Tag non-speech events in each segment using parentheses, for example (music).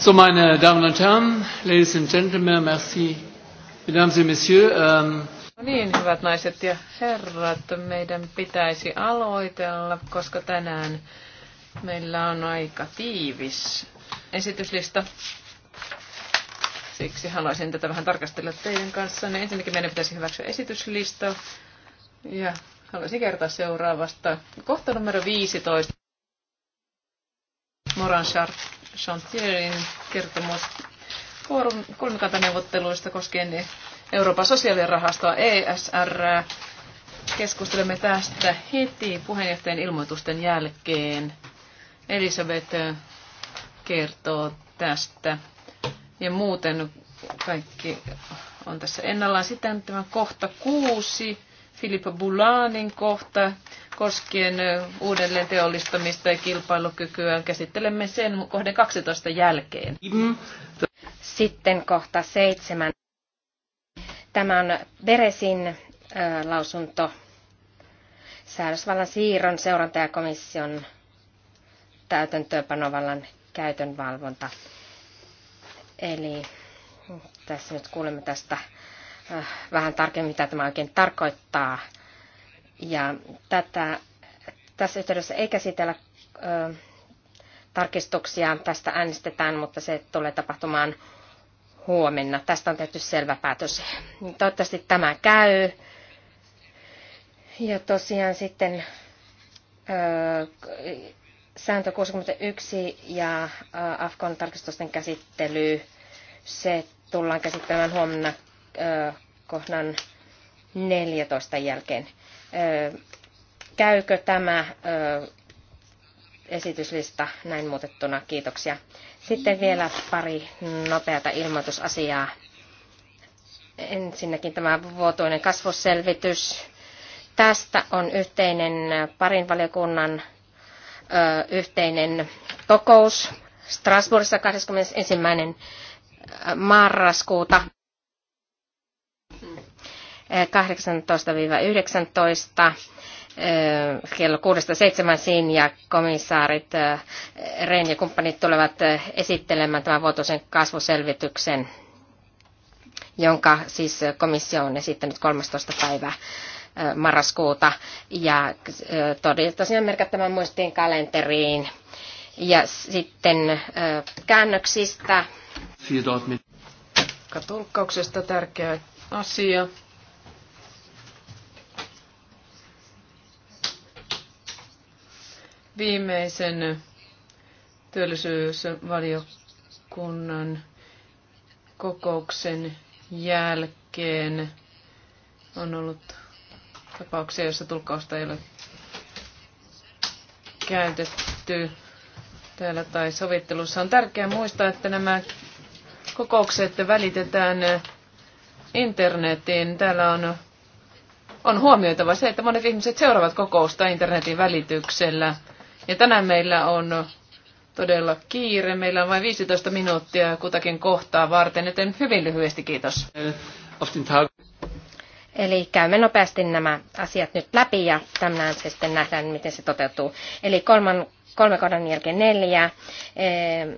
So, meine Damen und Herren, Ladies and Gentlemen, merci. Mesdames et Messieurs. Ähm, No niin, hyvät naiset ja herrat, meidän pitäisi aloitella, koska tänään meillä on aika tiivis esityslista. Siksi haluaisin tätä vähän tarkastella teidän kanssanne. Ensinnäkin meidän pitäisi hyväksyä esityslista. Ja haluaisin kertoa seuraavasta. Kohta numero 15. Moran Sharp Chantierin kertomus kolmikantaneuvotteluista koskien Euroopan sosiaalirahastoa ESR. Keskustelemme tästä heti puheenjohtajan ilmoitusten jälkeen. Elisabeth kertoo tästä. Ja muuten kaikki on tässä ennallaan. Sitten tämä kohta kuusi Filippa Bulanin kohta koskien uudelleen teollistamista ja kilpailukykyä. Käsittelemme sen kohden 12 jälkeen. Sitten kohta 7. Tämä on Beresin lausunto säädösvallan siirron seurantajakomission täytäntöönpanovallan käytön valvonta. Eli tässä nyt kuulemme tästä Äh, vähän tarkemmin, mitä tämä oikein tarkoittaa. Ja tätä tässä yhteydessä ei käsitellä ö, äh, tarkistuksia, tästä äänestetään, mutta se tulee tapahtumaan huomenna. Tästä on tehty selvä päätös. Toivottavasti tämä käy. Ja tosiaan sitten ö, äh, sääntö 61 ja Afkon tarkistusten käsittely, se tullaan käsittelemään huomenna kohdan 14 jälkeen. Käykö tämä esityslista näin muutettuna? Kiitoksia. Sitten vielä pari nopeata ilmoitusasiaa. Ensinnäkin tämä vuotuinen kasvuselvitys. Tästä on yhteinen parin valiokunnan ö, yhteinen kokous Strasbourgissa 21. marraskuuta. 18-19 eh, kello 6-7 siin ja komissaarit eh, Rehn ja kumppanit tulevat eh, esittelemään tämän vuotuisen kasvuselvityksen, jonka siis komissio on esittänyt 13. päivää marraskuuta ja tosiaan merkittävän muistiin kalenteriin. Ja sitten käännöksistä. Tulkkauksesta tärkeä asia. viimeisen työllisyysvaliokunnan kokouksen jälkeen on ollut tapauksia, joissa tulkkausta ei ole käytetty täällä tai sovittelussa. On tärkeää muistaa, että nämä kokoukset välitetään internetiin. Täällä on, on huomioitava se, että monet ihmiset seuraavat kokousta internetin välityksellä. Ja tänään meillä on todella kiire. Meillä on vain 15 minuuttia kutakin kohtaa varten, joten hyvin lyhyesti kiitos. Eli käymme nopeasti nämä asiat nyt läpi ja tämän se sitten nähdään, miten se toteutuu. Eli kolman, kolme kohdan jälkeen neljä. Eh,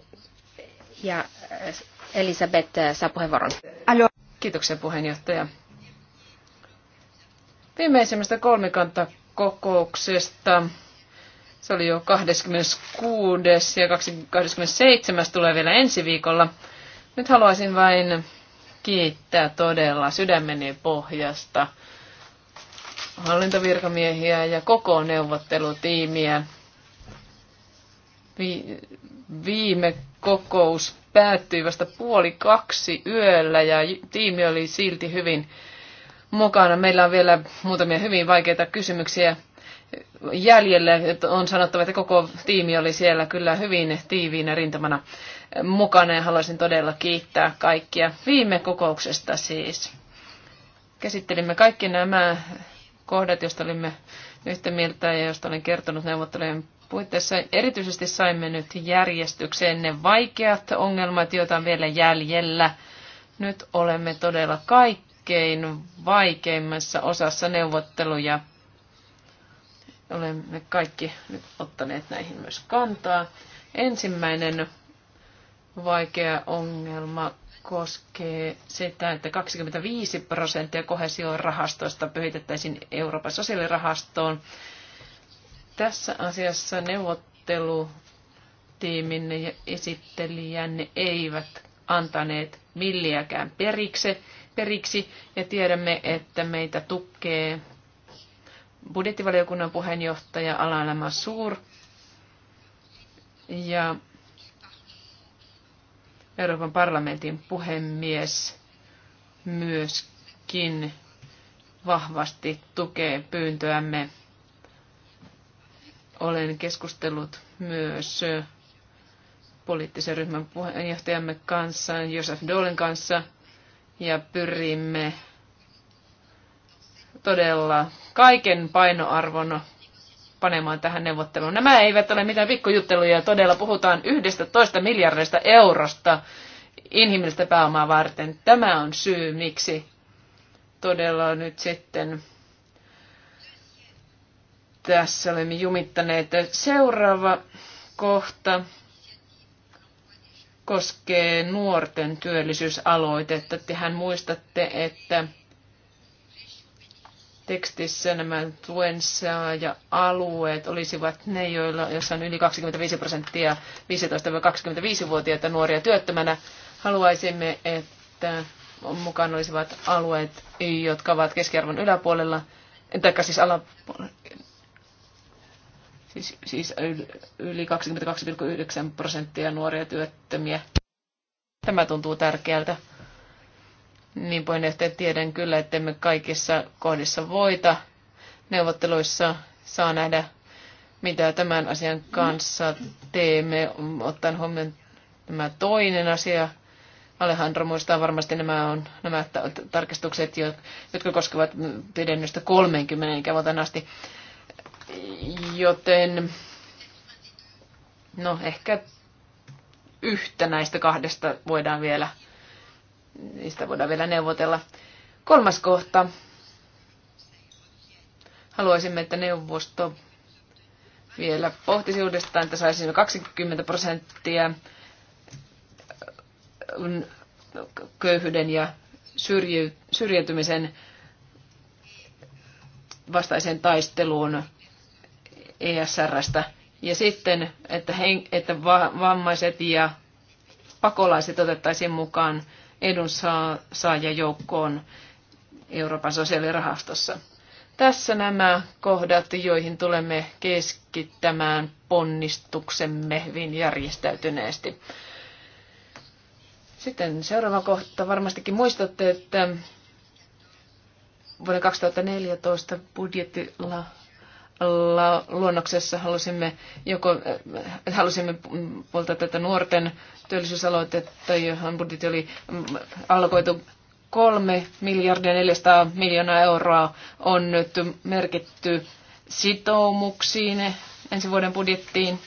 ja eh, Elisabeth eh, saa puheenvuoron. Alo. Kiitoksia puheenjohtaja. Viimeisimmästä kolmikantakokouksesta kokouksesta se oli jo 26. ja 27. tulee vielä ensi viikolla. Nyt haluaisin vain kiittää todella sydämeni pohjasta hallintovirkamiehiä ja koko neuvottelutiimiä. Vi- viime kokous päättyi vasta puoli kaksi yöllä ja tiimi oli silti hyvin mukana. Meillä on vielä muutamia hyvin vaikeita kysymyksiä Jäljelle On sanottava, että koko tiimi oli siellä kyllä hyvin tiiviinä rintamana mukana ja haluaisin todella kiittää kaikkia viime kokouksesta siis. Käsittelimme kaikki nämä kohdat, joista olimme yhtä mieltä ja joista olen kertonut neuvottelujen puitteissa. Erityisesti saimme nyt järjestykseen ne vaikeat ongelmat, joita on vielä jäljellä. Nyt olemme todella kaikkein vaikeimmassa osassa neuvotteluja Olemme kaikki nyt ottaneet näihin myös kantaa. Ensimmäinen vaikea ongelma koskee sitä, että 25 prosenttia kohesiorahastoista pyhitettäisiin Euroopan sosiaalirahastoon. Tässä asiassa neuvottelutiimin ja esittelijänne eivät antaneet milliäkään periksi, periksi ja tiedämme, että meitä tukee budjettivaliokunnan puheenjohtaja Alalema Suur ja Euroopan parlamentin puhemies myöskin vahvasti tukee pyyntöämme. Olen keskustellut myös poliittisen ryhmän puheenjohtajamme kanssa, Josef Dolen kanssa, ja pyrimme todella kaiken painoarvon panemaan tähän neuvotteluun. Nämä eivät ole mitään pikkujutteluja, todella puhutaan yhdestä toista miljardista eurosta inhimillistä pääomaa varten. Tämä on syy, miksi todella nyt sitten tässä olemme jumittaneet. Seuraava kohta koskee nuorten työllisyysaloitetta. Tehän muistatte, että tekstissä nämä tuensa ja alueet olisivat ne, joilla, jossa on yli 25 prosenttia 15-25-vuotiaita nuoria työttömänä. Haluaisimme, että mukaan olisivat alueet, jotka ovat keskiarvon yläpuolella, tai siis alapuolella, siis, siis yli 22,9 prosenttia nuoria työttömiä. Tämä tuntuu tärkeältä. Niin että tiedän kyllä, että emme kaikissa kohdissa voita. Neuvotteluissa saa nähdä, mitä tämän asian kanssa teemme, ottaen huomioon tämä toinen asia, Alejandro muistaa varmasti nämä, on, nämä tarkistukset, jotka koskevat pidennystä 30 ikävuoteen asti. Joten no ehkä yhtä näistä kahdesta voidaan vielä niistä voidaan vielä neuvotella. Kolmas kohta. Haluaisimme, että neuvosto vielä pohtisi uudestaan, että saisimme 20 prosenttia mm, köyhyyden ja syrjäytymisen vastaiseen taisteluun ESRstä. Ja sitten, että, hen, että vammaiset ja pakolaiset otettaisiin mukaan edunsaajajoukkoon Euroopan sosiaalirahastossa. Tässä nämä kohdat, joihin tulemme keskittämään ponnistuksemme hyvin järjestäytyneesti. Sitten seuraava kohta. Varmastikin muistatte, että vuoden 2014 budjettilla luonnoksessa halusimme, joko, äh, halusimme puolta tätä nuorten työllisyysaloitetta, johon budjetti oli mm, alkoitu 3 miljardia 400 miljoonaa euroa on nyt merkitty sitoumuksiin ensi vuoden budjettiin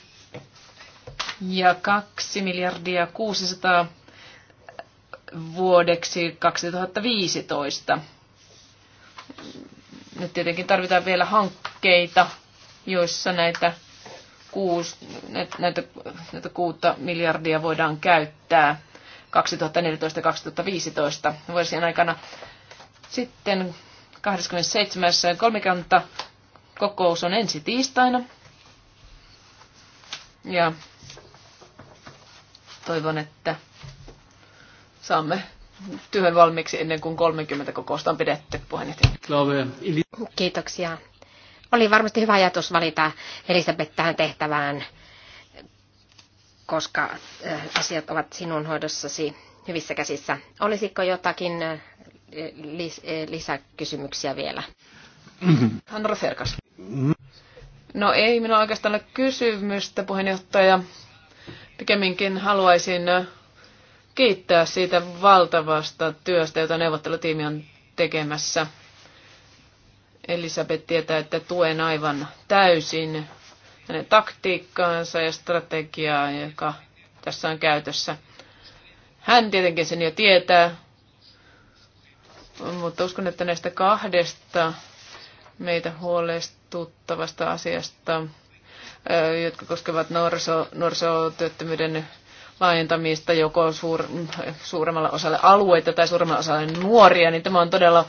ja 2 miljardia 600 vuodeksi 2015 nyt tietenkin tarvitaan vielä hankkeita, joissa näitä, kuus, näitä, näitä kuutta miljardia voidaan käyttää 2014-2015 vuosien aikana. Sitten 27. kolmikanta kokous on ensi tiistaina. Ja toivon, että saamme työn valmiiksi ennen kuin 30 kokousta on pidetty, puheenjohtaja. Kiitoksia. Oli varmasti hyvä ajatus valita Elisabeth tähän tehtävään, koska eh, asiat ovat sinun hoidossasi hyvissä käsissä. Olisiko jotakin eh, eh, lisäkysymyksiä vielä? (clears throat) Hanna Serkas. No ei minulla oikeastaan ole kysymystä, puheenjohtaja. Pikemminkin haluaisin kiittää siitä valtavasta työstä, jota neuvottelutiimi on tekemässä. Elisabeth tietää, että tuen aivan täysin hänen taktiikkaansa ja strategiaa, joka tässä on käytössä. Hän tietenkin sen jo tietää, mutta uskon, että näistä kahdesta meitä huolestuttavasta asiasta, jotka koskevat nuoriso, nuorisotyöttömyyden laajentamista joko suur, suuremmalle osalle alueita tai suuremmalle osalle nuoria, niin tämä on todella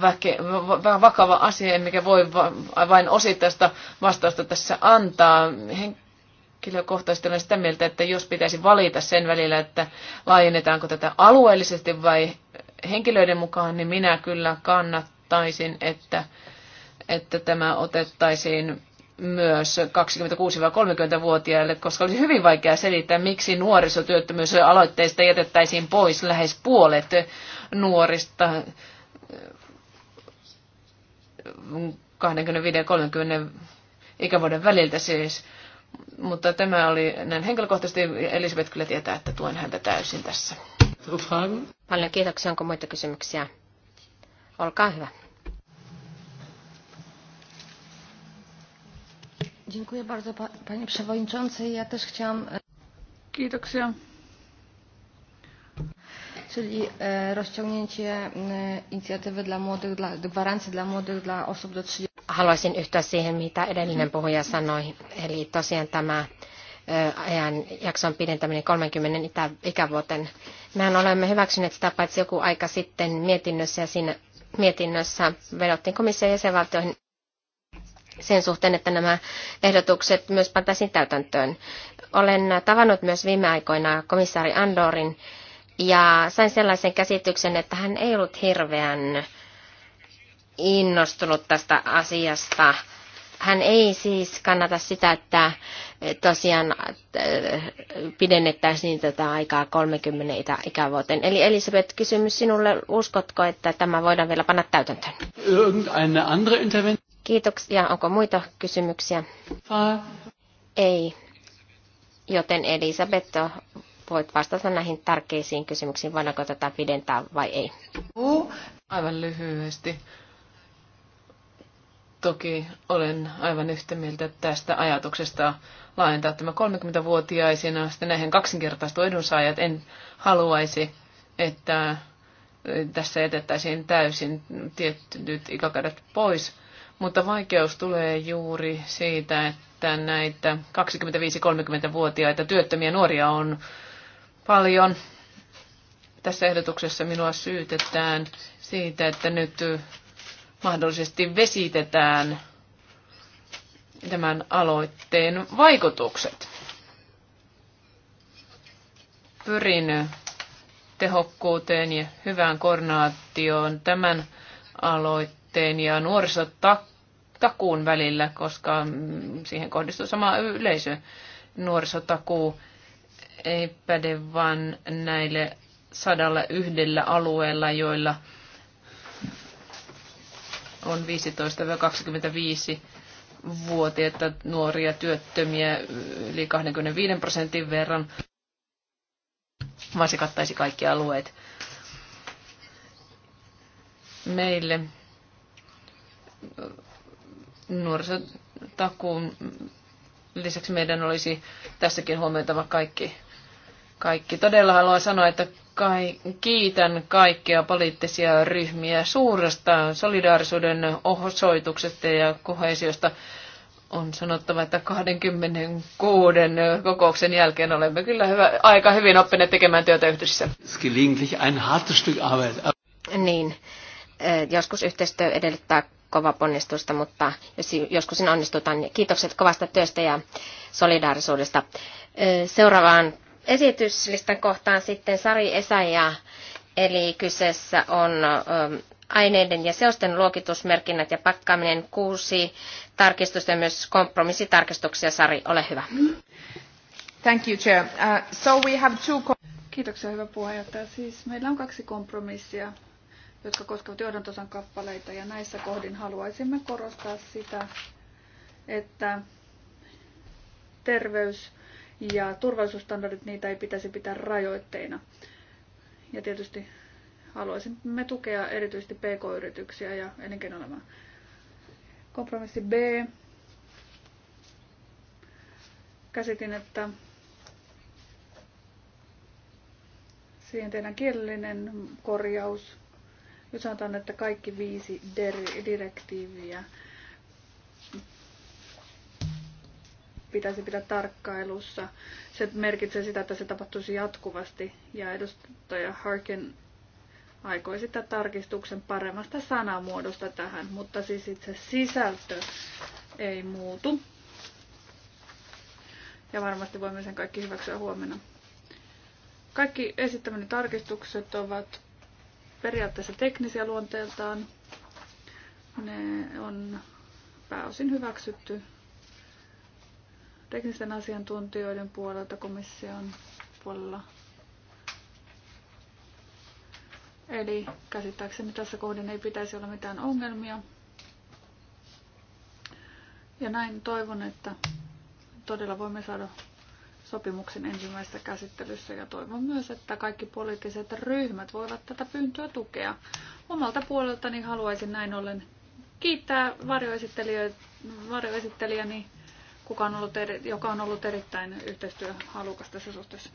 väke, va, vakava asia, mikä voi va, vain osittaista vastausta tässä antaa. Henkilökohtaisesti olen sitä mieltä, että jos pitäisi valita sen välillä, että laajennetaanko tätä alueellisesti vai henkilöiden mukaan, niin minä kyllä kannattaisin, että, että tämä otettaisiin myös 26-30-vuotiaille, koska olisi hyvin vaikea selittää, miksi nuorisotyöttömyysaloitteista jätettäisiin pois lähes puolet nuorista 25 30 ikävuoden väliltä siis. Mutta tämä oli näin henkilökohtaisesti. Elisabeth kyllä tietää, että tuen häntä täysin tässä. Paljon kiitoksia. Onko muita kysymyksiä? Olkaa hyvä. Dziękuję bardzo, panie przewodniczący. Ja też chciałam... E, Kiitoksia. Czyli e, rozciągnięcie e, inicjatywy dla młodych, dla, gwarancji dla młodych, dla osób do 30... Haluaisin yhtyä siihen, mitä edellinen puhuja sanoi. Eli tosiaan tämä ajan jakson pidentäminen 30 ikävuoten. Mehän olemme hyväksyneet sitä paitsi joku aika sitten mietinnössä ja siinä mietinnössä vedottiin komission jäsenvaltioihin, sen suhteen, että nämä ehdotukset myös pantaisiin täytäntöön. Olen tavannut myös viime aikoina komissaari Andorin ja sain sellaisen käsityksen, että hän ei ollut hirveän innostunut tästä asiasta. Hän ei siis kannata sitä, että tosiaan äh, pidennettäisiin tätä aikaa 30 ikävuoteen. Eli Elisabeth, kysymys sinulle, uskotko, että tämä voidaan vielä panna täytäntöön? Kiitoksia. Onko muita kysymyksiä? Uh. Ei. Joten Elisabeth, voit vastata näihin tärkeisiin kysymyksiin, voidaanko tätä pidentää vai ei? Aivan lyhyesti. Toki olen aivan yhtä mieltä tästä ajatuksesta laajentaa tämä 30-vuotiaisina sitten näihin kaksinkertaistu edunsaajat. En haluaisi, että tässä jätettäisiin täysin tietyt ikäkaudet pois mutta vaikeus tulee juuri siitä, että näitä 25-30-vuotiaita työttömiä nuoria on paljon. Tässä ehdotuksessa minua syytetään siitä, että nyt mahdollisesti vesitetään tämän aloitteen vaikutukset. Pyrin tehokkuuteen ja hyvään koordinaatioon tämän aloitteen ja nuorisotak takuun välillä, koska mm, siihen kohdistuu sama yleisö. Nuorisotakuu ei päde vain näille sadalla yhdellä alueella, joilla on 15-25-vuotiaita nuoria työttömiä yli 25 prosentin verran, vaan se kattaisi kaikki alueet. Meille nuorisotakuun lisäksi meidän olisi tässäkin huomioitava kaikki. kaikki. Todella haluan sanoa, että kai, kiitän kaikkia poliittisia ryhmiä suuresta solidaarisuuden osoituksesta ja kohesiosta. On sanottava, että 26 kokouksen jälkeen olemme kyllä hyvä, aika hyvin oppineet tekemään työtä yhdessä. Niin, eh, joskus yhteistyö edellyttää kova ponnistusta, mutta jos joskus siinä onnistutaan, niin kiitokset kovasta työstä ja solidaarisuudesta. Seuraavaan esityslistan kohtaan sitten Sari Esaija, eli kyseessä on aineiden ja seosten luokitusmerkinnät ja pakkaaminen kuusi tarkistusta ja myös kompromissitarkistuksia. Sari, ole hyvä. Thank you, Chair. Uh, so we have two... Kiitoksia, hyvä puheenjohtaja. Siis meillä on kaksi kompromissia jotka koskevat johdantosan kappaleita. Ja näissä kohdin haluaisimme korostaa sitä, että terveys- ja turvallisuusstandardit, niitä ei pitäisi pitää rajoitteina. Ja tietysti haluaisimme tukea erityisesti pk-yrityksiä ja elinkeinoelämää. Kompromissi B. Käsitin, että siihen tehdään kielellinen korjaus. Nyt sanotaan, että kaikki viisi direktiiviä pitäisi pitää tarkkailussa. Se merkitsee sitä, että se tapahtuisi jatkuvasti ja edustaja Harkin aikoi sitä tarkistuksen paremmasta sanamuodosta tähän, mutta siis itse sisältö ei muutu. Ja varmasti voimme sen kaikki hyväksyä huomenna. Kaikki esittämäni tarkistukset ovat periaatteessa teknisiä luonteeltaan. Ne on pääosin hyväksytty teknisten asiantuntijoiden puolelta komission puolella. Eli käsittääkseni tässä kohden ei pitäisi olla mitään ongelmia. Ja näin toivon, että todella voimme saada sopimuksen ensimmäisessä käsittelyssä ja toivon myös, että kaikki poliittiset ryhmät voivat tätä pyyntöä tukea. Omalta puoleltani haluaisin näin ollen kiittää varjoesittelijäni, kuka on ollut eri, joka on ollut erittäin yhteistyöhalukas tässä suhteessa.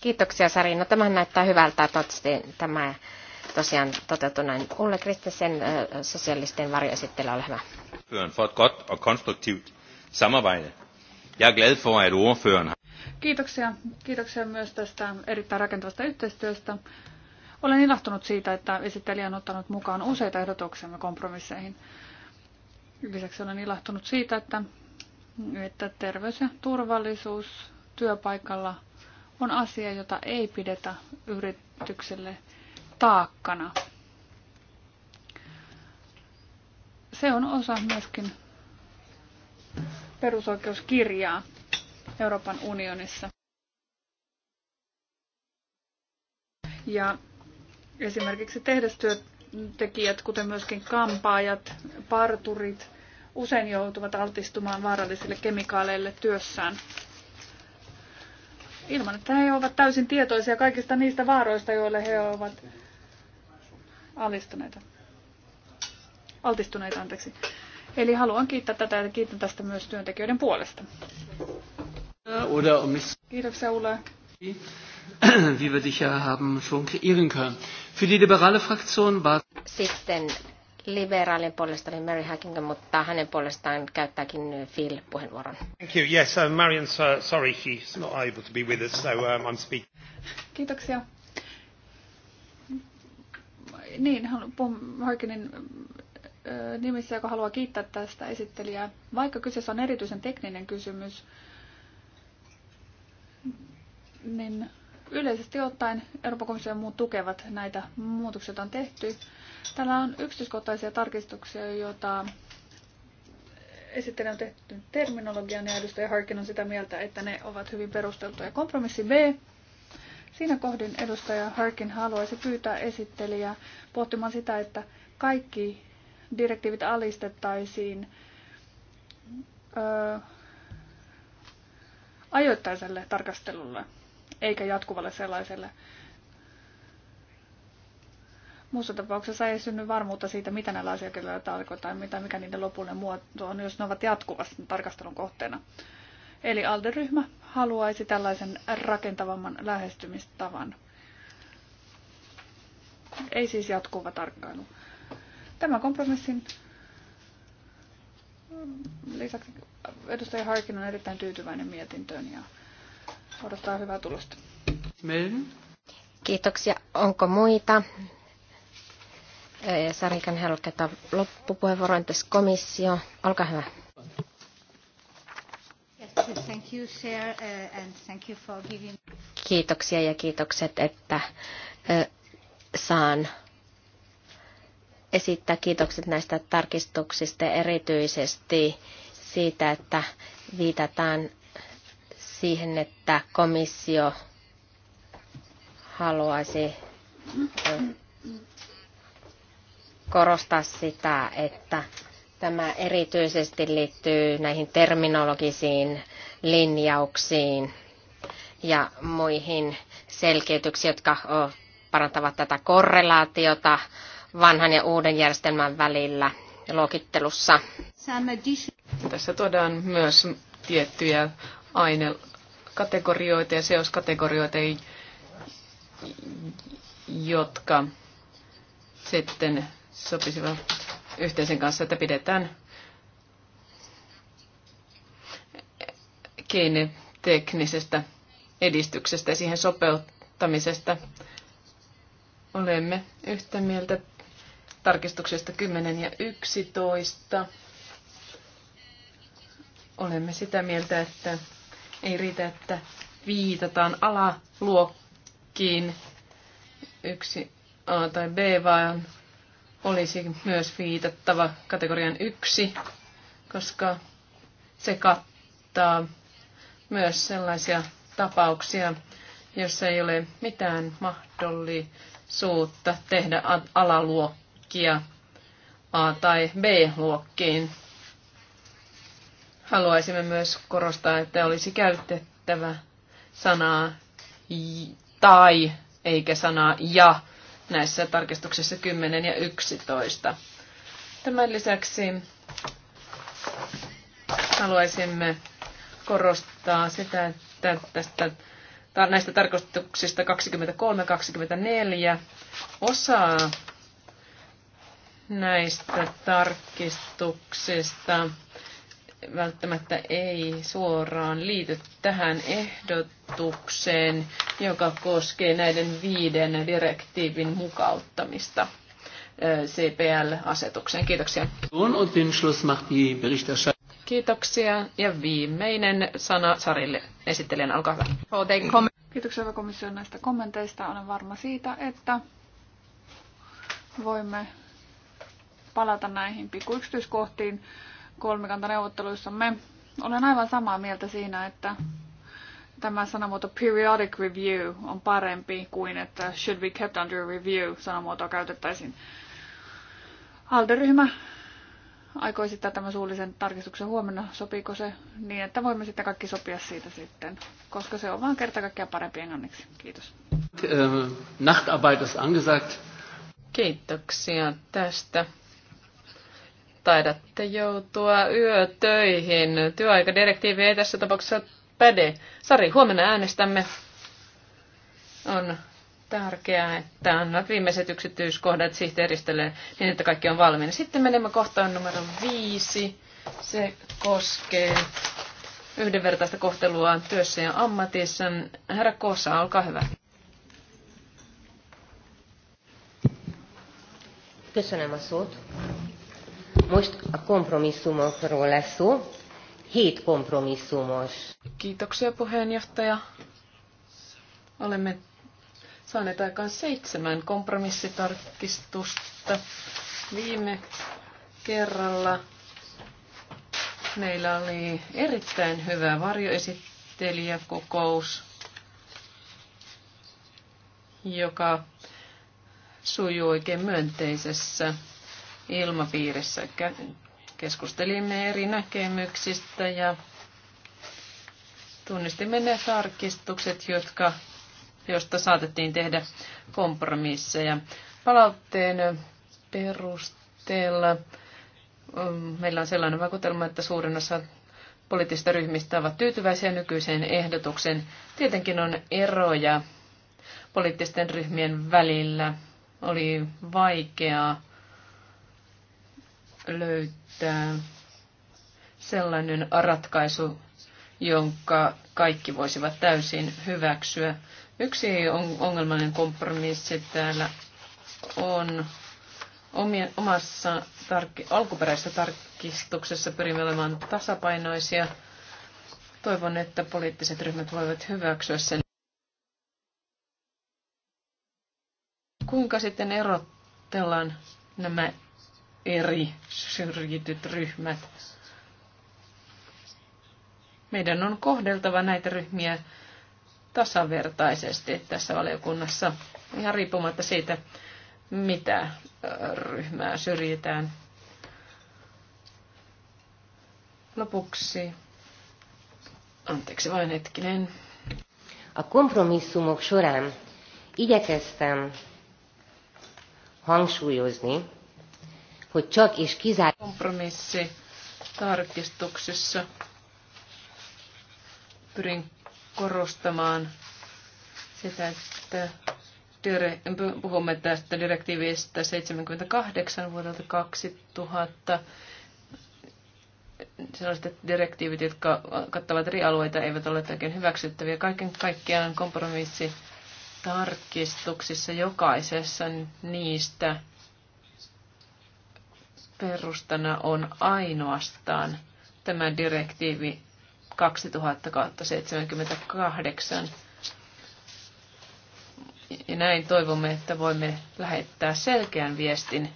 Kiitoksia Sari. No tämähän näyttää hyvältä. Toivottavasti tämä tosiaan toteutui näin. Ulle Kristensen sosiaalisten varjoesittelijä, ole hyvä. För ett gott och konstruktivt samarbete Jeg er glad for, at ordføreren har... Kiitoksia. Kiitoksia myös tästä erittäin rakentavasta yhteistyöstä. Olen ilahtunut siitä, että esittelijä on ottanut mukaan useita ehdotuksiamme kompromisseihin. Lisäksi olen ilahtunut siitä, että, että terveys ja turvallisuus työpaikalla on asia, jota ei pidetä yritykselle taakkana. Se on osa myöskin perusoikeuskirjaa Euroopan unionissa. Ja esimerkiksi tehdastyötekijät, kuten myöskin kampaajat, parturit, usein joutuvat altistumaan vaarallisille kemikaaleille työssään. Ilman, että he ovat täysin tietoisia kaikista niistä vaaroista, joille he ovat alistuneita. Altistuneita, anteeksi. Eli haluan kiittää tätä ja kiitän tästä myös työntekijöiden puolesta. Um Kiitoksia Ulle. Wie wir dich ja haben schon kreieren können. Für die liberale Fraktion war... Sitten liberaalin puolesta oli Mary Hackingen, mutta hänen puolestaan käyttääkin Phil puheenvuoron. Thank you. Yes, uh, Marian's, uh, sorry, she's not able to be with us, so um, I'm speaking. Kiitoksia. Niin, puhun Harkinin nimissä, joka haluaa kiittää tästä esittelijää. Vaikka kyseessä on erityisen tekninen kysymys, niin yleisesti ottaen Euroopan komissio ja muut tukevat näitä muutoksia, joita on tehty. Täällä on yksityiskohtaisia tarkistuksia, joita esittelijä on tehty terminologian ja edustaja Harkin on sitä mieltä, että ne ovat hyvin perusteltuja. Kompromissi B. Siinä kohdin edustaja Harkin haluaisi pyytää esittelijää pohtimaan sitä, että kaikki direktiivit alistettaisiin ö, ajoittaiselle tarkastelulle, eikä jatkuvalle sellaiselle. Muussa tapauksessa ei synny varmuutta siitä, mitä näillä asiakirjoilla tarkoittaa mitä mikä niiden lopullinen muoto on, jos ne ovat jatkuvasti tarkastelun kohteena. Eli ALDE-ryhmä haluaisi tällaisen rakentavamman lähestymistavan. Ei siis jatkuva tarkkailu. Tämä kompromissin lisäksi edustaja Harkin on erittäin tyytyväinen mietintöön ja odottaa hyvää tulosta. Kiitoksia. Onko muita? Sarikan Helketa loppupuheenvuoron tässä komissio? Olkaa hyvä. Kiitoksia ja kiitokset, että uh, saan esittää kiitokset näistä tarkistuksista erityisesti siitä, että viitataan siihen, että komissio haluaisi korostaa sitä, että tämä erityisesti liittyy näihin terminologisiin linjauksiin ja muihin selkeytyksiin, jotka parantavat tätä korrelaatiota vanhan ja uuden järjestelmän välillä luokittelussa. Tässä tuodaan myös tiettyjä ainekategorioita ja seoskategorioita, jotka sitten sopisivat yhteisen kanssa, että pidetään kiinni teknisestä edistyksestä ja siihen sopeuttamisesta. Olemme yhtä mieltä tarkistuksesta 10 ja 11. Olemme sitä mieltä, että ei riitä, että viitataan alaluokkiin yksi A tai B, vaan olisi myös viitattava kategorian yksi, koska se kattaa myös sellaisia tapauksia, jossa ei ole mitään mahdollisuutta tehdä alaluokkaa luokkia A- tai B-luokkiin. Haluaisimme myös korostaa, että olisi käytettävä sanaa tai eikä sanaa ja näissä tarkistuksissa 10 ja 11. Tämän lisäksi haluaisimme korostaa sitä, että tästä, näistä tarkastuksista 23-24 osaa näistä tarkistuksista välttämättä ei suoraan liity tähän ehdotukseen, joka koskee näiden viiden direktiivin mukauttamista. CPL-asetukseen. Kiitoksia. Kiitoksia. Ja viimeinen sana Sarille esittelijän. Olkaa hyvä. Kiitoksia hyvä komission näistä kommenteista. Olen varma siitä, että voimme palata näihin pikkuyksityiskohtiin kolmikantaneuvotteluissamme. Olen aivan samaa mieltä siinä, että tämä sanamuoto periodic review on parempi kuin että should be kept under review sanamuotoa käytettäisiin. Alderyhmä aikoi sitä tämän suullisen tarkistuksen huomenna, sopiiko se niin, että voimme sitten kaikki sopia siitä sitten, koska se on vaan kerta kaikkiaan parempi englanniksi. Kiitos. Nachtarbeit ist angesagt. Kiitoksia tästä taidatte joutua yötöihin. Työaikadirektiivi ei tässä tapauksessa päde. Sari, huomenna äänestämme. On tärkeää, että annat viimeiset yksityiskohdat sihteeristölle niin, että kaikki on valmiina. Sitten menemme kohtaan numero viisi. Se koskee yhdenvertaista kohtelua työssä ja ammatissa. Herra Kosa, olkaa hyvä. Köszönöm a szót. Most a kompromisszumokról lesz szó. Hét kompromisszumos. Kiitoksia puheenjohtaja. Olemme saaneet aikaan seitsemän kompromissitarkistusta. Viime kerralla meillä oli erittäin hyvä varjoesittelijäkokous, joka sujuu oikein myönteisessä ilmapiirissä. Keskustelimme eri näkemyksistä ja tunnistimme ne tarkistukset, jotka, joista saatettiin tehdä kompromisseja. Palautteen perusteella mm, meillä on sellainen vaikutelma, että suurin osa poliittisista ryhmistä ovat tyytyväisiä nykyiseen ehdotukseen. Tietenkin on eroja poliittisten ryhmien välillä. Oli vaikeaa löytää sellainen ratkaisu, jonka kaikki voisivat täysin hyväksyä. Yksi ongelmallinen kompromissi täällä on omien, omassa tarkki, alkuperäisessä tarkistuksessa pyrimme olemaan tasapainoisia. Toivon, että poliittiset ryhmät voivat hyväksyä sen. Kuinka sitten erottellaan nämä eri syrjityt ryhmät. Meidän on kohdeltava näitä ryhmiä tasavertaisesti tässä valiokunnassa, ihan riippumatta siitä, mitä ryhmää syrjitään. Lopuksi, anteeksi vain hetkinen. A kompromissumok során igyekeztem hangsúlyozni, hogy csak és kizárólag kompromissi tarkistuksissa pyrin korostamaan sitä, että puhumme tästä direktiivistä 78 vuodelta 2000. Sellaiset direktiivit, jotka kattavat eri alueita, eivät ole oikein hyväksyttäviä. Kaiken kaikkiaan kompromissi tarkistuksissa jokaisessa niistä – perustana on ainoastaan tämä direktiivi 2000-78. Ja näin toivomme, että voimme lähettää selkeän viestin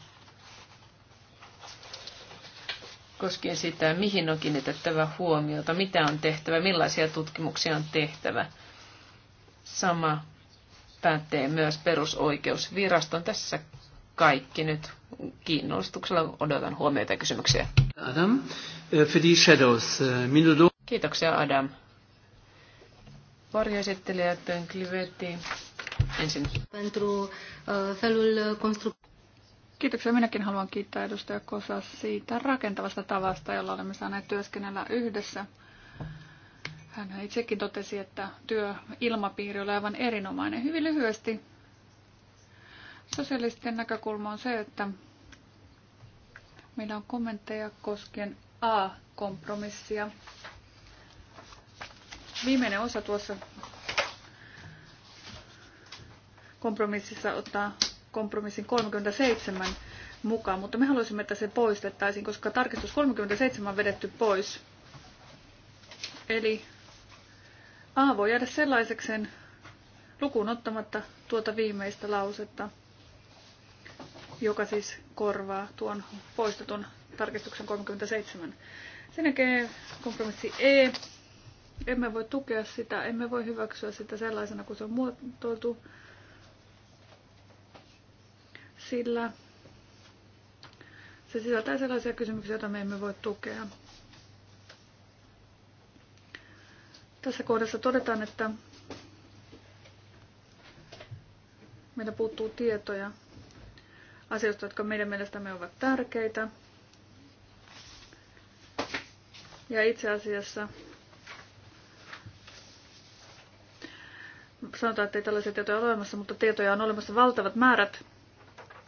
koskien sitä, mihin on kiinnitettävä huomiota, mitä on tehtävä, millaisia tutkimuksia on tehtävä. Sama pätee myös perusoikeusviraston. Tässä kaikki nyt kiinnostuksella odotan huomioita ja kysymyksiä. Adam, eh, for the shadows, eh, minudo. Kiitoksia Adam. Varjoesittelijät Clivetti ensin. Pentru eh, felul Kiitoksia. Minäkin haluan kiittää edustaja Kosa siitä rakentavasta tavasta, jolla olemme saaneet työskennellä yhdessä. Hän itsekin totesi, että työilmapiiri oli aivan erinomainen. Hyvin lyhyesti Sosialistien näkökulma on se, että meillä on kommentteja koskien A-kompromissia. Viimeinen osa tuossa kompromississa ottaa kompromissin 37 mukaan, mutta me haluaisimme, että se poistettaisiin, koska tarkistus 37 on vedetty pois. Eli A voi jäädä sellaisekseen lukuun ottamatta tuota viimeistä lausetta joka siis korvaa tuon poistetun tarkistuksen 37. Sen jälkeen kompromissi E. Emme voi tukea sitä, emme voi hyväksyä sitä sellaisena kuin se on muotoiltu, sillä se sisältää sellaisia kysymyksiä, joita me emme voi tukea. Tässä kohdassa todetaan, että meillä puuttuu tietoja asioista, jotka meidän mielestämme ovat tärkeitä. Ja itse asiassa sanotaan, että ei tällaisia tietoja ole olemassa, mutta tietoja on olemassa valtavat määrät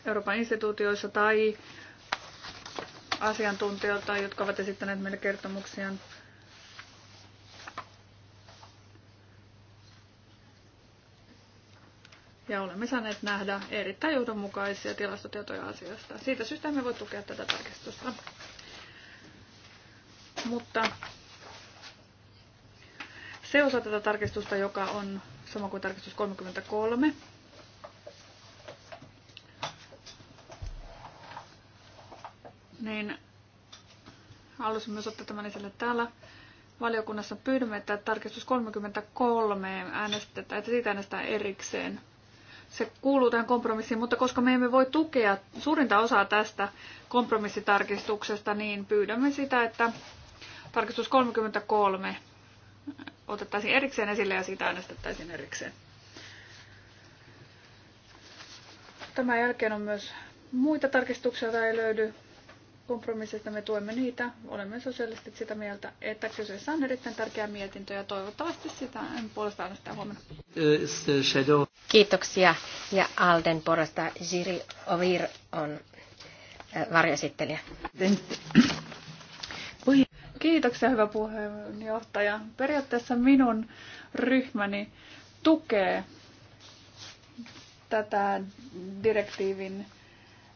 Euroopan instituutioissa tai asiantuntijoilta, jotka ovat esittäneet meille kertomuksiaan ja olemme saaneet nähdä erittäin johdonmukaisia tilastotietoja asiasta. Siitä syystä emme voi tukea tätä tarkistusta. Mutta se osa tätä tarkistusta, joka on sama kuin tarkistus 33, niin halusin myös ottaa tämän esille täällä. Valiokunnassa pyydämme, että tarkistus 33 äänestetään, että siitä äänestetään erikseen se kuuluu tähän kompromissiin, mutta koska me emme voi tukea suurinta osaa tästä kompromissitarkistuksesta, niin pyydämme sitä, että tarkistus 33 otettaisiin erikseen esille ja siitä äänestettäisiin erikseen. Tämän jälkeen on myös muita tarkistuksia, joita ei löydy kompromissista me tuemme niitä. Olemme sosiaalisesti sitä mieltä, että kyseessä on erittäin tärkeä mietintö ja toivottavasti sitä en puolesta äänestää huomenna. Kiitoksia. Ja Alden puolesta Jiri Ovir on äh, varjosittelijä. Kiitoksia, hyvä puheenjohtaja. Periaatteessa minun ryhmäni tukee tätä direktiivin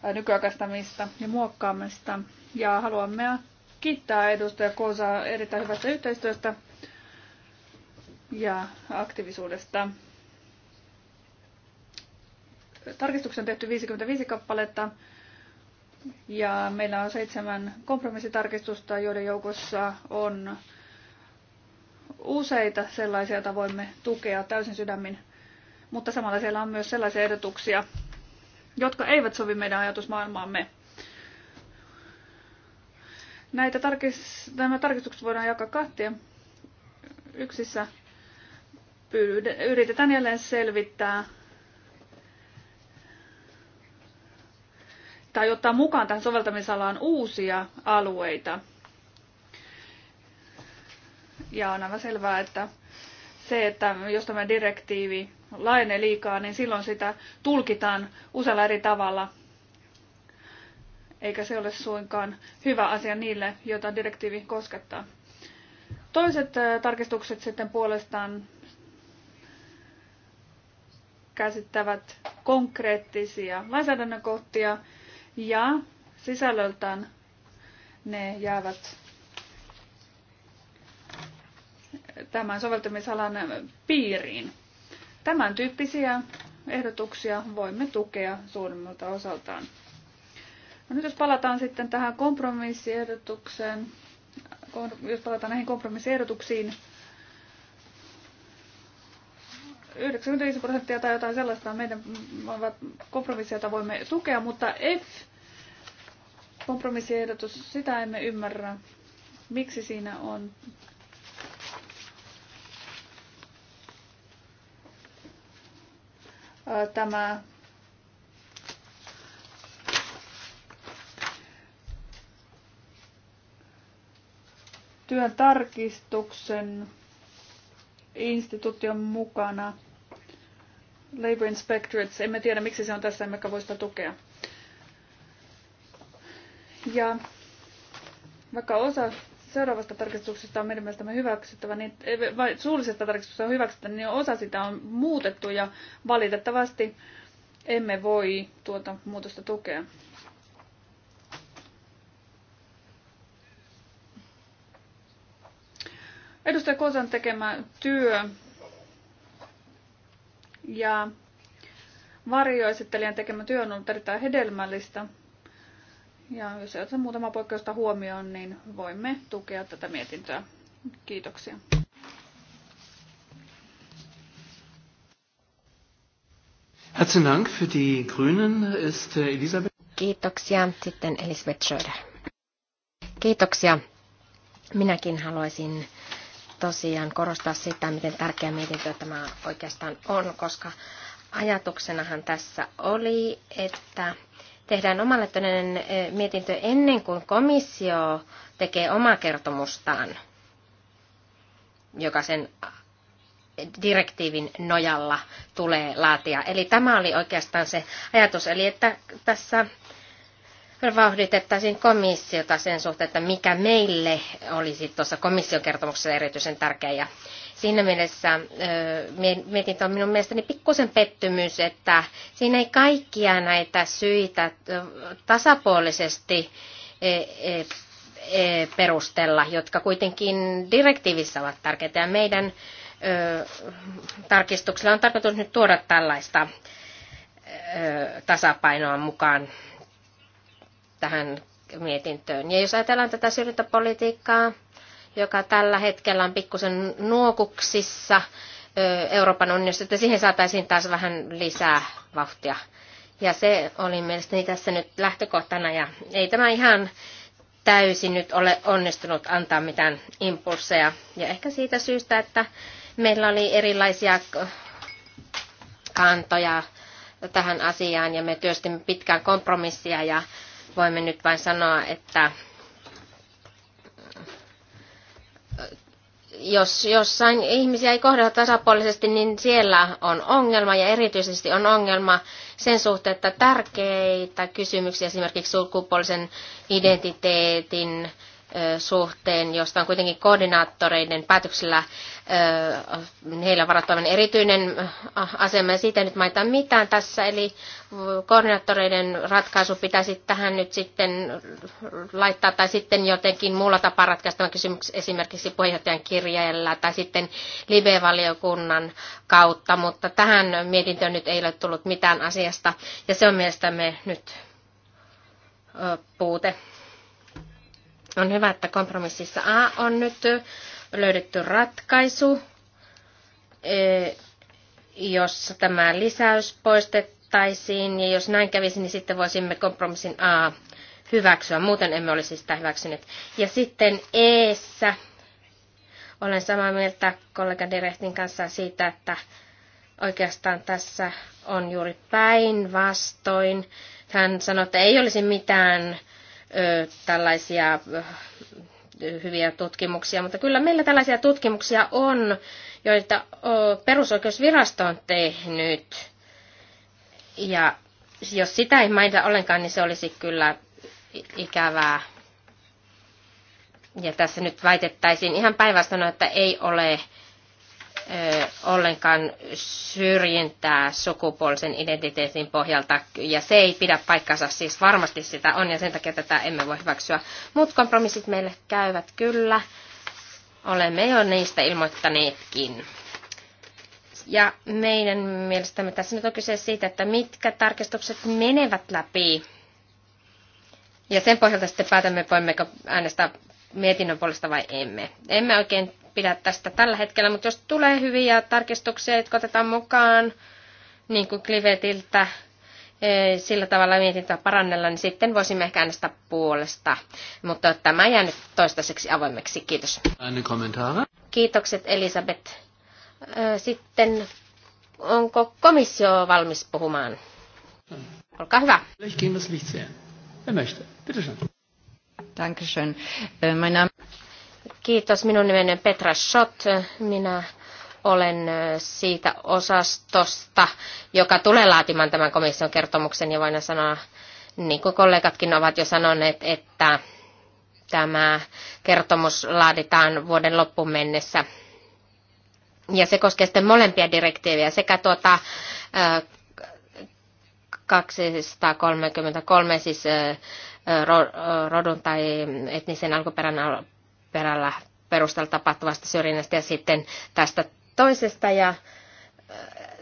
Äh, nykyaikaistamista ja muokkaamista. Ja haluamme kiittää edustaja Koosa erittäin hyvästä yhteistyöstä ja aktiivisuudesta. Tarkistuksen on tehty 55 kappaletta ja meillä on seitsemän kompromissitarkistusta, joiden joukossa on useita sellaisia, joita voimme tukea täysin sydämin, mutta samalla siellä on myös sellaisia ehdotuksia, jotka eivät sovi meidän ajatusmaailmaamme. Näitä tarkist- nämä tarkistukset voidaan jakaa kahtia. Yksissä yritetään jälleen selvittää tai ottaa mukaan tähän soveltamisalaan uusia alueita. Ja on aivan selvää, että se, että jos tämä direktiivi laajenee liikaa, niin silloin sitä tulkitaan usealla eri tavalla. Eikä se ole suinkaan hyvä asia niille, joita direktiivi koskettaa. Toiset tarkistukset sitten puolestaan käsittävät konkreettisia lainsäädännön kohtia ja sisällöltään ne jäävät tämän soveltamisalan piiriin. Tämän tyyppisiä ehdotuksia voimme tukea suurimmalta osaltaan. No nyt jos palataan sitten tähän kompromissiehdotukseen, jos palataan näihin kompromissiehdotuksiin, 95 prosenttia tai jotain sellaista meidän kompromissia jota voimme tukea, mutta F, kompromissiehdotus, sitä emme ymmärrä, miksi siinä on tämä työn tarkistuksen instituution mukana. Labor Inspectorates, emme tiedä miksi se on tässä, emmekä voi sitä tukea. Ja vaikka osa seuraavasta tarkistuksesta on meidän mielestämme hyväksyttävä, niin, eh, vai suullisesta tarkistuksesta on hyväksyttävä, niin osa sitä on muutettu ja valitettavasti emme voi tuota muutosta tukea. Edustaja Kosan tekemä työ ja varjoesittelijän tekemä työ on ollut erittäin hedelmällistä – ja jos otetaan muutama poikkeusta huomioon, niin voimme tukea tätä mietintöä. Kiitoksia. Herzlichen Dank für die Grünen ist äh, Elisabeth. Kiitoksia. Sitten Elisabeth Schröder. Kiitoksia. Minäkin haluaisin tosiaan korostaa sitä, miten tärkeä mietintö tämä oikeastaan on, koska ajatuksenahan tässä oli, että tehdään omalettoinen eh, mietintö ennen kuin komissio tekee omaa kertomustaan, joka sen direktiivin nojalla tulee laatia. Eli tämä oli oikeastaan se ajatus, eli että tässä vauhditettaisiin komissiota sen suhteen, että mikä meille olisi tuossa komission kertomuksessa erityisen tärkeä. Ja siinä mielessä mietintö on minun mielestäni pikkusen pettymys, että siinä ei kaikkia näitä syitä tasapuolisesti e, e, e, perustella, jotka kuitenkin direktiivissä ovat tärkeitä. Ja meidän tarkistuksella on tarkoitus nyt tuoda tällaista tasapainoa mukaan tähän mietintöön. Ja jos ajatellaan tätä syrjintäpolitiikkaa, joka tällä hetkellä on pikkusen nuokuksissa Euroopan unionissa, että siihen saataisiin taas vähän lisää vauhtia. Ja se oli mielestäni tässä nyt lähtökohtana, ja ei tämä ihan täysin nyt ole onnistunut antaa mitään impulseja. Ja ehkä siitä syystä, että meillä oli erilaisia kantoja tähän asiaan, ja me työstimme pitkään kompromissia, ja Voimme nyt vain sanoa, että jos jossain ihmisiä ei kohdata tasapuolisesti, niin siellä on ongelma ja erityisesti on ongelma sen suhteen, että tärkeitä kysymyksiä esimerkiksi sukupuolisen identiteetin suhteen, josta on kuitenkin koordinaattoreiden päätöksellä heillä varattavan erityinen asema, ja siitä nyt maita mitään tässä, eli koordinaattoreiden ratkaisu pitäisi tähän nyt sitten laittaa, tai sitten jotenkin muulla tapaa ratkaista, kysymys esimerkiksi puheenjohtajan kirjeellä, tai sitten live-valiokunnan kautta, mutta tähän mietintöön nyt ei ole tullut mitään asiasta, ja se on mielestämme nyt puute. On hyvä, että kompromississa A on nyt löydetty ratkaisu, e, jossa tämä lisäys poistettaisiin, ja jos näin kävisi, niin sitten voisimme kompromissin A hyväksyä. Muuten emme olisi sitä hyväksyneet. Ja sitten Eessä olen samaa mieltä kollega Direhtin kanssa siitä, että oikeastaan tässä on juuri päinvastoin. Hän sanoi, että ei olisi mitään ö, tällaisia ö, hyviä tutkimuksia, mutta kyllä meillä tällaisia tutkimuksia on, joita perusoikeusvirasto on tehnyt. Ja jos sitä ei mainita ollenkaan, niin se olisi kyllä ikävää. Ja tässä nyt väitettäisiin ihan päinvastoin, että ei ole ollenkaan syrjintää sukupuolisen identiteetin pohjalta, ja se ei pidä paikkansa, siis varmasti sitä on, ja sen takia tätä emme voi hyväksyä. Muut kompromissit meille käyvät kyllä, olemme jo niistä ilmoittaneetkin. Ja meidän mielestämme tässä nyt on kyse siitä, että mitkä tarkistukset menevät läpi, ja sen pohjalta sitten päätämme, voimmeko äänestää mietinnön puolesta vai emme. Emme oikein pidä tästä tällä hetkellä, mutta jos tulee hyviä tarkistuksia, jotka otetaan mukaan, niin kuin Clivetiltä, e, sillä tavalla mietintöä parannella, niin sitten voisimme ehkä äänestää puolesta. Mutta tämä jää nyt toistaiseksi avoimeksi. Kiitos. Kiitokset Elisabeth. Sitten onko komissio valmis puhumaan? Olkaa hyvä. Vielleicht gehen wir es Licht sehen. Wer möchte? Bitte schön. Dankeschön. Äh, mein Name Kiitos. Minun nimeni on Petra Schott. Minä olen siitä osastosta, joka tulee laatimaan tämän komission kertomuksen ja voin sanoa, niin kuin kollegatkin ovat jo sanoneet, että tämä kertomus laaditaan vuoden loppuun mennessä. Ja se koskee sitten molempia direktiivejä, sekä tuota 233, siis rodun tai etnisen alkuperän perällä perusteella tapahtuvasta syrjinnästä ja sitten tästä toisesta ja,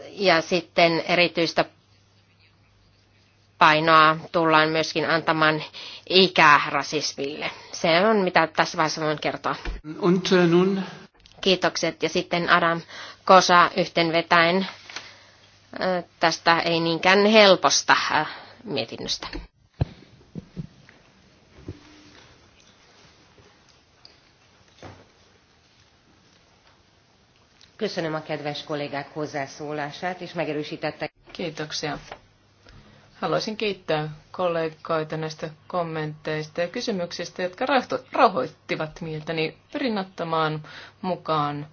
ja sitten erityistä painoa tullaan myöskin antamaan ikää rasismille. Se on mitä tässä vaiheessa voin kertoa. Und äh, nun? Kiitokset ja sitten Adam Kosa yhteenvetäen äh, tästä ei niinkään helposta äh, mietinnöstä. Köszönöm a kedves kollégák hozzászólását, és megerősítettek. Kiitoksia. Haluaisin kiittää kollegoita näistä kommenteista ja kysymyksistä, jotka rahoittivat mieltäni. Niin pyrin ottamaan mukaan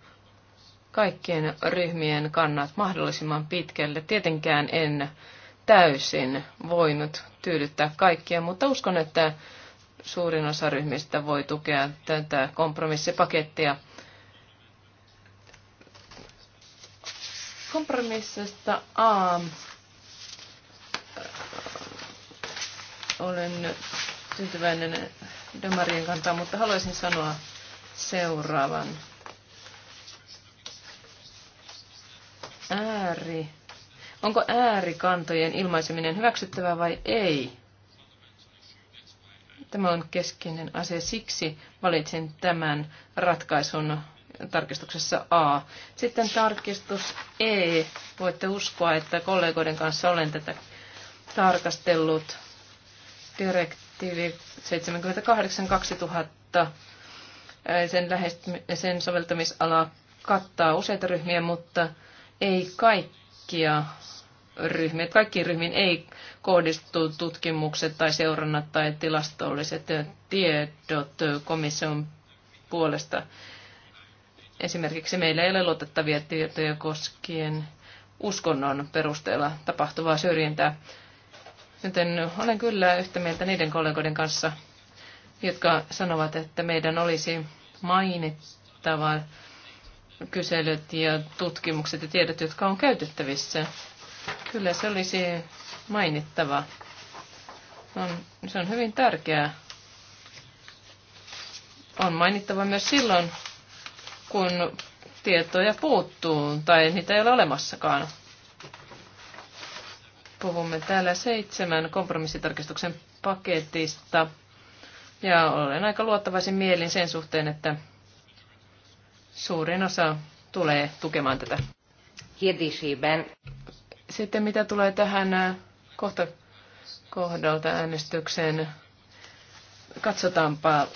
kaikkien ryhmien kannat mahdollisimman pitkälle. Tietenkään en täysin voinut tyydyttää kaikkia, mutta uskon, että suurin osa ryhmistä voi tukea tätä kompromissipakettia. Kompromissista A. Äh, olen tyytyväinen Demarien kantaa, mutta haluaisin sanoa seuraavan. Ääri. Onko äärikantojen ilmaiseminen hyväksyttävää vai ei? Tämä on keskeinen asia, siksi valitsin tämän ratkaisun tarkistuksessa A. Sitten tarkistus E. Voitte uskoa, että kollegoiden kanssa olen tätä tarkastellut. Direktiivi 78-2000. Sen, sen soveltamisala kattaa useita ryhmiä, mutta ei kaikkia ryhmiä. Kaikkiin ryhmiin ei kohdistu tutkimukset tai seurannat tai tilastolliset tiedot komission puolesta. Esimerkiksi meillä ei ole luotettavia tietoja koskien uskonnon perusteella tapahtuvaa syrjintää. Joten olen kyllä yhtä mieltä niiden kollegoiden kanssa, jotka sanovat, että meidän olisi mainittava kyselyt ja tutkimukset ja tiedot, jotka on käytettävissä. Kyllä se olisi mainittava. On, se on hyvin tärkeää. On mainittava myös silloin, kun tietoja puuttuu tai niitä ei ole olemassakaan. Puhumme täällä seitsemän kompromissitarkistuksen paketista. Ja olen aika luottavaisin mielin sen suhteen, että suurin osa tulee tukemaan tätä. Sitten mitä tulee tähän äh, kohta kohdalta äänestykseen, katsotaanpa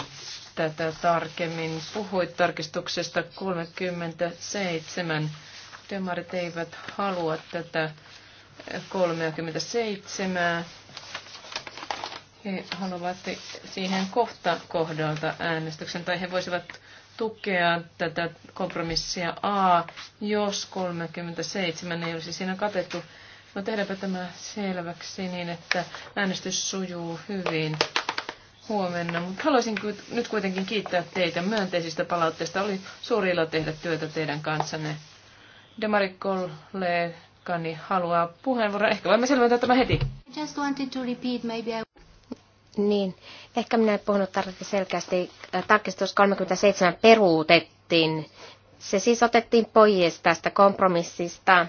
tätä tarkemmin. Puhuit tarkistuksesta 37. Demarit eivät halua tätä 37. He haluavat siihen kohta kohdalta äänestyksen, tai he voisivat tukea tätä kompromissia A, jos 37 ei olisi siinä katettu. No tehdäänpä tämä selväksi niin, että äänestys sujuu hyvin huomenna. Mutta haluaisin nyt kuitenkin kiittää teitä myönteisistä palautteista. Oli suuri ilo tehdä työtä teidän kanssanne. Demari kollegani haluaa puheenvuoron. Ehkä voimme selventää tämä heti. Just wanted to repeat, maybe I... Niin, ehkä minä en puhunut tarkasti selkeästi. Tarkistus 37 peruutettiin. Se siis otettiin pois tästä kompromissista.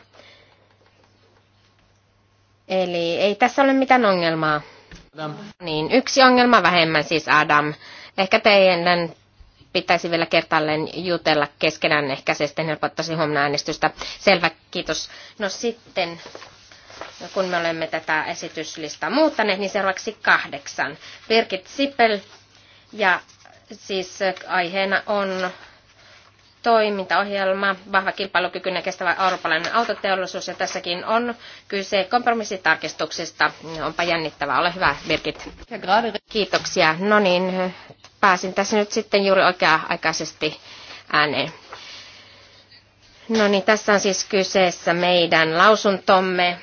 Eli ei tässä ole mitään ongelmaa. Adam. Niin, yksi ongelma vähemmän siis Adam. Ehkä teidän pitäisi vielä kertaalleen jutella keskenään, ehkä se sitten helpottaisi huomenna äänestystä. Selvä, kiitos. No sitten, kun me olemme tätä esityslistaa muuttaneet, niin seuraavaksi kahdeksan. Birgit Sipel, ja siis aiheena on toimintaohjelma, vahva kilpailukykyinen kestävä eurooppalainen autoteollisuus, ja tässäkin on kyse kompromissitarkistuksista. Onpa jännittävää, ole hyvä Birgit. Kiitoksia. No niin, pääsin tässä nyt sitten juuri oikea-aikaisesti ääneen. No niin, tässä on siis kyseessä meidän lausuntomme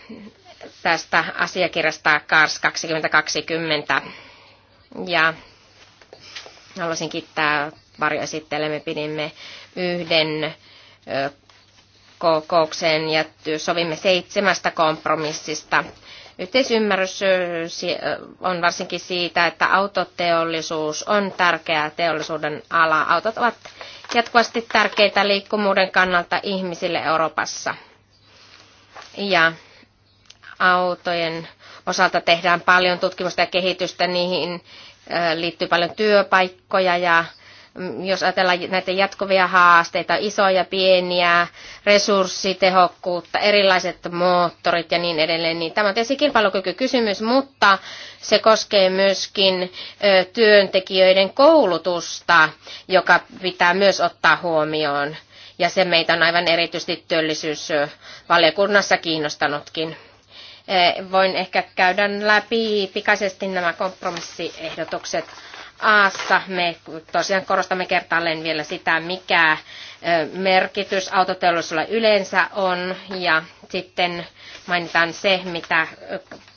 tästä asiakirjasta Kars 2020. Ja haluaisin kiittää varjoesittelijä. Me pidimme yhden kokouksen ja sovimme seitsemästä kompromissista. Yhteisymmärrys on varsinkin siitä, että autoteollisuus on tärkeä teollisuuden ala. Autot ovat jatkuvasti tärkeitä liikkumuuden kannalta ihmisille Euroopassa. Ja autojen osalta tehdään paljon tutkimusta ja kehitystä, niihin liittyy paljon työpaikkoja ja Mm, jos ajatellaan näitä jatkuvia haasteita, isoja, pieniä, resurssitehokkuutta, erilaiset moottorit ja niin edelleen, niin tämä on tietysti kilpailukykykysymys, mutta se koskee myöskin työntekijöiden koulutusta, joka pitää myös ottaa huomioon. Ja se meitä on aivan erityisesti työllisyysvaliokunnassa kiinnostanutkin. Voin ehkä käydä läpi pikaisesti nämä kompromissiehdotukset Aassa me tosiaan korostamme kertaalleen vielä sitä, mikä merkitys autoteollisuudella yleensä on ja sitten mainitaan se, mitä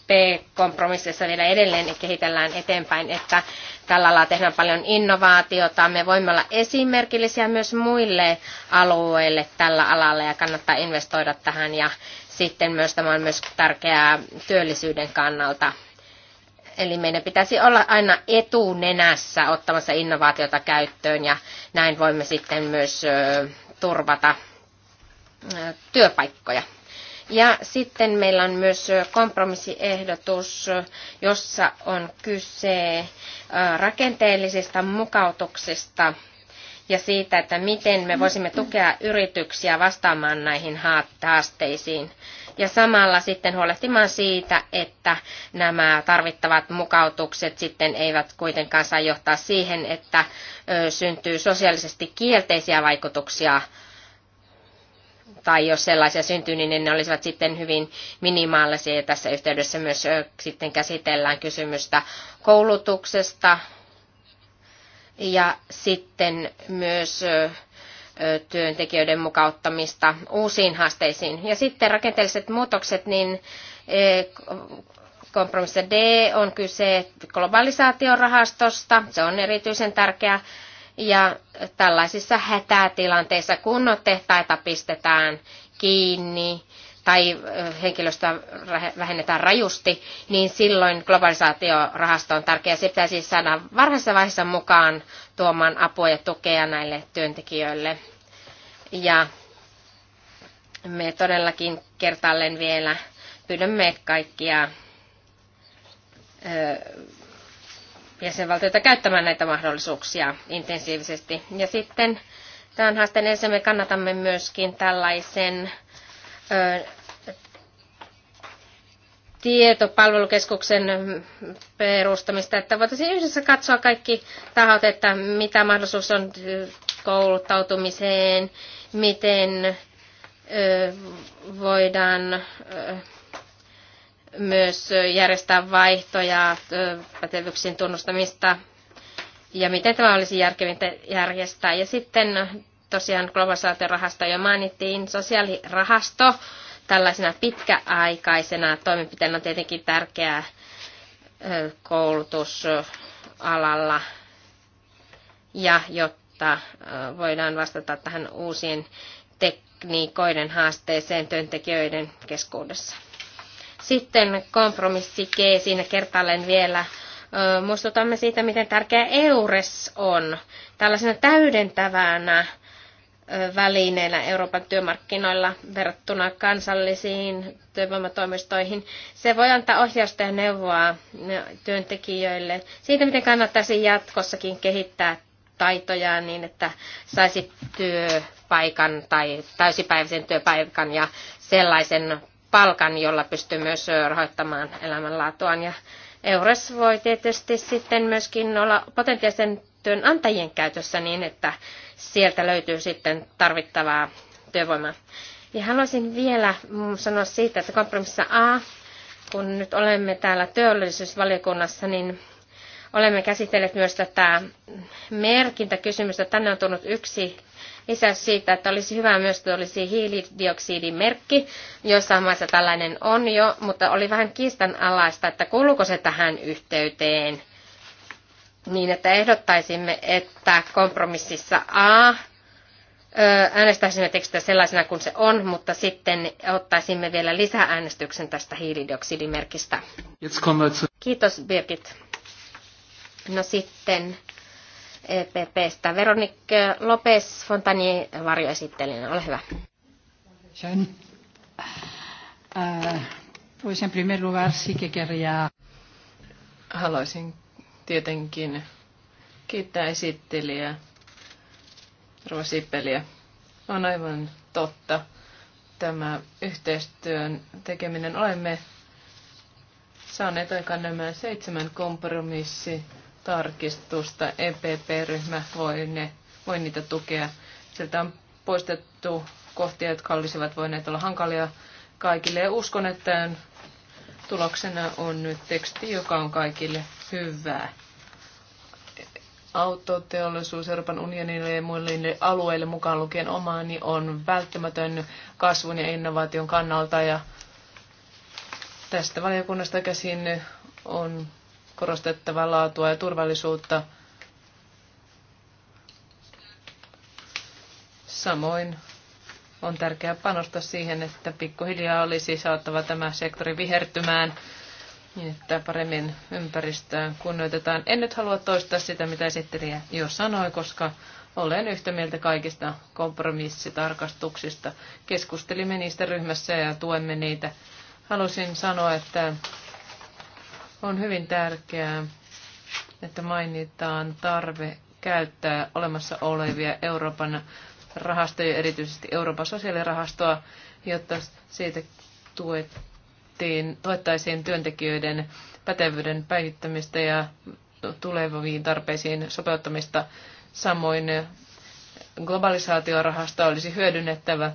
P-kompromississa vielä edelleen kehitellään eteenpäin, että tällä alalla tehdään paljon innovaatiota. Me voimme olla esimerkillisiä myös muille alueille tällä alalla ja kannattaa investoida tähän ja sitten myös tämä on myös tärkeää työllisyyden kannalta Eli meidän pitäisi olla aina etunenässä ottamassa innovaatiota käyttöön ja näin voimme sitten myös turvata työpaikkoja. Ja sitten meillä on myös kompromissiehdotus, jossa on kyse rakenteellisista mukautuksista ja siitä, että miten me voisimme tukea yrityksiä vastaamaan näihin haasteisiin ja samalla sitten huolehtimaan siitä, että nämä tarvittavat mukautukset sitten eivät kuitenkaan saa johtaa siihen, että syntyy sosiaalisesti kielteisiä vaikutuksia tai jos sellaisia syntyy, niin ne olisivat sitten hyvin minimaalisia. Ja tässä yhteydessä myös sitten käsitellään kysymystä koulutuksesta ja sitten myös työntekijöiden mukauttamista uusiin haasteisiin. Ja sitten rakenteelliset muutokset, niin kompromissa D on kyse globalisaatiorahastosta. Se on erityisen tärkeä. Ja tällaisissa hätätilanteissa, kun tehtaita pistetään kiinni tai henkilöstöä vähennetään rajusti, niin silloin globalisaatiorahasto on tärkeä. Se pitää siis saada varhaisessa vaiheessa mukaan tuomaan apua ja tukea näille työntekijöille. Ja me todellakin kertaalleen vielä pyydämme kaikkia jäsenvaltioita käyttämään näitä mahdollisuuksia intensiivisesti. Ja sitten tämän haasteen ensin me kannatamme myöskin tällaisen tietopalvelukeskuksen perustamista, että voitaisiin yhdessä katsoa kaikki tahot, että mitä mahdollisuus on kouluttautumiseen, miten voidaan myös järjestää vaihtoja, pätevyyksien tunnustamista ja miten tämä olisi järkevintä järjestää. Ja sitten tosiaan globalisaatiorahasto jo mainittiin, sosiaalirahasto tällaisena pitkäaikaisena toimenpiteenä on tietenkin tärkeää koulutusalalla ja jotta voidaan vastata tähän uusien tekniikoiden haasteeseen työntekijöiden keskuudessa. Sitten kompromissi G, siinä kertaalleen vielä muistutamme siitä, miten tärkeä EURES on tällaisena täydentävänä välineenä Euroopan työmarkkinoilla verrattuna kansallisiin työvoimatoimistoihin. Se voi antaa ohjausta ja neuvoa työntekijöille siitä, miten kannattaisi jatkossakin kehittää taitoja niin, että saisi työpaikan tai täysipäiväisen työpaikan ja sellaisen palkan, jolla pystyy myös rahoittamaan elämänlaatuaan. Ja EURES voi tietysti sitten myöskin olla potentiaalisen työnantajien käytössä niin, että sieltä löytyy sitten tarvittavaa työvoimaa. Ja haluaisin vielä mm, sanoa siitä, että kompromissa A, kun nyt olemme täällä työllisyysvaliokunnassa, niin olemme käsitelleet myös tätä merkintäkysymystä. Tänne on tullut yksi lisäys siitä, että olisi hyvä myös, että olisi hiilidioksidimerkki. Jossain maissa tällainen on jo, mutta oli vähän kiistanalaista, että kuuluuko se tähän yhteyteen – niin, että ehdottaisimme, että kompromississa A äänestäisimme tekstiä sellaisena kuin se on, mutta sitten ottaisimme vielä lisääänestyksen tästä hiilidioksidimerkistä. Kiitos Birgit. No sitten EPPstä Veronique Lopez Fontani varjoesittelijänä. Ole hyvä. Sen. Äh, en primer lugar Haluaisin tietenkin kiittää esittelijää, Rosipeliä. On aivan totta tämä yhteistyön tekeminen. Olemme saaneet aikaan nämä seitsemän tarkistusta EPP-ryhmä voi, ne, voi niitä tukea. Sieltä on poistettu kohtia, jotka olisivat voineet olla hankalia kaikille. Ja uskon, että tuloksena on nyt teksti, joka on kaikille hyvä. Autoteollisuus Euroopan unionille ja muille alueille mukaan lukien omaani on välttämätön kasvun ja innovaation kannalta ja tästä valiokunnasta käsin on korostettava laatua ja turvallisuutta. Samoin on tärkeää panostaa siihen, että pikkuhiljaa olisi saattava tämä sektori vihertymään niin, että paremmin ympäristöä kunnioitetaan. En nyt halua toistaa sitä, mitä esittelijä jo sanoi, koska olen yhtä mieltä kaikista kompromissitarkastuksista. Keskustelimme niistä ryhmässä ja tuemme niitä. Halusin sanoa, että on hyvin tärkeää, että mainitaan tarve käyttää olemassa olevia Euroopan rahastoja, erityisesti Euroopan sosiaalirahastoa, jotta siitä tuet tuettiin, tuettaisiin työntekijöiden pätevyyden päivittämistä ja tuleviin tarpeisiin sopeuttamista. Samoin globalisaatiorahasta olisi hyödynnettävä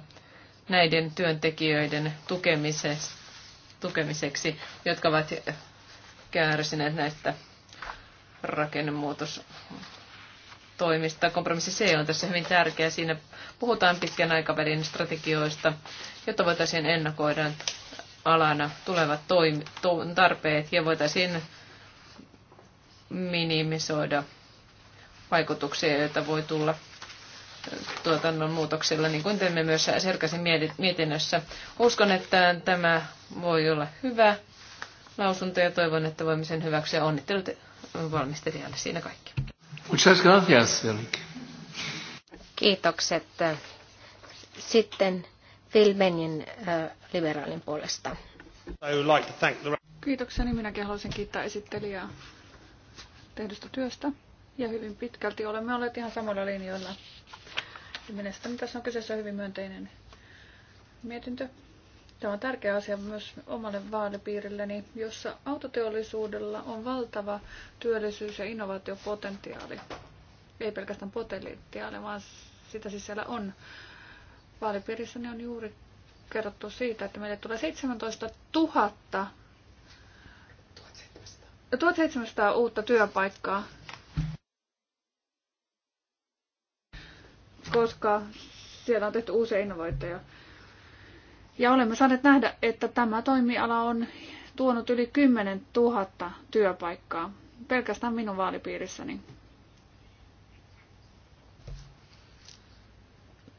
näiden työntekijöiden tukemiseksi, jotka ovat kärsineet näistä rakennemuutostoimista. Kompromissi C on tässä hyvin tärkeä. Siinä puhutaan pitkän aikavälin strategioista, jotta voitaisiin ennakoida alana tulevat toim to, tarpeet ja voitaisiin minimisoida vaikutuksia, joita voi tulla tuotannon muutoksella, niin kuin teemme myös Serkasin mietinnössä. Uskon, että tämä voi olla hyvä lausunto ja toivon, että voimme sen hyväksyä. Onnittelut valmistelijalle. Siinä kaikki. Kiitokset. Sitten Phil Benjen liberaalin puolesta. Kiitoksia, niin minäkin haluaisin kiittää esittelijää tehdystä työstä. Ja hyvin pitkälti olemme olleet ihan samalla linjoilla. mielestäni tässä on kyseessä hyvin myönteinen mietintö. Tämä on tärkeä asia myös omalle vaalipiirilleni, jossa autoteollisuudella on valtava työllisyys- ja innovaatiopotentiaali. Ei pelkästään potentiaali, vaan sitä siis siellä on. Vaalipiirissäni on juuri kerrottu siitä, että meille tulee 17 000 1700 uutta työpaikkaa, koska siellä on tehty uusia innovointeja. Ja olemme saaneet nähdä, että tämä toimiala on tuonut yli 10 000 työpaikkaa pelkästään minun vaalipiirissäni.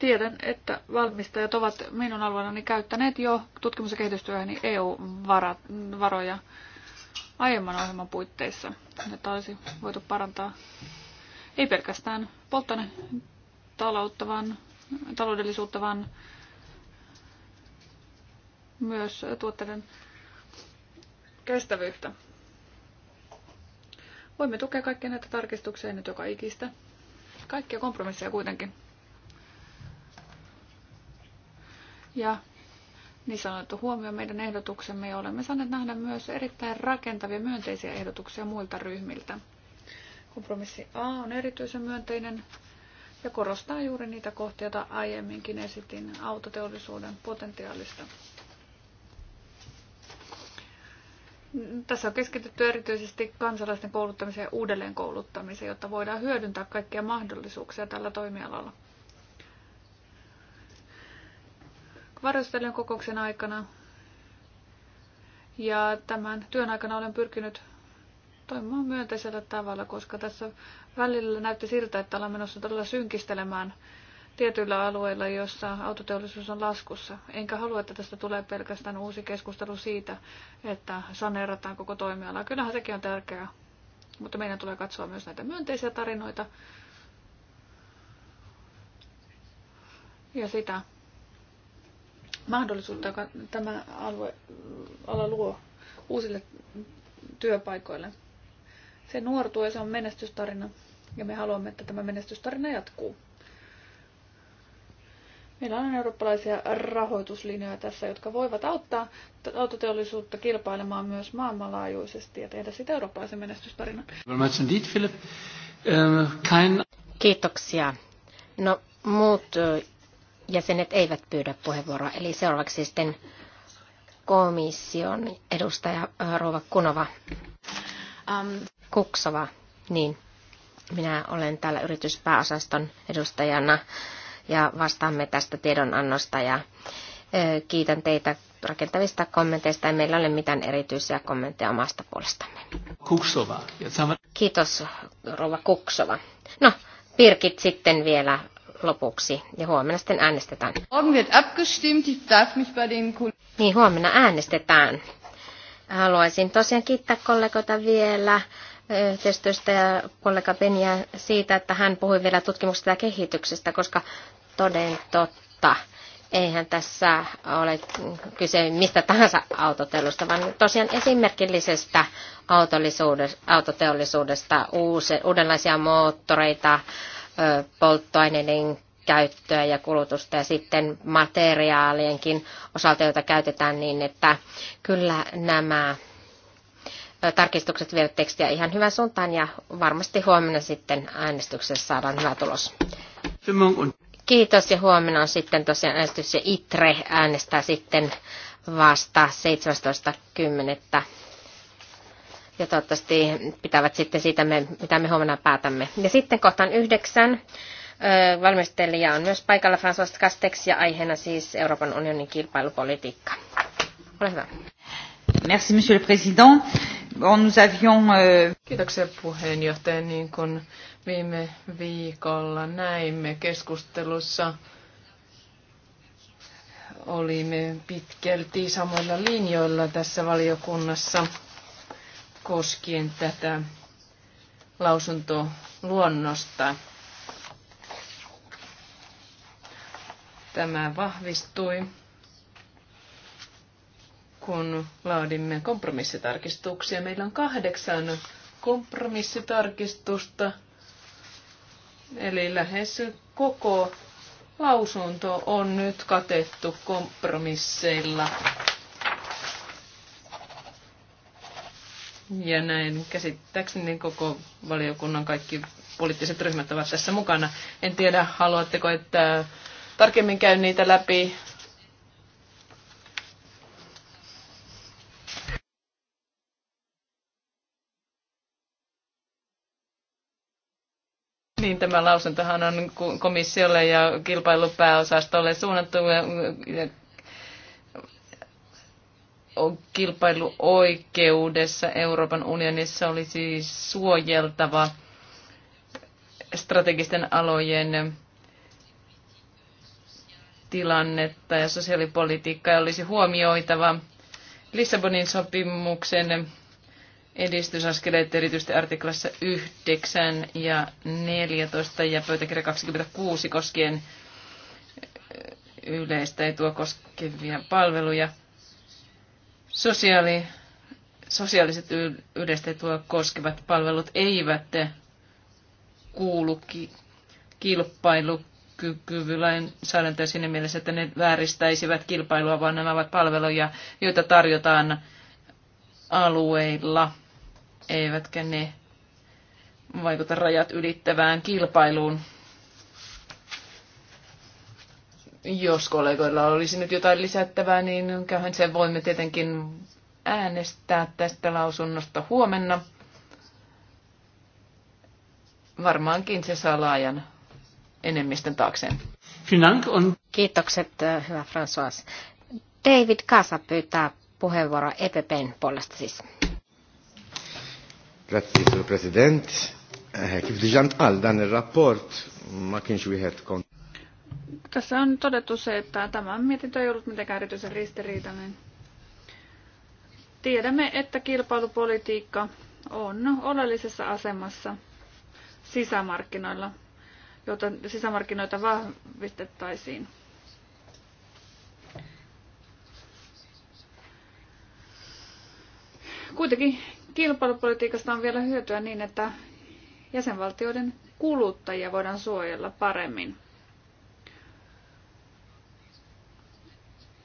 Tiedän, että valmistajat ovat minun alueellani käyttäneet jo tutkimus- ja kehitystyöhön EU-varoja aiemman ohjelman puitteissa, että olisi voitu parantaa ei pelkästään polttoaine taloutta, vaan, taloudellisuutta, vaan myös tuotteiden kestävyyttä. Voimme tukea kaikkia näitä tarkistuksia nyt joka ikistä. Kaikkia kompromisseja kuitenkin. ja niin sanottu huomio meidän ehdotuksemme ja olemme saaneet nähdä myös erittäin rakentavia myönteisiä ehdotuksia muilta ryhmiltä. Kompromissi A on erityisen myönteinen ja korostaa juuri niitä kohtia, joita aiemminkin esitin autoteollisuuden potentiaalista. Tässä on keskitytty erityisesti kansalaisten kouluttamiseen ja uudelleenkouluttamiseen, jotta voidaan hyödyntää kaikkia mahdollisuuksia tällä toimialalla. varjostelijan kokouksen aikana. Ja tämän työn aikana olen pyrkinyt toimimaan myönteisellä tavalla, koska tässä välillä näytti siltä, että ollaan menossa todella synkistelemään tietyillä alueilla, joissa autoteollisuus on laskussa. Enkä halua, että tästä tulee pelkästään uusi keskustelu siitä, että saneerataan koko toimiala. Kyllähän sekin on tärkeää, mutta meidän tulee katsoa myös näitä myönteisiä tarinoita ja sitä, mahdollisuutta, joka tämä alue, ala luo uusille työpaikoille. Se nuortuu ja se on menestystarina ja me haluamme, että tämä menestystarina jatkuu. Meillä on eurooppalaisia rahoituslinjoja tässä, jotka voivat auttaa autoteollisuutta kilpailemaan myös maailmanlaajuisesti ja tehdä sitä eurooppalaisen menestystarina. Um, Kiitoksia. No muut jäsenet eivät pyydä puheenvuoroa. Eli seuraavaksi sitten komission edustaja äh, Rova Kunova. Um. Kuksova, niin. Minä olen täällä yrityspääosaston edustajana ja vastaamme tästä tiedonannosta ja äh, kiitän teitä rakentavista kommenteista ja meillä ei ole mitään erityisiä kommentteja omasta puolestamme. Kuksova. Kiitos, Rova Kuksova. No, Pirkit sitten vielä lopuksi ja huomenna sitten äänestetään. Niin, huomenna äänestetään. Haluaisin tosiaan kiittää kollegoita vielä yhteistyöstä ja kollega Benia siitä, että hän puhui vielä tutkimuksesta ja kehityksestä, koska toden totta, eihän tässä ole kyse mistä tahansa autotelusta, vaan tosiaan esimerkillisestä autoteollisuudesta, uudenlaisia moottoreita, polttoaineiden käyttöä ja kulutusta ja sitten materiaalienkin osalta, joita käytetään niin, että kyllä nämä tarkistukset vievät tekstiä ihan hyvän suuntaan ja varmasti huomenna sitten äänestyksessä saadaan hyvä tulos. Kiitos ja huomenna on sitten tosiaan äänestys ja ITRE äänestää sitten vasta 17.10 ja toivottavasti pitävät sitten siitä, me, mitä me huomenna päätämme. Ja sitten kohtaan yhdeksän. Valmistelija on myös paikalla François Castex ja aiheena siis Euroopan unionin kilpailupolitiikka. Ole hyvä. Merci, monsieur le président. Bon, nous avions, euh... Kiitoksia puheenjohtaja. Niin kuin viime viikolla näimme keskustelussa, olimme pitkälti samoilla linjoilla tässä valiokunnassa koskien tätä lausuntoluonnosta. Tämä vahvistui, kun laadimme kompromissitarkistuksia. Meillä on kahdeksan kompromissitarkistusta, eli lähes koko lausunto on nyt katettu kompromisseilla Ja näin käsittääkseni koko valiokunnan kaikki poliittiset ryhmät ovat tässä mukana. En tiedä, haluatteko, että tarkemmin käyn niitä läpi. Niin, tämä lausuntohan on komissiolle ja kilpailupääosastolle suunnattu kilpailuoikeudessa Euroopan unionissa olisi siis suojeltava strategisten alojen tilannetta ja sosiaalipolitiikkaa olisi huomioitava Lissabonin sopimuksen edistysaskeleet erityisesti artiklassa 9 ja 14 ja pöytäkirja 26 koskien yleistä etua koskevia palveluja. Sosiaali, sosiaaliset yhdistettyä koskevat palvelut eivät kuulu ki, kilpailukykylainsäädäntöön siinä mielessä, että ne vääristäisivät kilpailua, vaan nämä ovat palveluja, joita tarjotaan alueilla, eivätkä ne vaikuta rajat ylittävään kilpailuun. Jos kollegoilla olisi nyt jotain lisättävää, niin käyhän sen voimme tietenkin äänestää tästä lausunnosta huomenna. Varmaankin se saa laajan enemmistön taakseen. Kiitokset, äh, hyvä François. David Kasa pyytää puheenvuoroa EPPn puolesta siis. Grazie, president. Kif eh, diġant għal dan il-rapport ma tässä on todettu se, että tämä mietintö ei ollut mitenkään erityisen ristiriitainen. Tiedämme, että kilpailupolitiikka on oleellisessa asemassa sisämarkkinoilla, jotta sisämarkkinoita vahvistettaisiin. Kuitenkin kilpailupolitiikasta on vielä hyötyä niin, että jäsenvaltioiden kuluttajia voidaan suojella paremmin.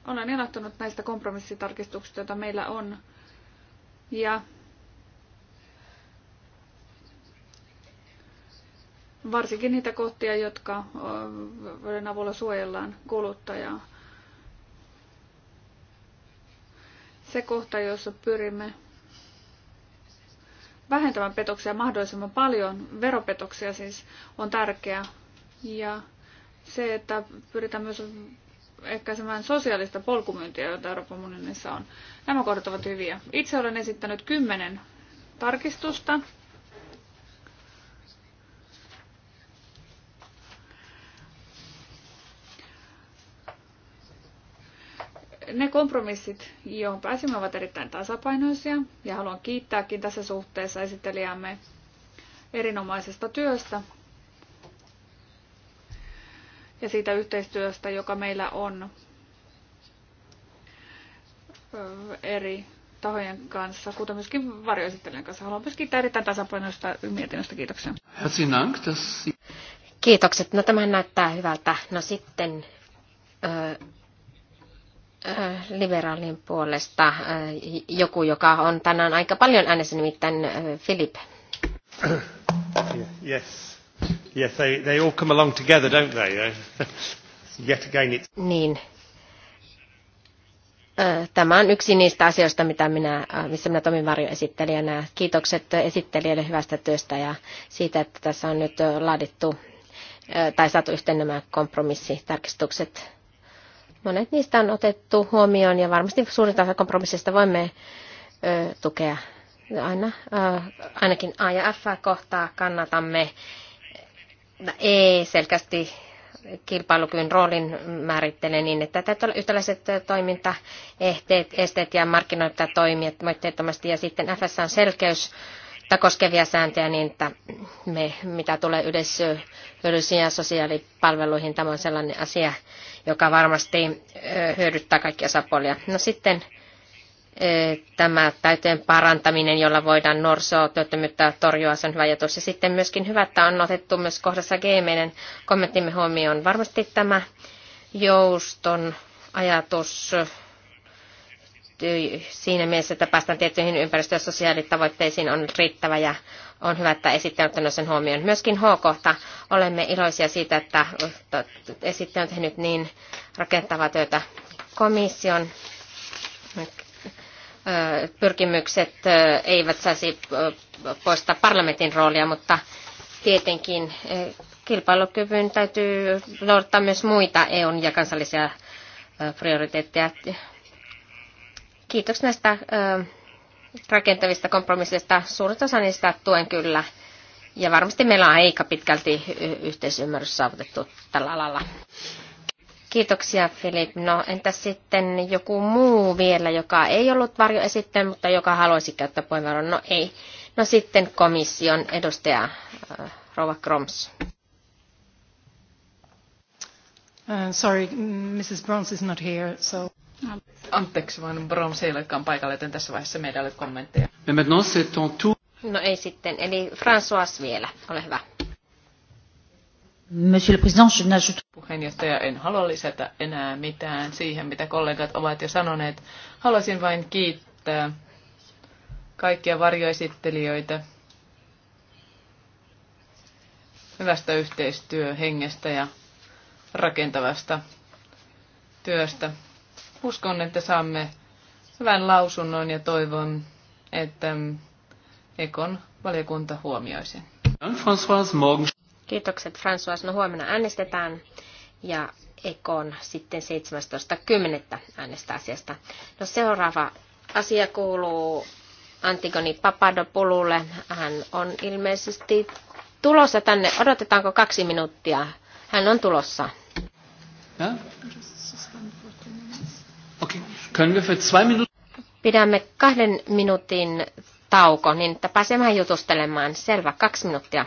Olen ilahtunut näistä kompromissitarkistuksista, joita meillä on. Ja varsinkin niitä kohtia, jotka, joiden avulla suojellaan kuluttajaa. Se kohta, jossa pyrimme vähentämään petoksia mahdollisimman paljon, veropetoksia siis, on tärkeää. Ja se, että pyritään myös ehkäisemään sosiaalista polkumyyntiä, jota Euroopan unionissa on. Nämä kohdat ovat hyviä. Itse olen esittänyt kymmenen tarkistusta. Ne kompromissit, joihin pääsimme, ovat erittäin tasapainoisia ja haluan kiittääkin tässä suhteessa esittelijämme erinomaisesta työstä ja siitä yhteistyöstä, joka meillä on eri tahojen kanssa, kuten myöskin varjoesittelijän kanssa. Haluan myös kiittää erittäin tasapainoista mietinnöstä. Kiitoksia. Kiitokset. No tämähän näyttää hyvältä. No sitten ö, ö, liberaalin puolesta ö, joku, joka on tänään aika paljon äänessä, nimittäin Filip. Yes. Yes, they, they all come along together, don't they? Eh? (laughs) Yet again it's... Niin. Tämä on yksi niistä asioista, mitä minä, missä minä Varjo esittelijänä. Kiitokset esittelijälle hyvästä työstä ja siitä, että tässä on nyt laadittu tai saatu yhteen nämä kompromissitarkistukset. Monet niistä on otettu huomioon ja varmasti suurin osa kompromissista voimme tukea aina. Ainakin A ja F kohtaa kannatamme ei selkeästi kilpailukyvyn roolin määrittelee niin, että täytyy olla yhtäläiset toimintaehteet, esteet ja markkinoita toimia moitteettomasti. Ja sitten FS on selkeys koskevia sääntöjä niin, että me, mitä tulee yleisöön ja sosiaalipalveluihin, tämä on sellainen asia, joka varmasti hyödyttää kaikkia sapolia. No sitten Eh, tämä täyteen parantaminen, jolla voidaan työttömyyttä torjua, se on hyvä ajatus. Ja sitten myöskin hyvä, että on otettu myös kohdassa G meidän kommenttimme huomioon. Varmasti tämä jouston ajatus eh, siinä mielessä, että päästään tiettyihin ympäristö- ja sosiaalitavoitteisiin on riittävä ja on hyvä, että esittäjä on sen huomioon. Myöskin H-kohta olemme iloisia siitä, että esittäjä on tehnyt niin rakentavaa työtä komission pyrkimykset eivät saisi poistaa parlamentin roolia, mutta tietenkin kilpailukyvyn täytyy noudattaa myös muita EUn ja kansallisia prioriteetteja. Kiitos näistä rakentavista kompromisseista. Suurin osa niistä tuen kyllä. Ja varmasti meillä on aika pitkälti yhteisymmärrys saavutettu tällä alalla. Kiitoksia Filip. No entä sitten joku muu vielä, joka ei ollut varjo esittää, mutta joka haluaisi käyttää puheenvuoron? No ei. No sitten komission edustaja äh, Rova Kroms. Uh, sorry, Mrs. Broms is not here, so... Anteeksi, vaan Broms ei olekaan paikalla, joten tässä vaiheessa meidän ei ole kommentteja. No ei sitten, eli François vielä, ole hyvä. Monsieur le Président, je n'ajoute... Puheenjohtaja, en halua lisätä enää mitään siihen, mitä kollegat ovat jo sanoneet. Haluaisin vain kiittää kaikkia varjoesittelijöitä hyvästä yhteistyöhengestä ja rakentavasta työstä. Uskon, että saamme hyvän lausunnon ja toivon, että Ekon valiokunta huomioi sen. François, morgen. Kiitokset François. No huomenna äänestetään ja Ekon sitten 17.10. äänestä asiasta. No seuraava asia kuuluu Antigoni Papadopoululle. Hän on ilmeisesti tulossa tänne. Odotetaanko kaksi minuuttia? Hän on tulossa. Ja? Pidämme kahden minuutin tauko, niin että pääsemään jutustelemaan. Selvä, kaksi minuuttia.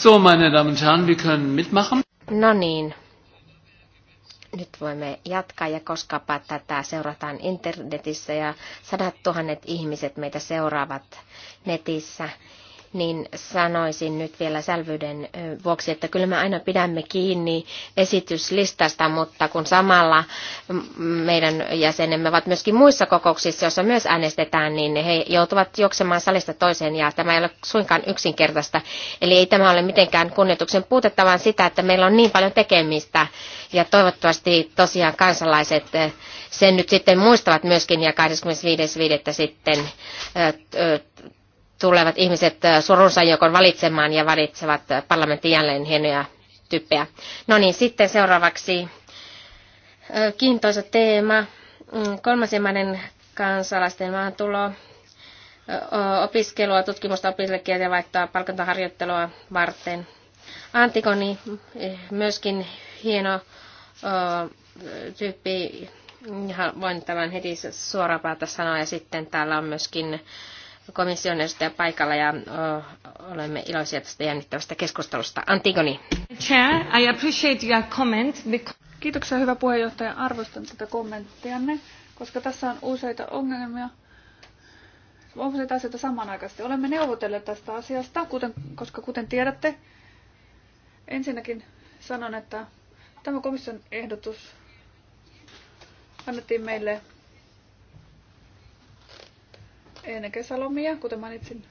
So, meine Damen und Herren, wir können mitmachen. No niin. Nyt voimme jatkaa ja koska tätä seurataan internetissä ja sadat tuhannet ihmiset meitä seuraavat netissä niin sanoisin nyt vielä selvyyden vuoksi, että kyllä me aina pidämme kiinni esityslistasta, mutta kun samalla meidän jäsenemme ovat myöskin muissa kokouksissa, joissa myös äänestetään, niin he joutuvat juoksemaan salista toiseen ja tämä ei ole suinkaan yksinkertaista. Eli ei tämä ole mitenkään kunnioituksen puutetta, vaan sitä, että meillä on niin paljon tekemistä ja toivottavasti tosiaan kansalaiset eh, sen nyt sitten muistavat myöskin ja 25.5. sitten eh, eh, tulevat ihmiset surunsa joukon valitsemaan ja valitsevat parlamentin jälleen hienoja tyyppejä. No niin, sitten seuraavaksi kiintoisa teema, mm, kolmansien maiden kansalaisten maahantulo, opiskelua, tutkimusta, ja vaihtoa, palkantaharjoittelua varten. Antigoni, eh, myöskin hieno tyyppi, voin tämän heti suoraan päätä sanoa, ja sitten täällä on myöskin komission edustaja paikalla ja o, olemme iloisia tästä jännittävästä keskustelusta. Antigoni. Chair, I appreciate your comment because... Kiitoksia hyvä puheenjohtaja. Arvostan tätä kommenttianne, koska tässä on useita ongelmia. Useita asioita samanaikaisesti. Olemme neuvotelleet tästä asiasta, kuten, koska kuten tiedätte, ensinnäkin sanon, että tämä komission ehdotus annettiin meille ennen kesälomia, kuten mainitsin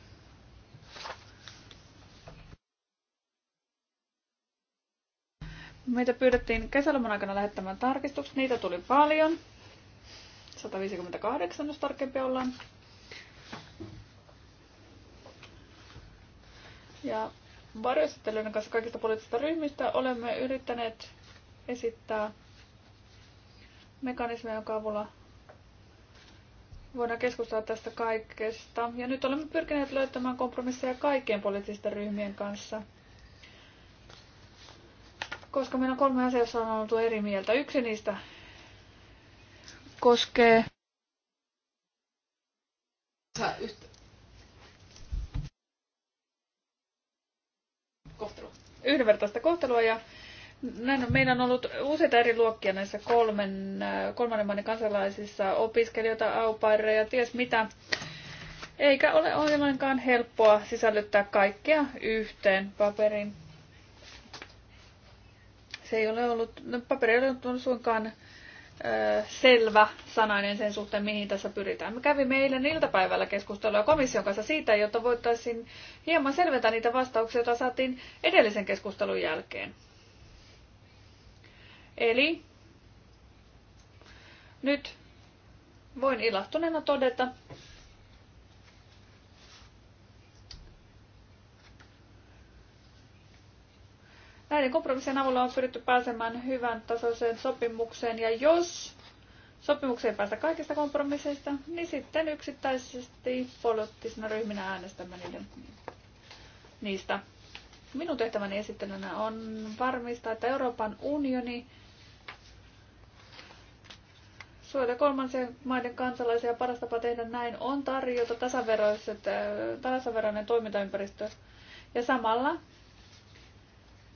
Meitä pyydettiin kesäloman aikana lähettämään tarkistukset. Niitä tuli paljon. 158, jos tarkempi ollaan. Ja varjoesittelyiden kanssa kaikista poliittisista ryhmistä olemme yrittäneet esittää mekanismeja, jonka avulla voidaan keskustella tästä kaikesta. Ja nyt olemme pyrkineet löytämään kompromisseja kaikkien poliittisten ryhmien kanssa – koska meillä on kolme asiaa, on oltu eri mieltä. Yksi niistä koskee kohtelua. yhdenvertaista kohtelua ja näin on, meillä on ollut useita eri luokkia näissä kolmen, äh, kolmannen maan kansalaisissa, opiskelijoita, aupaireja, ties mitä. Eikä ole ollenkaan helppoa sisällyttää kaikkea yhteen paperin se ei ole ollut, no, paperi ei ole suinkaan selvä sanainen sen suhteen, mihin tässä pyritään. Me kävimme eilen iltapäivällä keskustelua komission kanssa siitä, jotta voitaisiin hieman selventää niitä vastauksia, joita saatiin edellisen keskustelun jälkeen. Eli nyt voin ilahtuneena todeta, Näiden kompromissien avulla on pyritty pääsemään hyvän tasoiseen sopimukseen ja jos sopimukseen päästä kaikista kompromisseista, niin sitten yksittäisesti poliittisena ryhminä äänestämme niiden, niistä. Minun tehtäväni esittelynä on varmistaa, että Euroopan unioni suojaa kolmansien maiden kansalaisia. Paras tapa tehdä näin on tarjota tasaveroiset, äh, tasaveroinen toimintaympäristö ja samalla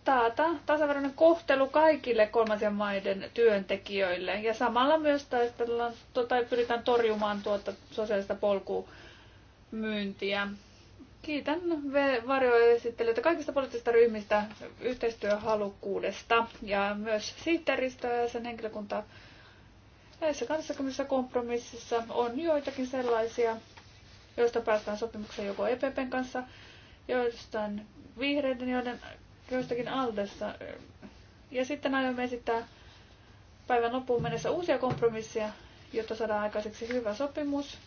taata tasaveroinen kohtelu kaikille kolmansien maiden työntekijöille ja samalla myös taistellaan tai tota, pyritään torjumaan tuota sosiaalista polkumyyntiä. Kiitän varjoesittelijöitä kaikista poliittisista ryhmistä yhteistyöhalukkuudesta ja myös sihteeristöä ja sen henkilökuntaa. Näissä 20 kompromississa on joitakin sellaisia, joista päästään sopimukseen joko EPPn kanssa, joistain vihreiden, joiden joistakin Aldessa. Ja sitten aiomme esittää päivän loppuun mennessä uusia kompromisseja, jotta saadaan aikaiseksi hyvä sopimus.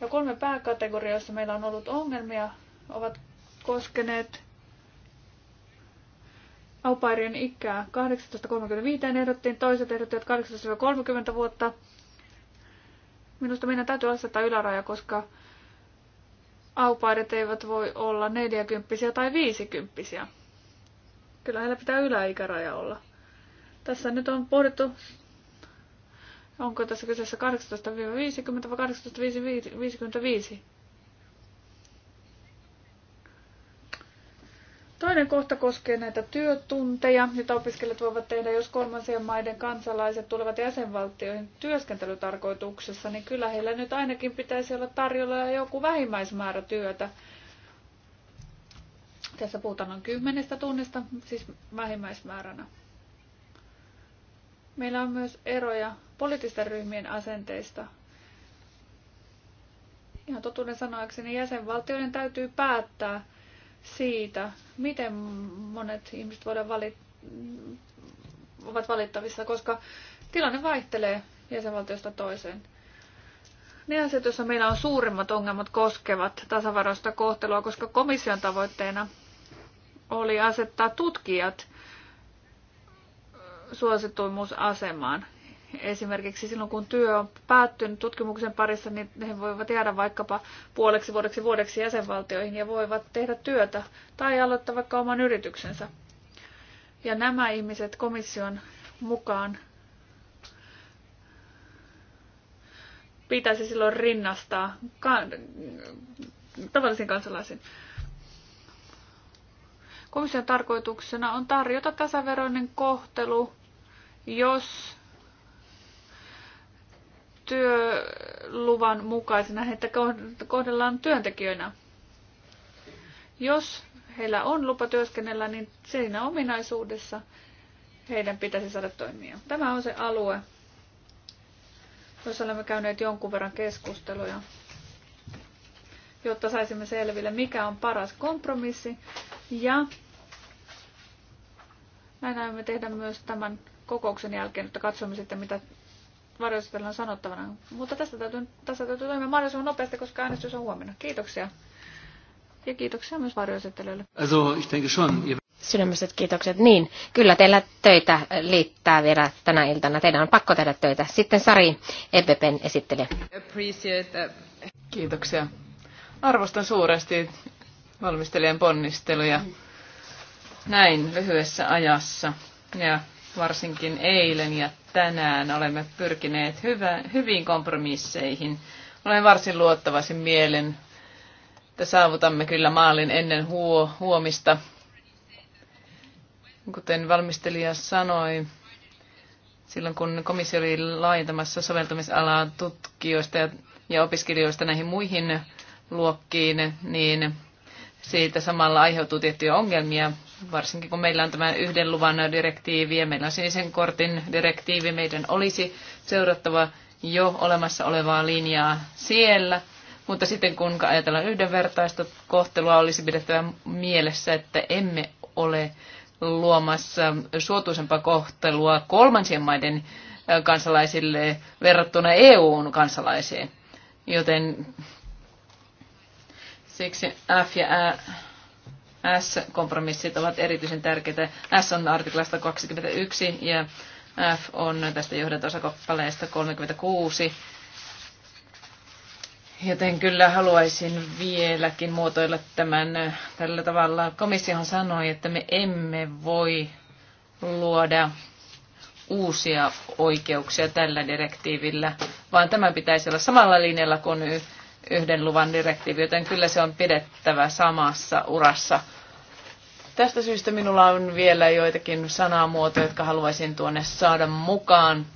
Ja kolme pääkategoriaa, joissa meillä on ollut ongelmia, ovat koskeneet aupairien ikää 18-35 ehdottiin, toiset ehdottivat 18-30 vuotta. Minusta meidän täytyy asettaa yläraja, koska aupairit eivät voi olla 40 tai 50. Kyllä heillä pitää yläikäraja olla. Tässä nyt on pohdittu, onko tässä kyseessä 18-50 vai 18-55. Toinen kohta koskee näitä työtunteja, joita opiskelijat voivat tehdä, jos kolmansien maiden kansalaiset tulevat jäsenvaltioihin työskentelytarkoituksessa, niin kyllä heillä nyt ainakin pitäisi olla tarjolla joku vähimmäismäärä työtä tässä puhutaan noin kymmenestä tunnista, siis vähimmäismääränä. Meillä on myös eroja poliittisten ryhmien asenteista. Ihan totuuden sanoakseni jäsenvaltioiden täytyy päättää siitä, miten monet ihmiset voidaan valit- ovat valittavissa, koska tilanne vaihtelee jäsenvaltiosta toiseen. Ne asiat, joissa meillä on suurimmat ongelmat, koskevat tasavaroista kohtelua, koska komission tavoitteena oli asettaa tutkijat suosituimmuusasemaan. Esimerkiksi silloin, kun työ on päättynyt tutkimuksen parissa, niin he voivat jäädä vaikkapa puoleksi vuodeksi vuodeksi jäsenvaltioihin ja voivat tehdä työtä tai aloittaa vaikka oman yrityksensä. Ja nämä ihmiset komission mukaan pitäisi silloin rinnastaa tavallisiin kansalaisiin. Komission tarkoituksena on tarjota tasaveroinen kohtelu, jos työluvan mukaisena heitä kohdellaan työntekijöinä. Jos heillä on lupa työskennellä, niin siinä ominaisuudessa heidän pitäisi saada toimia. Tämä on se alue, jossa olemme käyneet jonkun verran keskusteluja, jotta saisimme selville, mikä on paras kompromissi ja näin aiomme tehdä myös tämän kokouksen jälkeen, että katsomme sitten, mitä varjoisitella on sanottavana. Mutta tästä täytyy, tästä täytyy toimia mahdollisimman nopeasti, koska äänestys on huomenna. Kiitoksia. Ja kiitoksia myös varjoesittelijöille. Sydämiset kiitokset. Niin, kyllä teillä töitä liittää vielä tänä iltana. Teidän on pakko tehdä töitä. Sitten Sari EPPn esittelijä. Kiitoksia. Arvostan suuresti valmistelijan ponnisteluja näin lyhyessä ajassa. Ja varsinkin eilen ja tänään olemme pyrkineet hyvä, hyviin kompromisseihin. Olen varsin luottavaisin mielen, että saavutamme kyllä maalin ennen huo, huomista. Kuten valmistelija sanoi, silloin kun komissio oli laajentamassa soveltamisalaa tutkijoista ja, ja opiskelijoista näihin muihin luokkiin, niin siitä samalla aiheutuu tiettyjä ongelmia, varsinkin kun meillä on tämä yhden luvan direktiivi ja meillä on sinisen kortin direktiivi, meidän olisi seurattava jo olemassa olevaa linjaa siellä. Mutta sitten kun ajatellaan yhdenvertaista kohtelua, olisi pidettävä mielessä, että emme ole luomassa suotuisempaa kohtelua kolmansien maiden kansalaisille verrattuna EUn kansalaisiin, Joten Siksi F ja S-kompromissit ovat erityisen tärkeitä. S on artiklasta 21 ja F on tästä johdantosakappaleesta 36. Joten kyllä haluaisin vieläkin muotoilla tämän tällä tavalla. Komissiohan sanoi, että me emme voi luoda uusia oikeuksia tällä direktiivillä, vaan tämä pitäisi olla samalla linjalla kuin yhden luvan direktiivi, joten kyllä se on pidettävä samassa urassa. Tästä syystä minulla on vielä joitakin sanamuotoja, jotka haluaisin tuonne saada mukaan.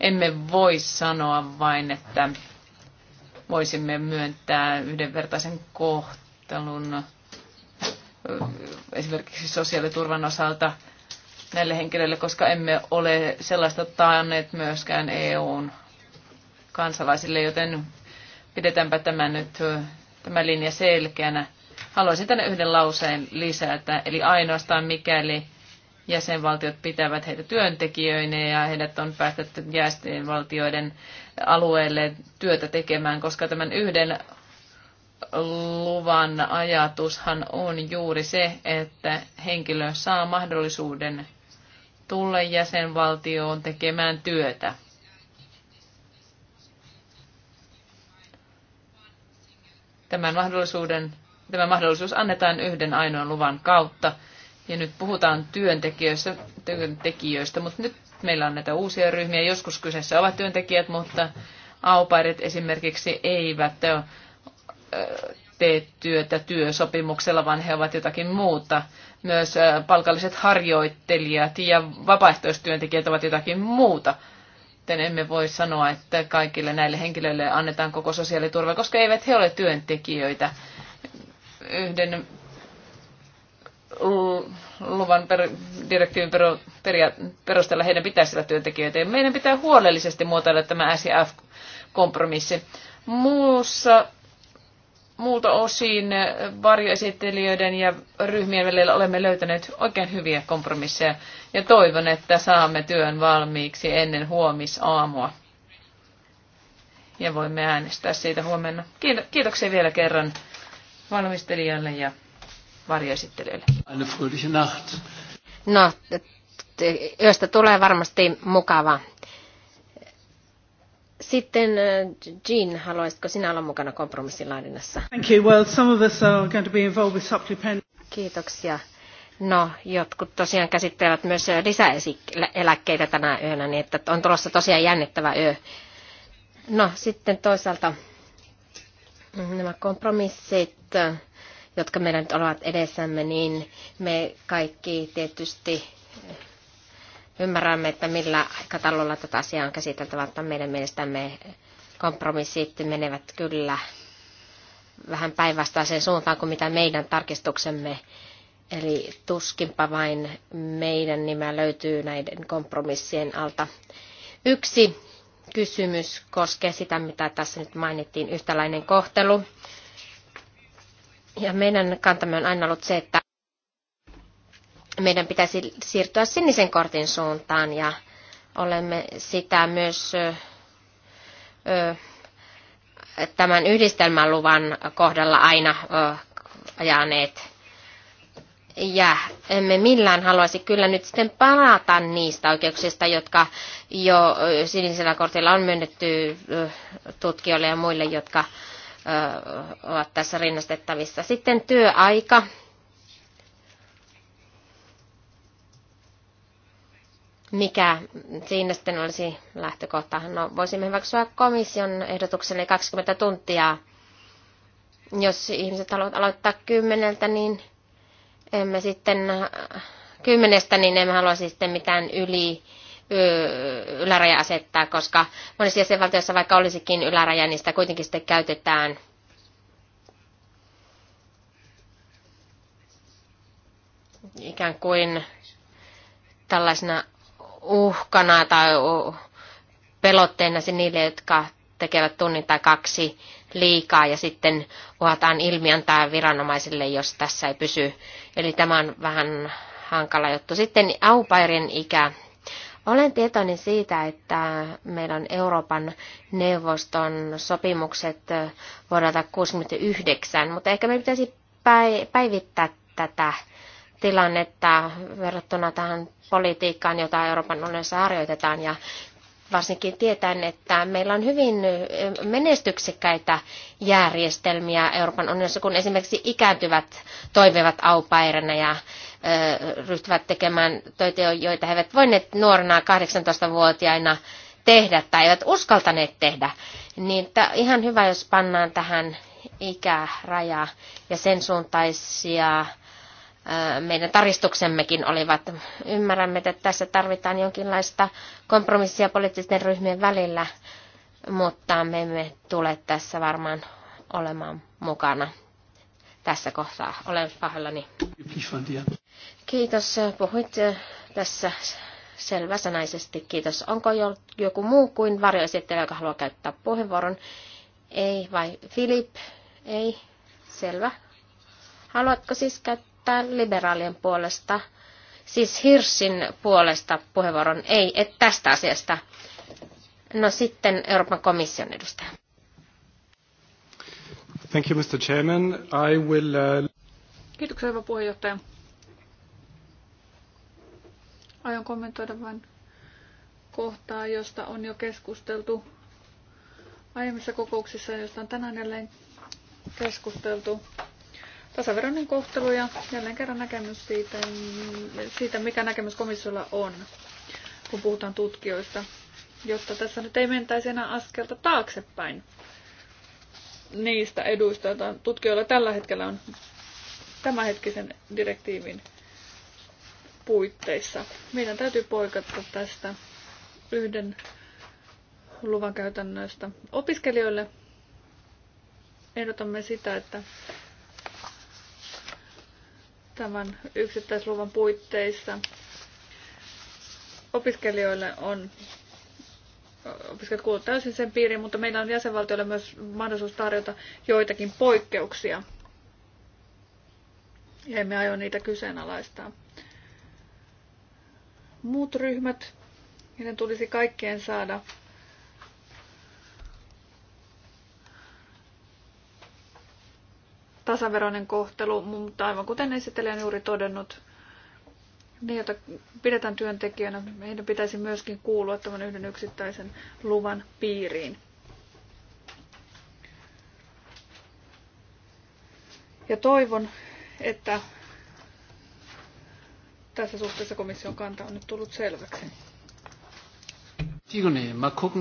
Emme voi sanoa vain, että voisimme myöntää yhdenvertaisen kohtelun esimerkiksi sosiaaliturvan osalta näille henkilöille, koska emme ole sellaista taanneet myöskään EUn kansalaisille, joten pidetäänpä tämä nyt, tämä linja selkeänä. Haluaisin tänne yhden lauseen lisätä, eli ainoastaan mikäli jäsenvaltiot pitävät heitä työntekijöinä ja heidät on päästetty jäsenvaltioiden alueelle työtä tekemään, koska tämän yhden luvan ajatushan on juuri se, että henkilö saa mahdollisuuden tulla jäsenvaltioon tekemään työtä. Tämän mahdollisuuden, tämä mahdollisuus annetaan yhden ainoan luvan kautta. Ja nyt puhutaan työntekijöistä, työntekijöistä mutta nyt meillä on näitä uusia ryhmiä. Joskus kyseessä ovat työntekijät, mutta aupairit esimerkiksi eivät tee työtä työsopimuksella, vaan he ovat jotakin muuta. Myös palkalliset harjoittelijat ja vapaaehtoistyöntekijät ovat jotakin muuta sitten emme voi sanoa, että kaikille näille henkilöille annetaan koko sosiaaliturva, koska eivät he ole työntekijöitä. Yhden luvan per, direktiivin per, peria, perusteella heidän pitäisi olla työntekijöitä. Ja meidän pitää huolellisesti muotoilla tämä SIF-kompromissi. Muussa muulta osin varjoesittelijöiden ja ryhmien välillä olemme löytäneet oikein hyviä kompromisseja ja toivon, että saamme työn valmiiksi ennen huomisaamua. Ja voimme äänestää siitä huomenna. Kiitoksia vielä kerran valmistelijoille ja varjoesittelijöille. No, yöstä tulee varmasti mukava. Sitten äh, Jean, haluaisitko sinä olla mukana kompromissin laadinnassa? Thank you. Well, some of us are going to be involved with supplement. Kiitoksia. No, jotkut tosiaan käsittelevät myös äh, lisäeläkkeitä tänä yönä, niin että on tulossa tosiaan jännittävä yö. No, sitten toisaalta mm, nämä kompromissit, äh, jotka meidän nyt ovat edessämme, niin me kaikki tietysti ymmärrämme, että millä aikataululla tätä asiaa on käsiteltävä, mutta meidän mielestämme kompromissit menevät kyllä vähän päinvastaiseen suuntaan kuin mitä meidän tarkistuksemme. Eli tuskinpa vain meidän nimä löytyy näiden kompromissien alta. Yksi kysymys koskee sitä, mitä tässä nyt mainittiin, yhtäläinen kohtelu. Ja meidän kantamme on aina ollut se, että meidän pitäisi siirtyä sinisen kortin suuntaan ja olemme sitä myös tämän yhdistelmäluvan kohdalla aina ajaneet. Ja emme millään haluaisi kyllä nyt sitten palata niistä oikeuksista, jotka jo sinisellä kortilla on myönnetty tutkijoille ja muille, jotka ovat tässä rinnastettavissa. Sitten työaika mikä siinä sitten olisi lähtökohta. No, voisimme hyväksyä komission ehdotuksen, eli 20 tuntia. Jos ihmiset haluavat aloittaa kymmeneltä, niin emme sitten kymmenestä, niin emme halua siis sitten mitään yli yläraja asettaa, koska monissa jäsenvaltioissa vaikka olisikin yläraja, niin sitä kuitenkin sitten käytetään ikään kuin tällaisena uhkana tai pelotteena se niille, jotka tekevät tunnin tai kaksi liikaa ja sitten uhataan ilmiantaa viranomaisille, jos tässä ei pysy. Eli tämä on vähän hankala juttu. Sitten aupairin ikä. Olen tietoinen siitä, että meillä on Euroopan neuvoston sopimukset vuodelta 1969, mutta ehkä me pitäisi päivittää tätä tilannetta verrattuna tähän politiikkaan, jota Euroopan unionissa harjoitetaan ja varsinkin tietäen, että meillä on hyvin menestyksekkäitä järjestelmiä Euroopan unionissa, kun esimerkiksi ikääntyvät toimivat aupairina ja ryhtyvät tekemään töitä, joita he eivät voineet nuorena 18-vuotiaina tehdä tai eivät uskaltaneet tehdä. Niin ihan hyvä, jos pannaan tähän ikäraja ja sen suuntaisia meidän taristuksemmekin olivat. Ymmärrämme, että tässä tarvitaan jonkinlaista kompromissia poliittisten ryhmien välillä, mutta me emme tule tässä varmaan olemaan mukana tässä kohtaa. Olen pahoillani. Kiitos. Puhuit tässä selväsanaisesti. Kiitos. Onko joku muu kuin varjoesittelijä, joka haluaa käyttää puheenvuoron? Ei vai Filip? Ei. Selvä. Haluatko siis käyttää? käyttää liberaalien puolesta, siis Hirsin puolesta puheenvuoron, ei et tästä asiasta. No sitten Euroopan komission edustaja. Thank you, Mr. Chairman. I will, uh... Kiitoksia, hyvä puheenjohtaja. Aion kommentoida vain kohtaa, josta on jo keskusteltu aiemmissa kokouksissa, josta on tänään jälleen keskusteltu tasaveroinen kohtelu ja jälleen kerran näkemys siitä, siitä mikä näkemys komissiolla on, kun puhutaan tutkijoista, jotta tässä nyt ei mentäisi enää askelta taaksepäin niistä eduista, joita tutkijoilla tällä hetkellä on tämänhetkisen direktiivin puitteissa. Meidän täytyy poikata tästä yhden luvan käytännöstä opiskelijoille. Ehdotamme sitä, että tämän yksittäisluvan puitteissa. Opiskelijoille on opiskelijat täysin sen piiriin, mutta meillä on jäsenvaltioille myös mahdollisuus tarjota joitakin poikkeuksia. Ja emme aio niitä kyseenalaistaa. Muut ryhmät, niiden tulisi kaikkien saada tasaveroinen kohtelu, mutta aivan kuten esittelijä on juuri todennut, ne, joita pidetään työntekijänä, meidän pitäisi myöskin kuulua tämän yhden yksittäisen luvan piiriin. Ja toivon, että tässä suhteessa komission kanta on nyt tullut selväksi.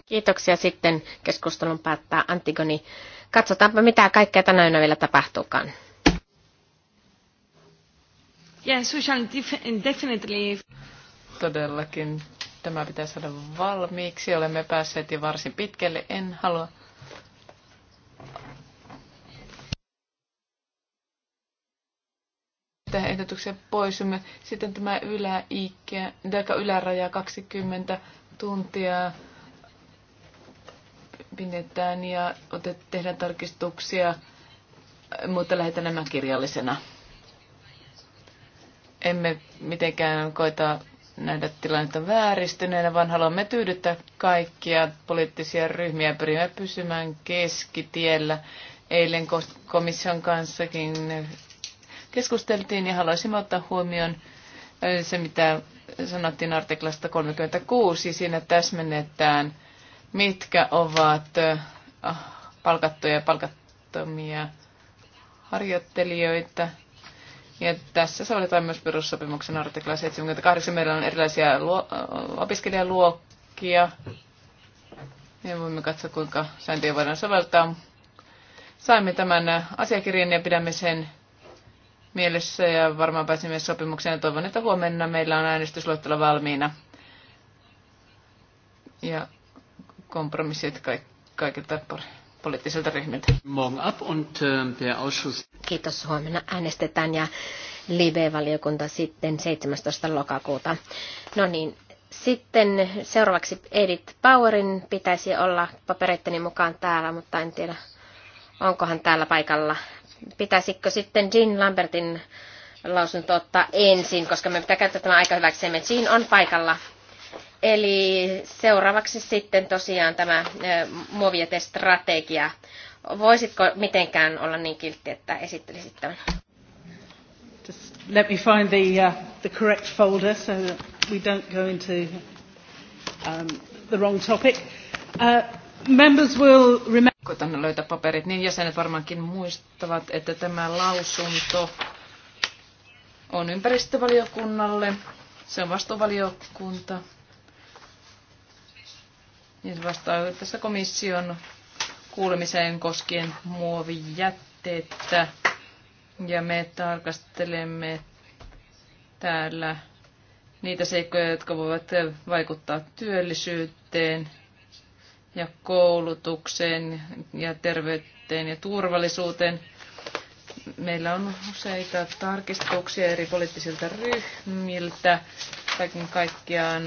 Kiitoksia. Sitten keskustelun päättää Antigoni katsotaanpa mitä kaikkea tänä yönä vielä tapahtuukaan. Yes, we shall definitely... Todellakin tämä pitää saada valmiiksi. Olemme päässeet jo varsin pitkälle. En halua tehdä ehdotukseen poisumme. Sitten tämä yläikä, yläraja 20 tuntia pidetään ja otet, tehdään tarkistuksia, mutta lähetän nämä kirjallisena. Emme mitenkään koita nähdä tilannetta vääristyneenä, vaan haluamme tyydyttää kaikkia poliittisia ryhmiä pyrimme pysymään keskitiellä. Eilen komission kanssakin keskusteltiin ja haluaisimme ottaa huomioon se, mitä sanottiin artiklasta 36. Siinä täsmennetään – mitkä ovat äh, palkattuja ja palkattomia harjoittelijoita. Ja tässä sovitaan myös perussopimuksen artikla 78. Meillä on erilaisia luo- äh, opiskelijaluokkia. Ja voimme katsoa, kuinka sääntöjä voidaan soveltaa. Saimme tämän asiakirjan ja pidämme sen mielessä ja varmaan pääsimme sopimukseen. Toivon, että huomenna meillä on äänestysluettelo valmiina. Ja kompromissit kaikilta poliittisilta ryhmiltä. Ähm, Kiitos. Huomenna äänestetään ja live-valiokunta sitten 17. lokakuuta. No niin, sitten seuraavaksi Edith Powerin pitäisi olla papereitteni mukaan täällä, mutta en tiedä, onkohan täällä paikalla. Pitäisikö sitten Jean Lambertin lausunto ottaa ensin, koska me pitää käyttää tämä aika hyväksi. Jean on paikalla. Eli seuraavaksi sitten tosiaan tämä Moviete-strategia. Voisitko mitenkään olla niin kiltti, että esittelisit tämän? Just let me find the, uh, the correct folder so that we don't go into um, the wrong topic. Uh, members will remember... Koitan löytää paperit, niin jäsenet varmaankin muistavat, että tämä lausunto on ympäristövaliokunnalle. Se on vastuuvaliokunta niin se vastaa tässä komission kuulemiseen koskien muovijätteitä. Ja me tarkastelemme täällä niitä seikkoja, jotka voivat vaikuttaa työllisyyteen ja koulutukseen ja terveyteen ja turvallisuuteen. Meillä on useita tarkistuksia eri poliittisilta ryhmiltä. Kaiken kaikkiaan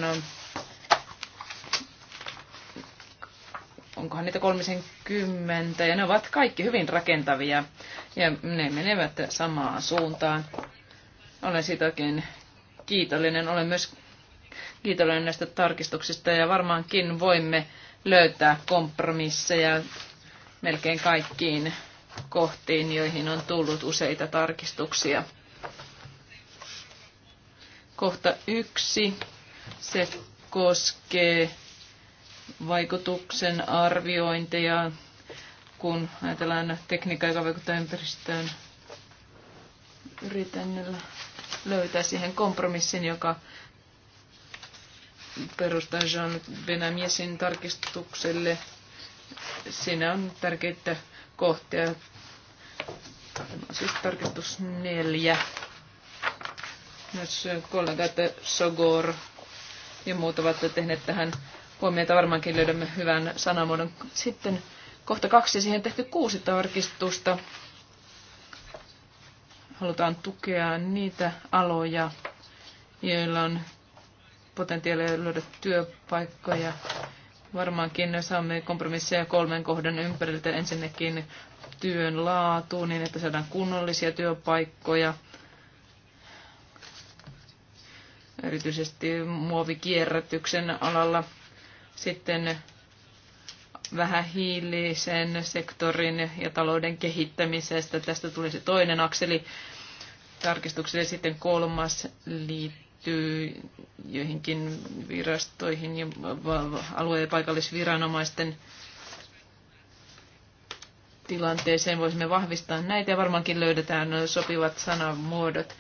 onkohan niitä 30, ja ne ovat kaikki hyvin rakentavia, ja ne menevät samaan suuntaan. Olen siitä oikein kiitollinen. Olen myös kiitollinen näistä tarkistuksista, ja varmaankin voimme löytää kompromisseja melkein kaikkiin kohtiin, joihin on tullut useita tarkistuksia. Kohta yksi, se koskee vaikutuksen arviointeja, kun ajatellaan tekniikkaa, joka vaikuttaa ympäristöön. Yritän löytää siihen kompromissin, joka perustaa Jean Benamiesin tarkistukselle. Siinä on tärkeitä kohtia. Tämä on siis tarkistus neljä. Myös kollegat Sogor ja muut ovat tehneet tähän huomiota varmaankin löydämme hyvän sanamuodon. Sitten kohta kaksi, siihen tehty kuusi tarkistusta. Halutaan tukea niitä aloja, joilla on potentiaalia löydä työpaikkoja. Varmaankin saamme kompromisseja kolmen kohdan ympäriltä. Ensinnäkin työn laatu niin, että saadaan kunnollisia työpaikkoja. Erityisesti muovikierrätyksen alalla – sitten hiilisen sektorin ja talouden kehittämisestä. Tästä tulisi toinen akseli tarkistukselle. Sitten kolmas liittyy joihinkin virastoihin ja alue- ja paikallisviranomaisten tilanteeseen. Voisimme vahvistaa näitä ja varmaankin löydetään sopivat sanamuodot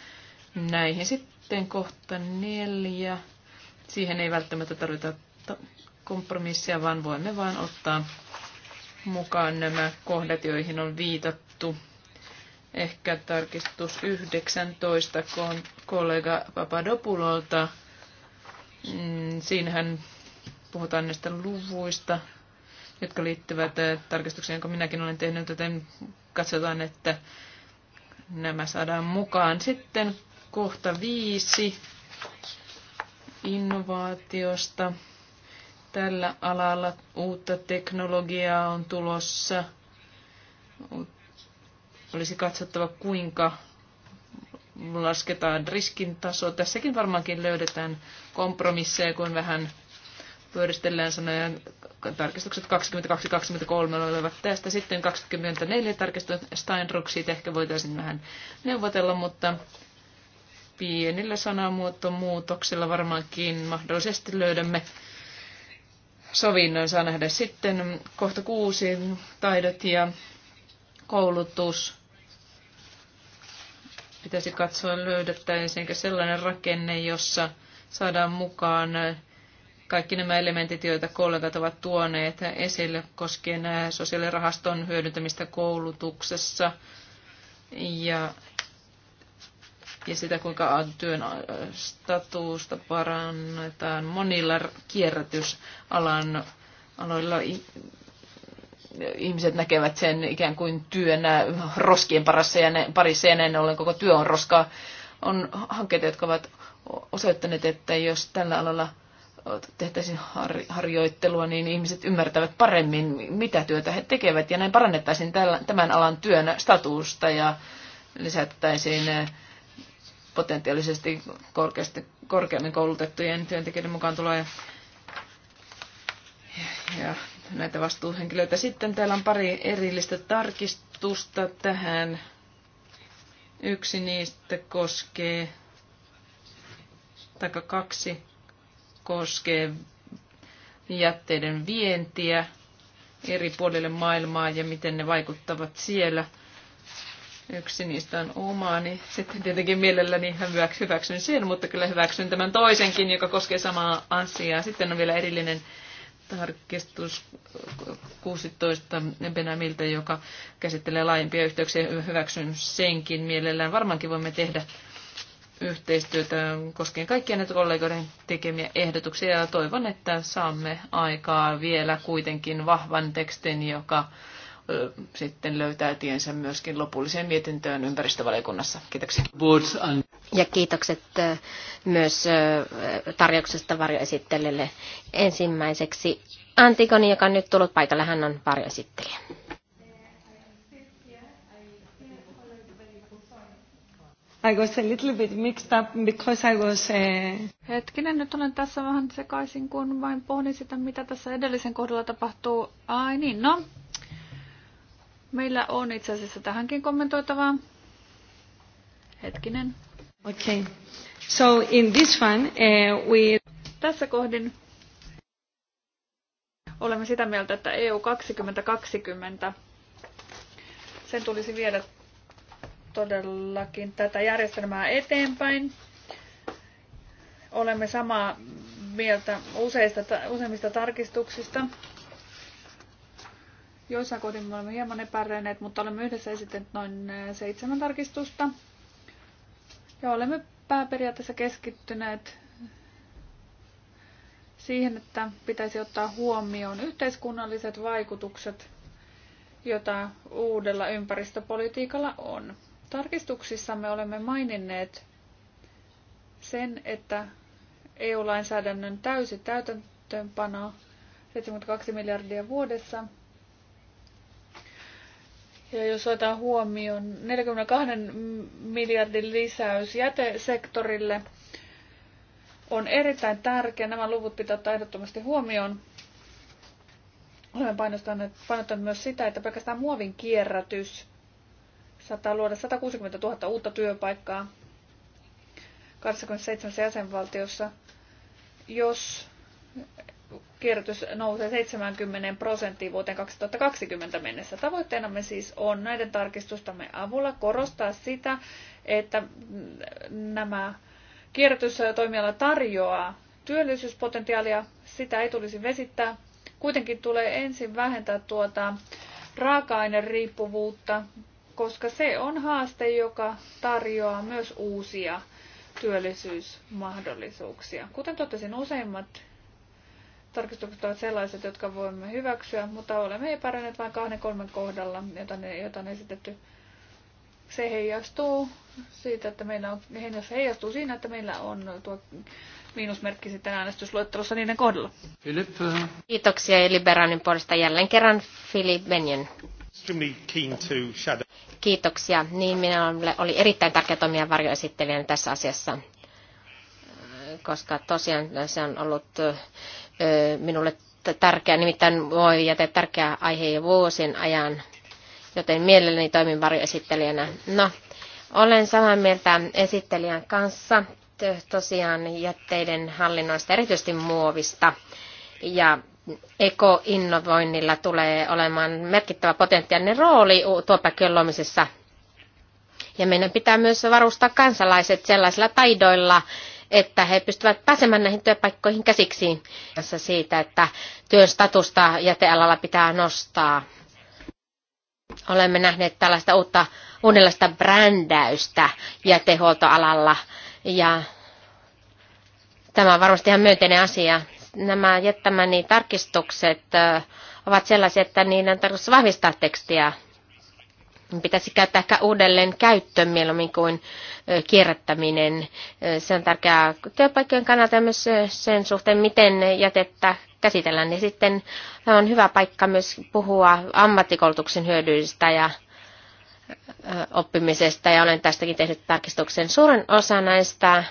näihin. Sitten kohta neljä. Siihen ei välttämättä tarvita kompromissia, vaan voimme vain ottaa mukaan nämä kohdat, joihin on viitattu. Ehkä tarkistus 19 kollega Papadopulolta. Mm, siinähän puhutaan näistä luvuista, jotka liittyvät äh, tarkistukseen, jonka minäkin olen tehnyt, joten katsotaan, että nämä saadaan mukaan. Sitten kohta viisi innovaatiosta tällä alalla. Uutta teknologiaa on tulossa. Olisi katsottava, kuinka lasketaan riskin taso. Tässäkin varmaankin löydetään kompromisseja, kun vähän pyöristellään sanoja. Tarkistukset 22-23 olivat tästä. Sitten 24 tarkistukset Steinruck, ehkä voitaisiin vähän neuvotella, mutta pienillä sanamuotomuutoksilla varmaankin mahdollisesti löydämme sovinnon saa nähdä sitten. Kohta kuusi, taidot ja koulutus. Pitäisi katsoa löydettäisiin sellainen rakenne, jossa saadaan mukaan kaikki nämä elementit, joita kollegat ovat tuoneet esille koskien sosiaalirahaston hyödyntämistä koulutuksessa ja ja sitä, kuinka työn äh, statuusta parannetaan monilla kierrätysalan aloilla. Ihmiset näkevät sen ikään kuin työnä äh, roskien parissa ja ne, parissa ja näin ollen koko työ on roskaa. On hankkeita, jotka ovat osoittaneet, että jos tällä alalla tehtäisiin har- harjoittelua, niin ihmiset ymmärtävät paremmin, mitä työtä he tekevät, ja näin parannettaisiin tämän alan työn statuusta ja lisättäisiin äh, potentiaalisesti korkeasti, korkeammin koulutettujen työntekijöiden mukaan tulee ja, ja näitä vastuuhenkilöitä. Sitten täällä on pari erillistä tarkistusta tähän. Yksi niistä koskee, tai kaksi koskee jätteiden vientiä eri puolille maailmaa ja miten ne vaikuttavat siellä – Yksi niistä on oma, niin sitten tietenkin mielelläni hyväksyn sen, mutta kyllä hyväksyn tämän toisenkin, joka koskee samaa asiaa. Sitten on vielä erillinen tarkistus 16 Benamilta, joka käsittelee laajempia yhteyksiä. Hyväksyn senkin mielellään. Varmaankin voimme tehdä yhteistyötä koskien kaikkia näitä kollegoiden tekemiä ehdotuksia ja toivon, että saamme aikaa vielä kuitenkin vahvan tekstin, joka sitten löytää tiensä myöskin lopulliseen mietintöön ympäristövaliokunnassa. Kiitoksia. Ja kiitokset myös tarjouksesta varjoesittelijälle. Ensimmäiseksi Antigoni, joka on nyt tullut paikalle, hän on varjoesittelijä. I was a little bit mixed up because I was... Uh... Hetkinen, nyt olen tässä vähän sekaisin, kun vain pohdin sitä, mitä tässä edellisen kohdalla tapahtuu. Ai niin, no, Meillä on itse asiassa tähänkin kommentoitavaa. Hetkinen. Okay. So in this one, uh, we... Tässä kohdin olemme sitä mieltä, että EU 2020, sen tulisi viedä todellakin tätä järjestelmää eteenpäin. Olemme samaa mieltä useista, useimmista tarkistuksista. Joissain kohdin me olemme hieman epäröineet, mutta olemme yhdessä esittäneet noin eh, seitsemän tarkistusta. Ja olemme pääperiaatteessa keskittyneet siihen, että pitäisi ottaa huomioon yhteiskunnalliset vaikutukset, joita uudella ympäristöpolitiikalla on. me olemme maininneet sen, että EU-lainsäädännön täysi täytäntöönpano 72 miljardia vuodessa – ja jos otetaan huomioon 42 miljardin lisäys jätesektorille, on erittäin tärkeä. Nämä luvut pitää ottaa ehdottomasti huomioon. Olemme painottaneet, painottaneet myös sitä, että pelkästään muovin kierrätys saattaa luoda 160 000 uutta työpaikkaa 27 jäsenvaltiossa, jos kierrätys nousee 70 prosenttiin vuoteen 2020 mennessä. Tavoitteenamme siis on näiden tarkistustamme avulla korostaa sitä, että nämä kierrätystoimiala tarjoaa työllisyyspotentiaalia, sitä ei tulisi vesittää. Kuitenkin tulee ensin vähentää tuota raaka-aineriippuvuutta, koska se on haaste, joka tarjoaa myös uusia työllisyysmahdollisuuksia. Kuten totesin, useimmat tarkistukset ovat sellaiset, jotka voimme hyväksyä, mutta olemme epäröineet vain kahden kolmen kohdalla, jota, ne, jota on esitetty. Se heijastuu siitä, että meillä on, heijastuu siinä, että meillä on tuo miinusmerkki sitten äänestysluettelossa niiden kohdalla. Philip. Uh, Kiitoksia Liberaanin puolesta jälleen kerran Philip Benjen. Kiitoksia. Niin minä oli erittäin tärkeä toimia varjoesittelijänä tässä asiassa, koska tosiaan se on ollut minulle tärkeä, nimittäin voi jätä tärkeä aihe jo vuosien ajan, joten mielelläni toimin varjoesittelijänä. No, olen samaa mieltä esittelijän kanssa tosiaan jätteiden hallinnoista, erityisesti muovista. Ja ekoinnovoinnilla tulee olemaan merkittävä potentiaalinen rooli tuopäkyön luomisessa. Ja meidän pitää myös varustaa kansalaiset sellaisilla taidoilla, että he pystyvät pääsemään näihin työpaikkoihin käsiksi siitä, että työn statusta jätealalla pitää nostaa. Olemme nähneet tällaista uutta uudenlaista brändäystä jätehuoltoalalla ja tämä on varmasti ihan myönteinen asia. Nämä jättämäni tarkistukset ovat sellaisia, että niiden on tarkoitus vahvistaa tekstiä pitäisi käyttää ehkä uudelleen käyttöön mieluummin kuin kierrättäminen. Se on tärkeää työpaikkojen kannalta ja myös sen suhteen, miten jätettä käsitellään. Ja sitten tämä on hyvä paikka myös puhua ammattikoulutuksen hyödyistä ja oppimisesta, ja olen tästäkin tehnyt tarkistuksen. suuren osa näistä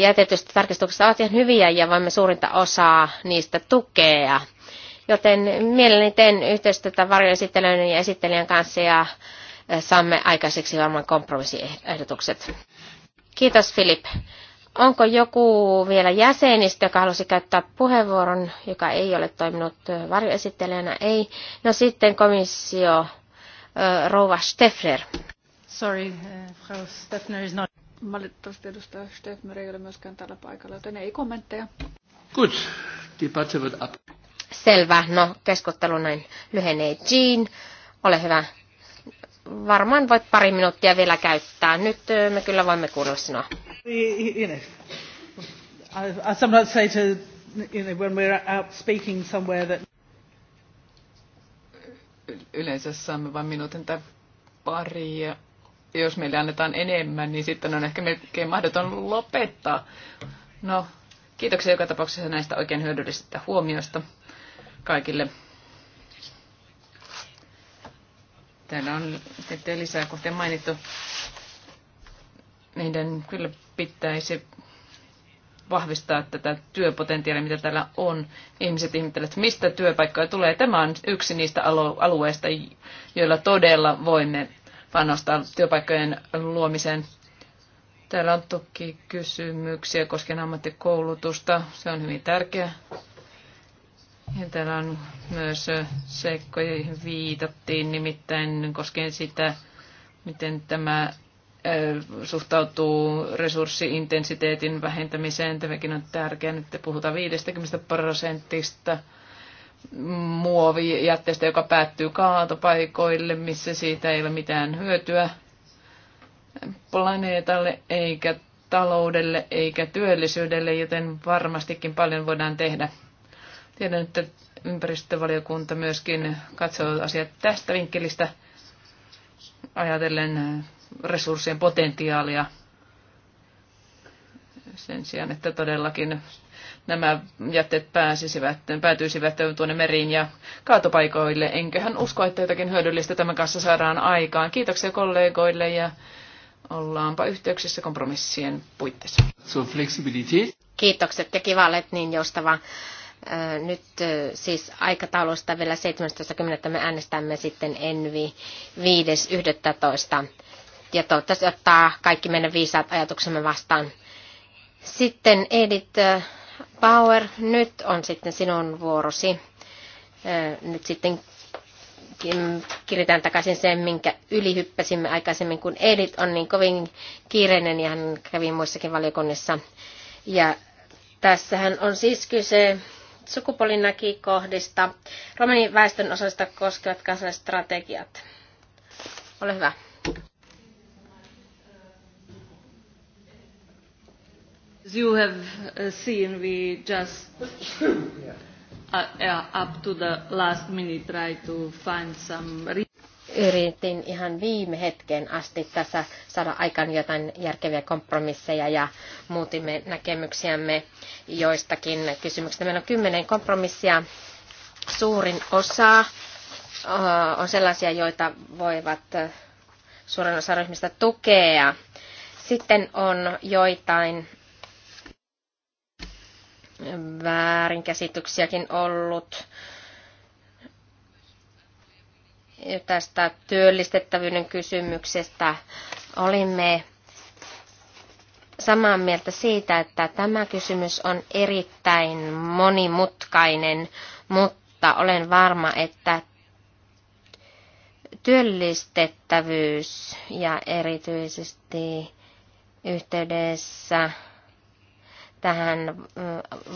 jätetystä tarkistuksista ovat ihan hyviä, ja voimme suurinta osaa niistä tukea. Joten mielelläni teen yhteistyötä varjoesittelyn ja esittelijän kanssa ja saamme aikaiseksi varmaan kompromissiehdotukset. Kiitos Filip. Onko joku vielä jäsenistä, joka halusi käyttää puheenvuoron, joka ei ole toiminut varjoesittelijänä? Ei. No sitten komissio rouva Steffner. Sorry, Frau Steffner is not... Valitettavasti edustaja Steffner ei ole myöskään tällä paikalla, joten ei kommentteja. Gut, debatte wird ab. Selvä. No, keskustelu näin lyhenee. Jean, ole hyvä. Varmaan voit pari minuuttia vielä käyttää. Nyt me kyllä voimme kuunnella sinua. Yleensä saamme vain minuutin tai pari. Ja jos meille annetaan enemmän, niin sitten on ehkä melkein mahdoton lopettaa. No, kiitoksia joka tapauksessa näistä oikein hyödyllisistä huomioista kaikille. Täällä on sitten lisää kohtia mainittu. Meidän kyllä pitäisi vahvistaa tätä työpotentiaalia, mitä täällä on. Ihmiset ihmettelevät, että mistä työpaikkoja tulee. Tämä on yksi niistä alueista, joilla todella voimme panostaa työpaikkojen luomiseen. Täällä on toki kysymyksiä koskien ammattikoulutusta. Se on hyvin tärkeä ja täällä on myös seikkoja, joihin viitattiin, nimittäin koskien sitä, miten tämä suhtautuu resurssiintensiteetin vähentämiseen. Tämäkin on tärkeää. että puhutaan 50 prosentista muovijätteestä, joka päättyy kaatopaikoille, missä siitä ei ole mitään hyötyä planeetalle eikä taloudelle eikä työllisyydelle, joten varmastikin paljon voidaan tehdä Tiedän, että ympäristövaliokunta myöskin katsoo asiat tästä vinkkelistä ajatellen resurssien potentiaalia sen sijaan, että todellakin nämä jätteet pääsisivät, päätyisivät tuonne meriin ja kaatopaikoille. Enköhän usko, että jotakin hyödyllistä tämän kanssa saadaan aikaan. Kiitoksia kollegoille ja ollaanpa yhteyksissä kompromissien puitteissa. Kiitokset ja kiva olet niin joustavaa. Nyt siis aikataulusta vielä 17.10. me äänestämme sitten Envi 5.11. Ja toivottavasti ottaa kaikki meidän viisaat ajatuksemme vastaan. Sitten Edith Bauer, nyt on sitten sinun vuorosi. Nyt sitten kirjoitan takaisin sen, minkä ylihyppäsimme aikaisemmin, kun Edith on niin kovin kiireinen ja hän kävi muissakin valiokunnissa. Ja tässähän on siis kyse sukupuolinäkikohdista, romanin väestön osasta koskevat kansalliset strategiat. Ole hyvä. As you have uh, seen, we just uh, up to the last minute try to find some yritin ihan viime hetkeen asti tässä saada aikaan jotain järkeviä kompromisseja ja muutimme näkemyksiämme joistakin kysymyksistä. Meillä on kymmenen kompromissia. Suurin osa äh, on sellaisia, joita voivat äh, suurin osa ryhmistä tukea. Sitten on joitain väärinkäsityksiäkin ollut tästä työllistettävyyden kysymyksestä olimme samaa mieltä siitä, että tämä kysymys on erittäin monimutkainen, mutta olen varma, että työllistettävyys ja erityisesti yhteydessä tähän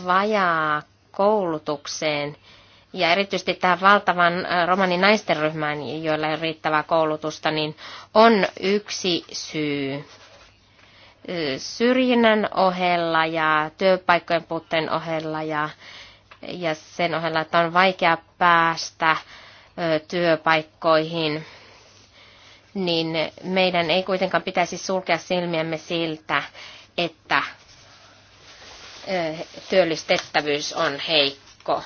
vajaa koulutukseen – ja erityisesti tähän valtavan romanin naisten ryhmään, joilla ei ole riittävää koulutusta, niin on yksi syy syrjinnän ohella ja työpaikkojen puutteen ohella ja, ja sen ohella, että on vaikea päästä työpaikkoihin, niin meidän ei kuitenkaan pitäisi sulkea silmiämme siltä, että työllistettävyys on heikko.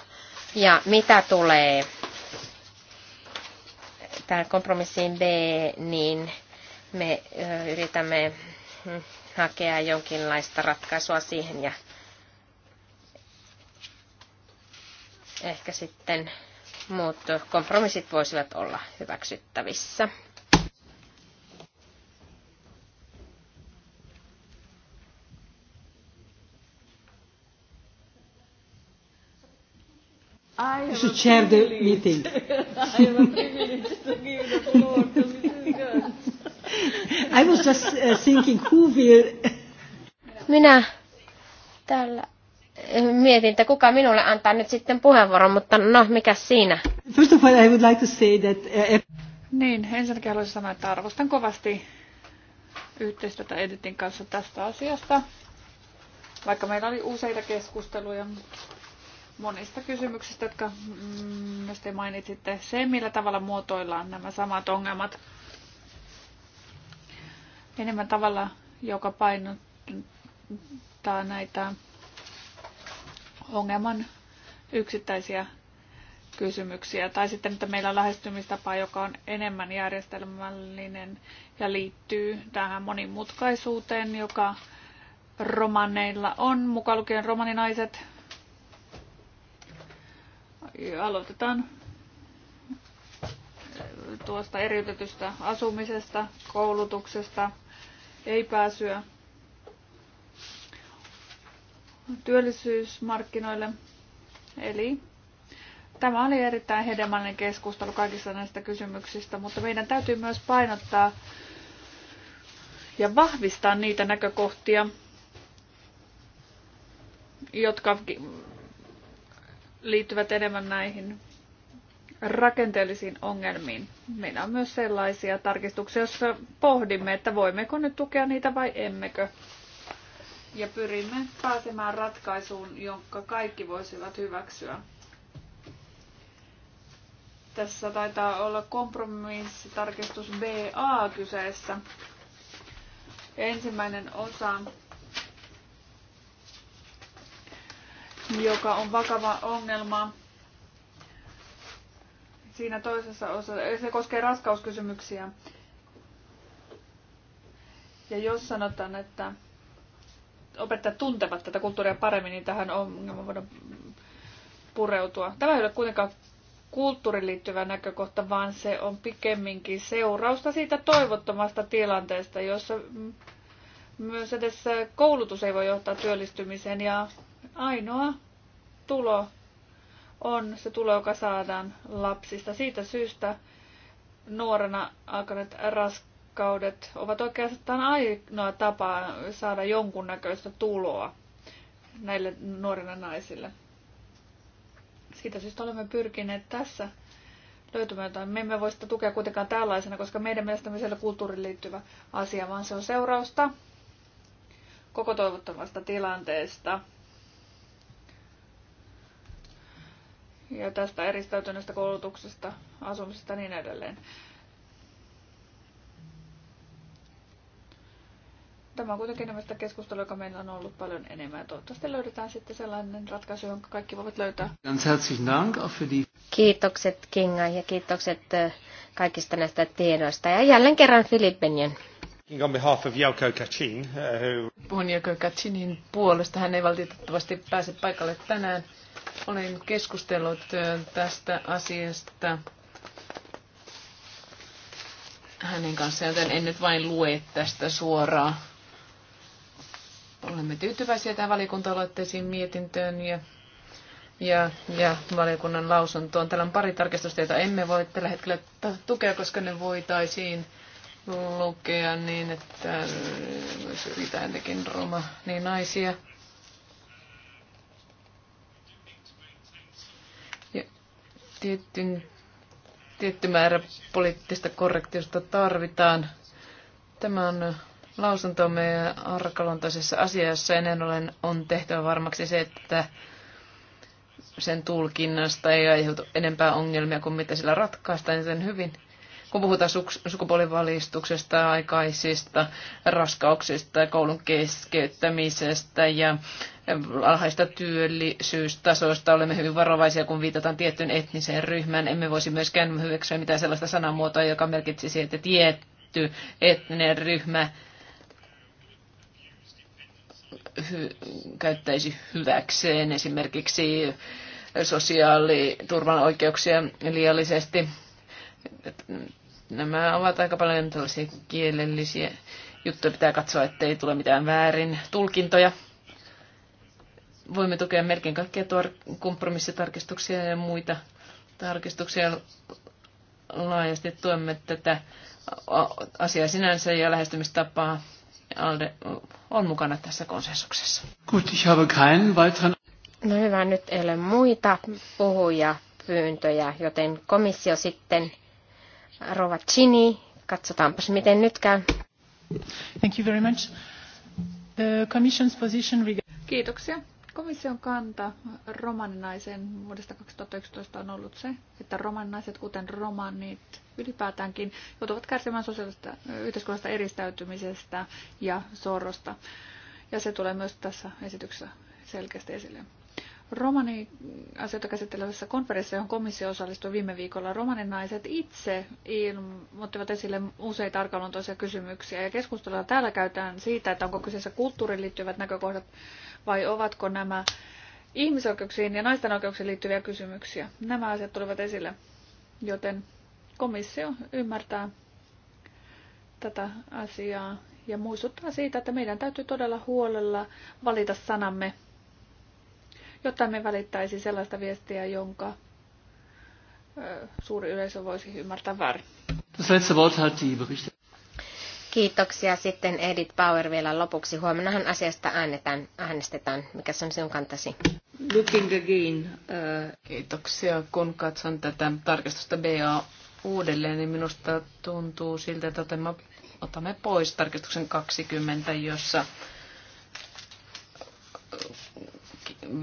Ja mitä tulee tähän kompromissiin B, niin me yritämme mm, hakea jonkinlaista ratkaisua siihen ja ehkä sitten muut kompromissit voisivat olla hyväksyttävissä. I you should chair the meeting. (laughs) I a privilege to give the floor to Mrs. I was just uh, thinking who will... (laughs) Minä täällä eh, mietin, että kuka minulle antaa nyt sitten puheenvuoron, mutta no, mikä siinä? First of all, I would like to say that... Uh, niin, ensinnäkin haluaisin sanoa, että arvostan kovasti yhteistyötä Editin kanssa tästä asiasta, vaikka meillä oli useita keskusteluja monista kysymyksistä, jotka myös mm, te mainitsitte. Se, millä tavalla muotoillaan nämä samat ongelmat, enemmän tavalla, joka painottaa näitä ongelman yksittäisiä kysymyksiä. Tai sitten, että meillä on lähestymistapa, joka on enemmän järjestelmällinen ja liittyy tähän monimutkaisuuteen, joka romaneilla on, mukaan lukien romaninaiset, aloitetaan tuosta eriytetystä asumisesta, koulutuksesta, ei pääsyä työllisyysmarkkinoille. Eli tämä oli erittäin hedelmällinen keskustelu kaikista näistä kysymyksistä, mutta meidän täytyy myös painottaa ja vahvistaa niitä näkökohtia, jotka liittyvät enemmän näihin rakenteellisiin ongelmiin. Meillä on myös sellaisia tarkistuksia, joissa pohdimme, että voimmeko nyt tukea niitä vai emmekö. Ja pyrimme pääsemään ratkaisuun, jonka kaikki voisivat hyväksyä. Tässä taitaa olla kompromissitarkistus BA kyseessä. Ensimmäinen osa joka on vakava ongelma. Siinä toisessa osassa, se koskee raskauskysymyksiä. Ja jos sanotaan, että opettajat tuntevat tätä kulttuuria paremmin, niin tähän ongelmaan voidaan pureutua. Tämä ei ole kuitenkaan kulttuuriin liittyvä näkökohta, vaan se on pikemminkin seurausta siitä toivottomasta tilanteesta, jossa myös edes koulutus ei voi johtaa työllistymiseen ja ainoa tulo on se tulo, joka saadaan lapsista. Siitä syystä nuorena alkaneet raskaudet ovat oikeastaan ainoa tapa saada jonkunnäköistä tuloa näille nuorille naisille. Siitä syystä olemme pyrkineet tässä löytymään jotain. Me emme voi sitä tukea kuitenkaan tällaisena, koska meidän mielestämme siellä kulttuuriin liittyvä asia, vaan se on seurausta koko toivottavasta tilanteesta – ja tästä eristäytyneestä koulutuksesta, asumisesta ja niin edelleen. Tämä on kuitenkin enemmän keskustelua, joka meillä on ollut paljon enemmän. toivottavasti löydetään sitten sellainen ratkaisu, jonka kaikki voivat löytää. Kiitokset Kinga ja kiitokset kaikista näistä tiedoista. Ja jälleen kerran Philip On behalf of Jelko Kacin, uh, who... Puhun Jelko Kacinin puolesta. Hän ei valitettavasti pääse paikalle tänään. Olen keskustellut tästä asiasta hänen kanssaan, joten en nyt vain lue tästä suoraan. Olemme tyytyväisiä tähän valiokunta mietintöön ja ja, ja valiokunnan lausuntoon. Täällä on pari tarkistusta, joita emme voi tällä hetkellä tukea, koska ne voitaisiin lukea niin, että syrjitään jotenkin roma niin naisia. tietyn, tietty määrä poliittista korrektiosta tarvitaan. Tämä on lausuntomme arkaluontoisessa asiassa. Ennen olen on tehtävä varmaksi se, että sen tulkinnasta ei aiheutu enempää ongelmia kuin mitä sillä ratkaistaan sen hyvin. Kun puhutaan sukupuolivalistuksesta, aikaisista raskauksista, ja koulun keskeyttämisestä ja alhaista työllisyystasoista Olemme hyvin varovaisia, kun viitataan tiettyyn etniseen ryhmään. Emme voisi myöskään hyväksyä mitään sellaista sanamuotoa, joka merkitsisi, että tietty etninen ryhmä käyttäisi hyväkseen esimerkiksi sosiaaliturvan oikeuksia liiallisesti. Nämä ovat aika paljon tällaisia kielellisiä juttuja. Pitää katsoa, ettei tule mitään väärin tulkintoja voimme tukea melkein kaikkia kompromissitarkistuksia ja muita tarkistuksia laajasti tuemme tätä asiaa sinänsä ja lähestymistapaa. Alde on mukana tässä konsensuksessa. Gut, ich habe keinen weiteren... No hyvä, nyt ei ole muita puhuja pyyntöjä, joten komissio sitten Chini, katsotaanpa miten nyt käy. Thank you very much. The commission's position regarding... Kiitoksia. Komission kanta romaninaisen vuodesta 2011 on ollut se, että romaninaiset, kuten romanit ylipäätäänkin, joutuvat kärsimään sosiaalista yhteiskunnasta eristäytymisestä ja sorrosta. Ja se tulee myös tässä esityksessä selkeästi esille romani-asioita käsittelevässä konferenssissa, johon komissio osallistui viime viikolla, romaninaiset itse ottivat esille useita arkaluontoisia kysymyksiä. Ja keskustelua täällä käytetään siitä, että onko kyseessä kulttuuriin liittyvät näkökohdat vai ovatko nämä ihmisoikeuksiin ja naisten oikeuksiin liittyviä kysymyksiä. Nämä asiat tulivat esille, joten komissio ymmärtää tätä asiaa ja muistuttaa siitä, että meidän täytyy todella huolella valita sanamme jotta me välittäisi sellaista viestiä, jonka suuri yleisö voisi ymmärtää väärin. Kiitoksia. Sitten Edith Power vielä lopuksi. Huomennahan asiasta äänetään, äänestetään. Mikä on sinun kantasi? Looking again. Uh... Kiitoksia. Kun katson tätä tarkastusta BA uudelleen, niin minusta tuntuu siltä, että otamme, otamme pois tarkastuksen 20, jossa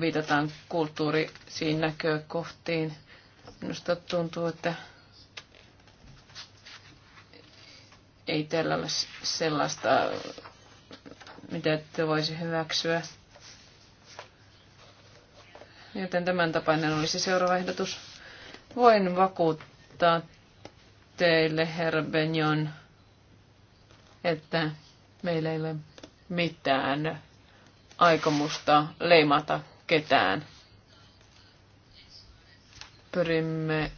viitataan kulttuurisiin näkökohtiin. Minusta tuntuu, että ei tällä ole sellaista, mitä te voisi hyväksyä. Joten tämän tapainen olisi seuraava ehdotus. Voin vakuuttaa teille, herra Benjon, että meillä ei ole mitään aikomusta leimata ketään. Pyrimme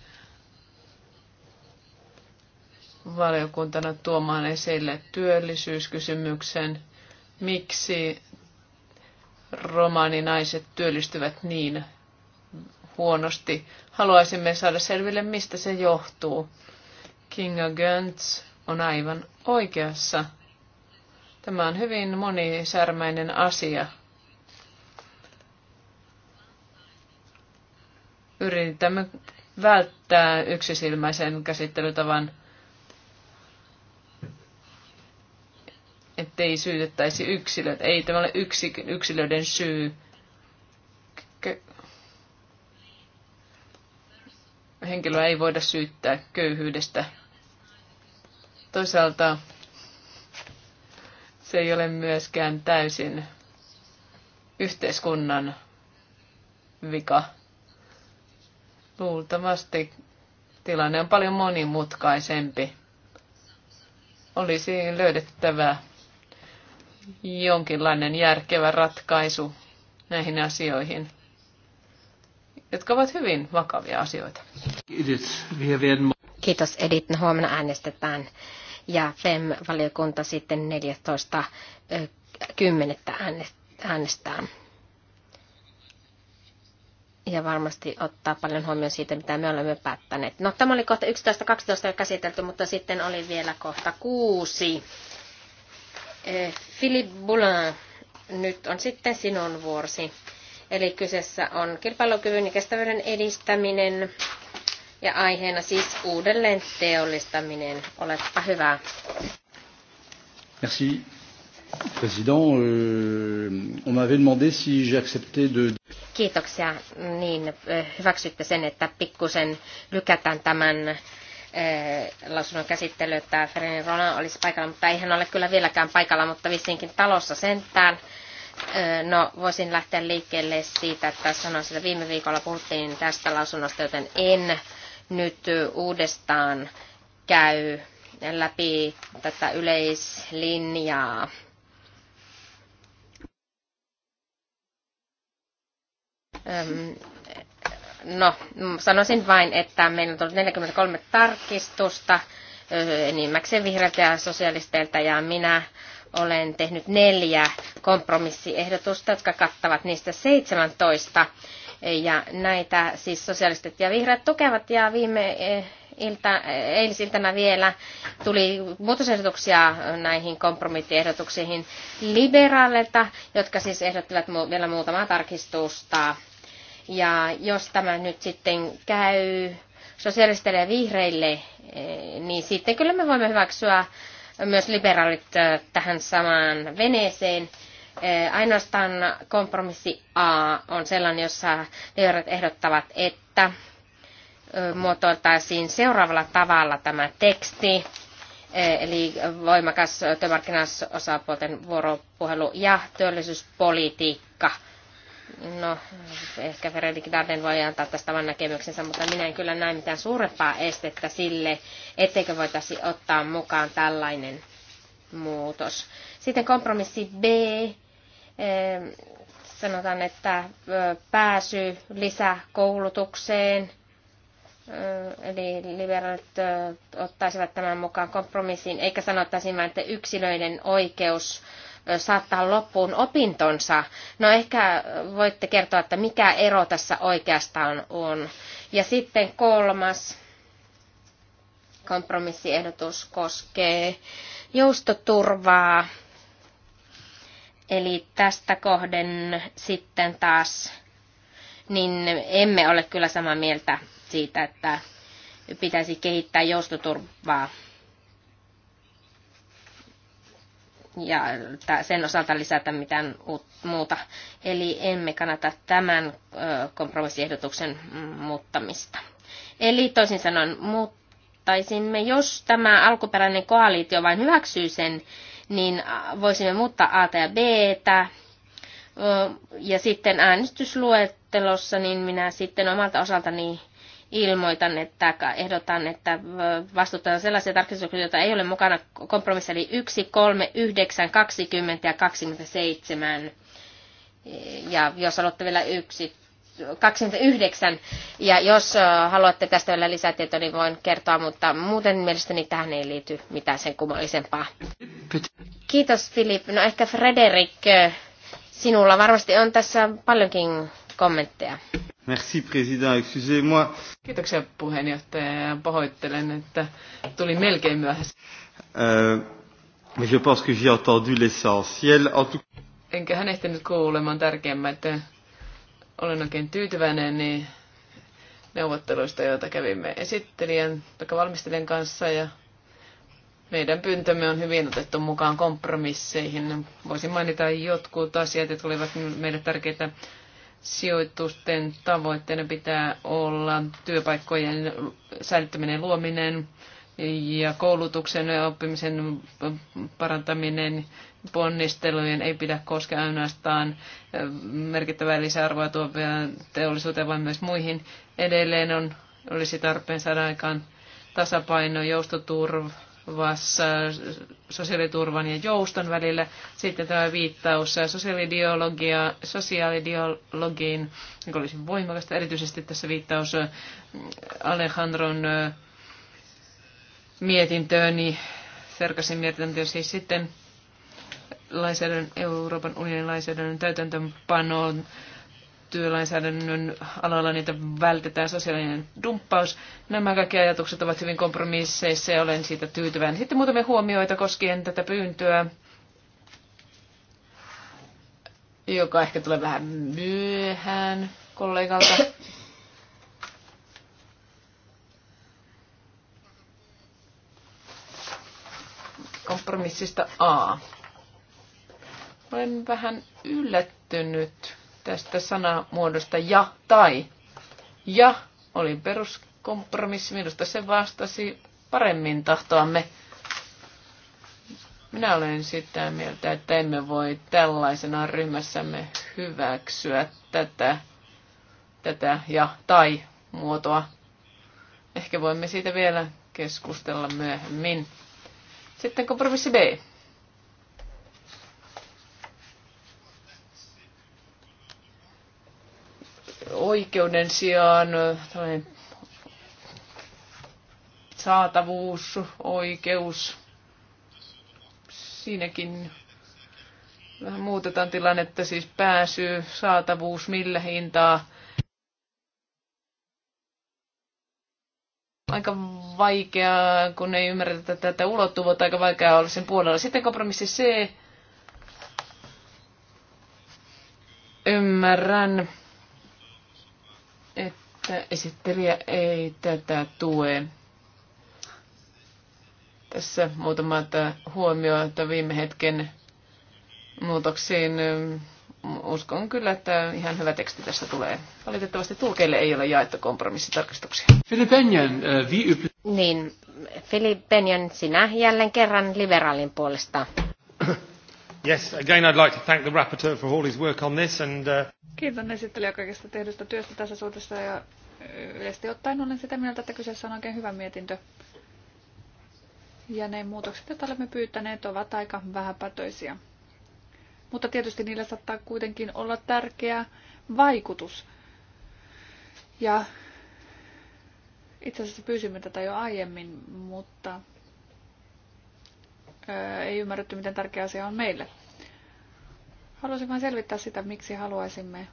valiokuntana tuomaan esille työllisyyskysymyksen, miksi romaaninaiset työllistyvät niin huonosti. Haluaisimme saada selville, mistä se johtuu. Kinga Gönz on aivan oikeassa. Tämä on hyvin monisärmäinen asia. yritämme välttää yksisilmäisen käsittelytavan, ettei syytettäisi yksilöt. Ei tämä ole yksi, yksilöiden syy. Henkilöä ei voida syyttää köyhyydestä. Toisaalta se ei ole myöskään täysin yhteiskunnan vika. Luultavasti tilanne on paljon monimutkaisempi. Olisi löydettävä jonkinlainen järkevä ratkaisu näihin asioihin, jotka ovat hyvin vakavia asioita. Kiitos Edith. No, huomenna äänestetään ja FEM-valiokunta sitten 14.10. äänestää ja varmasti ottaa paljon huomioon siitä, mitä me olemme päättäneet. No, tämä oli kohta 11.12 jo käsitelty, mutta sitten oli vielä kohta kuusi. Eh, Philippe Boulin, nyt on sitten sinun vuorsi. Eli kyseessä on kilpailukyvyn ja kestävyyden edistäminen ja aiheena siis uudelleen teollistaminen. Oletpa hyvä. Merci. Président, euh, on m'avait demandé si j'acceptais de... Kiitoksia. Niin, hyväksytte sen, että pikkusen lykätään tämän lausunnon käsittelyä, että Ferenin Rona olisi paikalla, mutta ei hän ole kyllä vieläkään paikalla, mutta vissinkin talossa sentään. No, voisin lähteä liikkeelle siitä, että sanoisin, että viime viikolla puhuttiin tästä lausunnosta, joten en nyt uudestaan käy läpi tätä yleislinjaa No, sanoisin vain, että meillä on tullut 43 tarkistusta enimmäkseen vihreiltä ja sosialisteilta ja minä olen tehnyt neljä kompromissiehdotusta, jotka kattavat niistä 17. Ja näitä siis sosialistit ja vihreät tukevat ja viime e, ilta, e, eilisiltana vielä tuli muutosehdotuksia näihin kompromissiehdotuksiin liberaaleilta, jotka siis ehdottivat vielä muutamaa tarkistusta ja jos tämä nyt sitten käy sosiaalisteille ja vihreille, eh, niin sitten kyllä me voimme hyväksyä myös liberaalit eh, tähän samaan veneeseen. Eh, ainoastaan kompromissi A on sellainen, jossa liberaalit ehdottavat, että muotoiltaisiin seuraavalla tavalla tämä teksti, eli voimakas työmarkkinaosapuolten vuoropuhelu ja työllisyyspolitiikka – No, ehkä Fredrik Darden voi antaa tästä vain näkemyksensä, mutta minä en kyllä näe mitään suurempaa estettä sille, etteikö voitaisi ottaa mukaan tällainen muutos. Sitten kompromissi B. Sanotaan, että pääsy lisäkoulutukseen, eli liberaalit ottaisivat tämän mukaan kompromissiin, eikä sanottaisiin vain, että yksilöiden oikeus saattaa loppuun opintonsa. No ehkä voitte kertoa, että mikä ero tässä oikeastaan on. Ja sitten kolmas kompromissiehdotus koskee joustoturvaa. Eli tästä kohden sitten taas, niin emme ole kyllä samaa mieltä siitä, että pitäisi kehittää joustoturvaa ja sen osalta lisätä mitään muuta. Eli emme kannata tämän kompromissiehdotuksen muuttamista. Eli toisin sanoen muuttaisimme, jos tämä alkuperäinen koalitio vain hyväksyy sen, niin voisimme muuttaa A ja B. -tä. Ja sitten äänestysluettelossa, niin minä sitten omalta osaltani ilmoitan, että ehdotan, että vastustetaan sellaisia tarkistuksia, joita ei ole mukana kompromissa, eli 1, 3, 9, 20 ja 27. Ja jos haluatte vielä yksi, 29, ja jos haluatte tästä vielä lisätietoa, niin voin kertoa, mutta muuten mielestäni tähän ei liity mitään sen kummallisempaa. Kiitos Filip. No ehkä Frederik, sinulla varmasti on tässä paljonkin kommentteja. Merci, president. Excusez-moi. Kiitoksia puheenjohtaja pahoittelen, että tuli melkein myöhässä. Uh, je pense que j'ai entendu l'essentiel. En tout... Enköhän ehtinyt kuulemaan tärkeimmät. Olen oikein tyytyväinen niin neuvotteluista, joita kävimme esittelijän tai valmistelijan kanssa. Ja meidän pyyntömme on hyvin otettu mukaan kompromisseihin. Voisin mainita jotkut asiat, jotka olivat meille tärkeitä sijoitusten tavoitteena pitää olla työpaikkojen säilyttäminen luominen ja koulutuksen ja oppimisen parantaminen ponnistelujen ei pidä koskea ainoastaan merkittävää lisäarvoa tuovia teollisuuteen, vaan myös muihin. Edelleen on, olisi tarpeen saada aikaan tasapaino, joustoturva, vassa sosiaaliturvan ja jouston välillä. Sitten tämä viittaus sosiaalidiologia, sosiaalidiologiin, joka olisi voimakasta. Erityisesti tässä viittaus Alejandron mietintöön, niin Serkasin mietintöön siis sitten Euroopan unionin lainsäädännön täytäntöönpanoon työlainsäädännön aloilla niitä vältetään, sosiaalinen dumppaus. Nämä kaikki ajatukset ovat hyvin kompromisseissa ja olen siitä tyytyväinen. Sitten muutamia huomioita koskien tätä pyyntöä, joka ehkä tulee vähän myöhään kollegalta. Kompromissista A. Olen vähän yllättynyt tästä sanamuodosta ja tai. Ja oli peruskompromissi, minusta se vastasi paremmin tahtoamme. Minä olen sitä mieltä, että emme voi tällaisena ryhmässämme hyväksyä tätä, tätä ja tai muotoa. Ehkä voimme siitä vielä keskustella myöhemmin. Sitten kompromissi B. oikeuden sijaan tällainen saatavuus, oikeus, siinäkin vähän muutetaan tilannetta, siis pääsy, saatavuus, millä hintaa. Aika vaikeaa, kun ei ymmärretä tätä ulottuvuutta, aika vaikeaa olla sen puolella. Sitten kompromissi C. Ymmärrän että esittelijä ei tätä tue. Tässä huomio, että viime hetken muutoksiin. Uskon kyllä, että ihan hyvä teksti tässä tulee. Valitettavasti tulkeille ei ole jaettu kompromissitarkistuksia. Filipenian, äh, vi... Niin, Filipenian, sinä jälleen kerran liberaalin puolesta. (coughs) Yes, again I'd like to thank the rapporteur for all his work on this and uh... Kiitän esittelijä kaikesta tehdystä työstä tässä suhteessa ja yleisesti ottaen olen sitä mieltä, että kyseessä on oikein hyvä mietintö. Ja ne muutokset, joita olemme pyytäneet, ovat aika vähäpätöisiä. Mutta tietysti niillä saattaa kuitenkin olla tärkeä vaikutus. Ja itse asiassa pyysimme tätä jo aiemmin, mutta ei ymmärretty, miten tärkeä asia on meille. Haluaisin vain selvittää sitä, miksi haluaisimme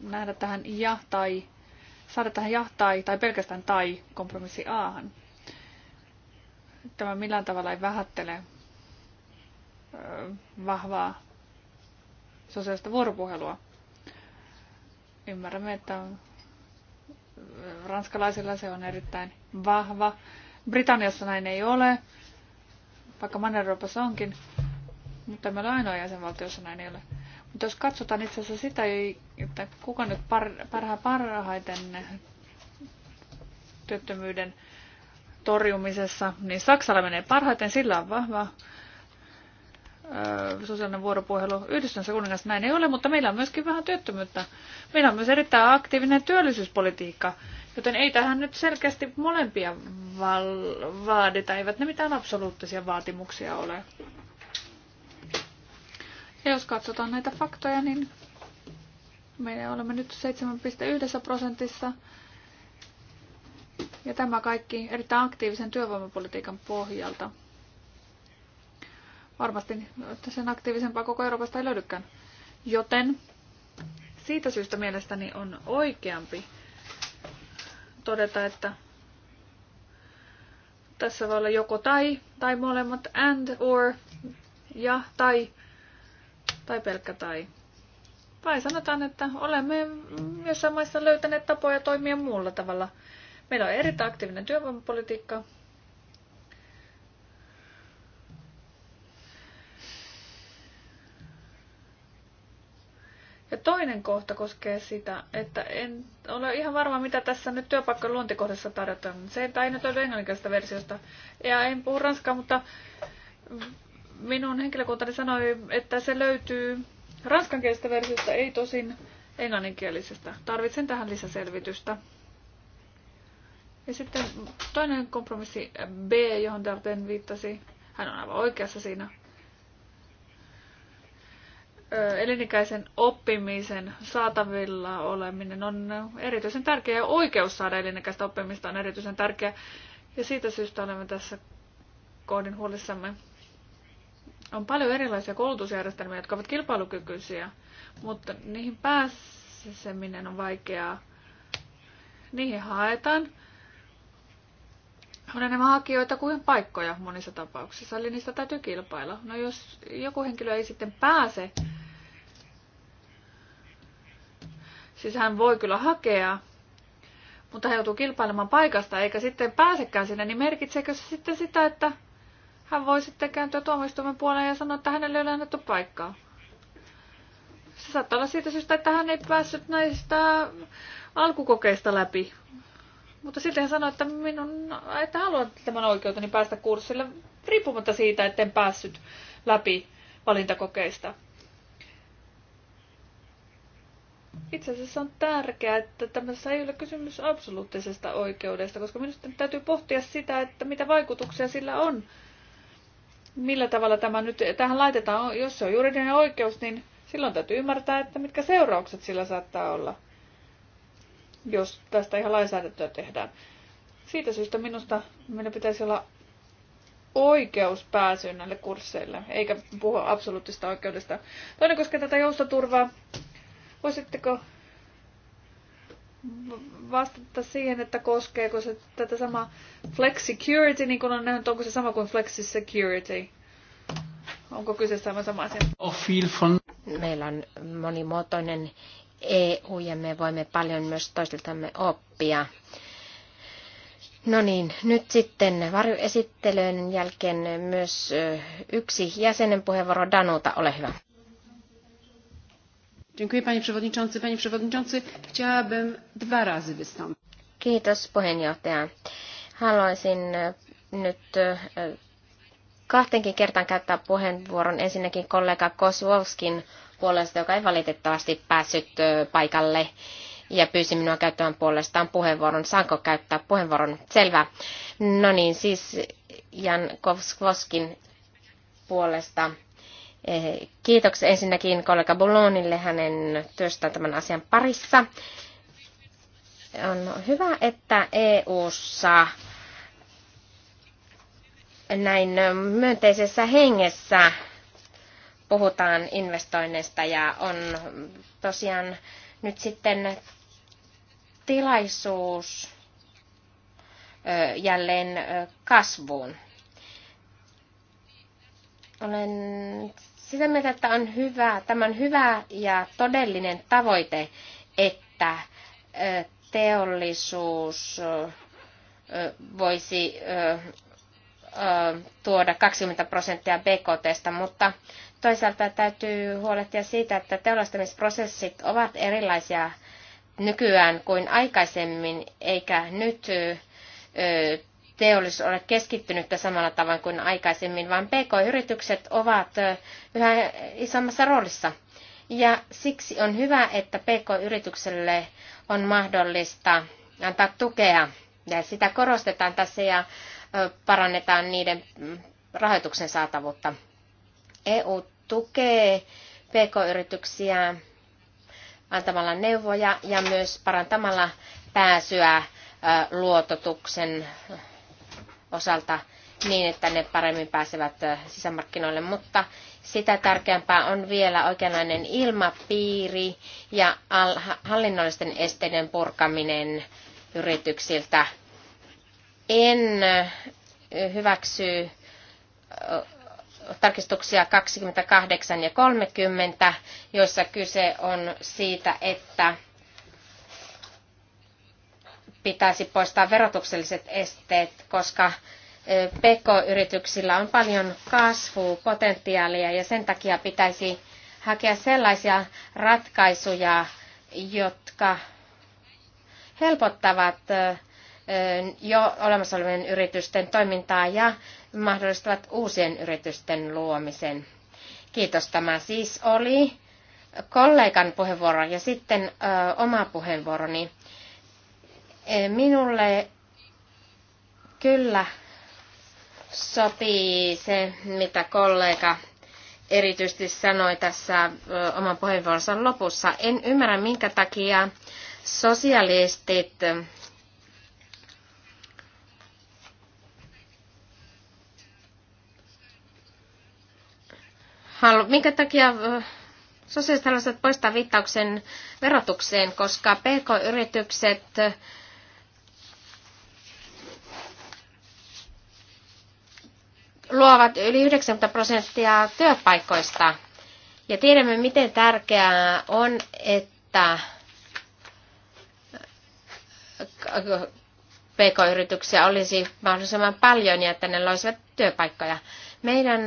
nähdä tähän ja tai, saada tähän ja tai, tai pelkästään tai kompromissi Ahan. Tämä millään tavalla ei vähättele vahvaa sosiaalista vuoropuhelua. Ymmärrämme, että ranskalaisilla se on erittäin vahva. Britanniassa näin ei ole, vaikka Manner-Euroopassa onkin. Mutta meillä on ainoa jäsenvaltio, jossa näin ei ole. Mutta jos katsotaan itse asiassa sitä, että kuka nyt par- parha parhaiten työttömyyden torjumisessa, niin Saksalla menee parhaiten, sillä on vahva öö, sosiaalinen vuoropuhelu. Yhdistyneessä kuningassa näin ei ole, mutta meillä on myöskin vähän työttömyyttä. Meillä on myös erittäin aktiivinen työllisyyspolitiikka, joten ei tähän nyt selkeästi molempia vaadita, eivät ne mitään absoluuttisia vaatimuksia ole. Ja jos katsotaan näitä faktoja, niin me olemme nyt 7,1 prosentissa. Ja tämä kaikki erittäin aktiivisen työvoimapolitiikan pohjalta. Varmasti sen aktiivisempaa koko Euroopasta ei löydykään. Joten siitä syystä mielestäni on oikeampi todeta, että tässä voi olla joko tai, tai molemmat and or ja tai tai pelkkä tai. Vai sanotaan, että olemme jossain maissa löytäneet tapoja toimia muulla tavalla. Meillä on erittäin aktiivinen työvoimapolitiikka. Ja toinen kohta koskee sitä, että en ole ihan varma, mitä tässä nyt työpaikkojen luontikohdassa tarjotaan. Se ei nyt ole englanninkielistä versiosta. Ja en puhu ranskaa, mutta minun henkilökuntani sanoi, että se löytyy ranskankielisestä versiosta, ei tosin englanninkielisestä. Tarvitsen tähän lisäselvitystä. Ja sitten toinen kompromissi B, johon Darden viittasi. Hän on aivan oikeassa siinä. Elinikäisen oppimisen saatavilla oleminen on erityisen tärkeä ja oikeus saada elinikäistä oppimista on erityisen tärkeä. Ja siitä syystä olemme tässä kohdin huolissamme. On paljon erilaisia koulutusjärjestelmiä, jotka ovat kilpailukykyisiä, mutta niihin pääseminen on vaikeaa. Niihin haetaan. On enemmän hakijoita kuin paikkoja monissa tapauksissa, eli niistä täytyy kilpailla. No jos joku henkilö ei sitten pääse, siis hän voi kyllä hakea, mutta hän joutuu kilpailemaan paikasta eikä sitten pääsekään sinne, niin merkitseekö se sitten sitä, että hän voi sitten kääntyä tuomioistuimen puoleen ja sanoa, että hänelle ei ole annettu paikkaa. Se saattaa olla siitä syystä, että hän ei päässyt näistä alkukokeista läpi. Mutta silti hän sanoi, että, minun, että haluan tämän oikeuteni päästä kurssille riippumatta siitä, etten päässyt läpi valintakokeista. Itse asiassa on tärkeää, että tämmöisessä ei ole kysymys absoluuttisesta oikeudesta, koska minusta täytyy pohtia sitä, että mitä vaikutuksia sillä on millä tavalla tämä nyt tähän laitetaan. Jos se on juridinen oikeus, niin silloin täytyy ymmärtää, että mitkä seuraukset sillä saattaa olla, jos tästä ihan lainsäädäntöä tehdään. Siitä syystä minusta meillä pitäisi olla oikeus pääsyyn näille kursseille, eikä puhua absoluuttista oikeudesta. Toinen koskee tätä joustoturvaa. Voisitteko vastata siihen, että koskeeko se tätä samaa flex security, niin kuin on nähnyt, onko se sama kuin flexi security? Onko kyseessä sama, sama asia? Meillä on monimuotoinen EU ja me voimme paljon myös toisiltamme oppia. No niin, nyt sitten varjoesittelyn jälkeen myös yksi jäsenen puheenvuoro Danuta, ole hyvä panie przewodniczący. Panie przewodniczący, chciałabym dwa razy wystąpić. Kiitos puheenjohtaja. Haluaisin e, nyt e, kahtenkin kertaan käyttää puheenvuoron ensinnäkin kollega Koswolskin puolesta, joka ei valitettavasti päässyt e, paikalle ja pyysi minua käyttämään puolestaan puheenvuoron. Saanko käyttää puheenvuoron? Selvä. No niin, siis Jan Kovskin puolesta Eh, kiitoksia ensinnäkin kollega Bolonille hänen työstään tämän asian parissa. On hyvä, että EU:ssa näin myönteisessä hengessä puhutaan investoinneista ja on tosiaan nyt sitten tilaisuus jälleen kasvuun. Olen sitä mieltä, että on hyvä, tämän hyvä ja todellinen tavoite, että teollisuus voisi tuoda 20 prosenttia BKTstä, mutta toisaalta täytyy huolehtia siitä, että teollistamisprosessit ovat erilaisia nykyään kuin aikaisemmin, eikä nyt teollisuus ole keskittynyttä samalla tavoin kuin aikaisemmin, vaan PK-yritykset ovat yhä isommassa roolissa. Ja siksi on hyvä, että PK-yritykselle on mahdollista antaa tukea. Ja sitä korostetaan tässä ja parannetaan niiden mm, rahoituksen saatavuutta. EU tukee PK-yrityksiä antamalla neuvoja ja myös parantamalla pääsyä luototuksen osalta niin, että ne paremmin pääsevät sisämarkkinoille, mutta sitä tärkeämpää on vielä oikeanlainen ilmapiiri ja hallinnollisten esteiden purkaminen yrityksiltä. En hyväksy tarkistuksia 28 ja 30, joissa kyse on siitä, että pitäisi poistaa verotukselliset esteet, koska PK-yrityksillä on paljon kasvupotentiaalia ja sen takia pitäisi hakea sellaisia ratkaisuja, jotka helpottavat jo olemassa olevien yritysten toimintaa ja mahdollistavat uusien yritysten luomisen. Kiitos. Tämä siis oli kollegan puheenvuoro ja sitten ö, oma puheenvuoroni. Eh, minulle kyllä sopii se, mitä kollega erityisesti sanoi tässä oman puheenvuoronsa lopussa. En ymmärrä, minkä takia sosialistit halu, minkä takia sosiaaliset haluaisivat poistaa viittauksen verotukseen, koska pk-yritykset luovat yli 90 prosenttia työpaikoista. Ja tiedämme, miten tärkeää on, että pk-yrityksiä olisi mahdollisimman paljon ja että ne loisivat työpaikkoja. Meidän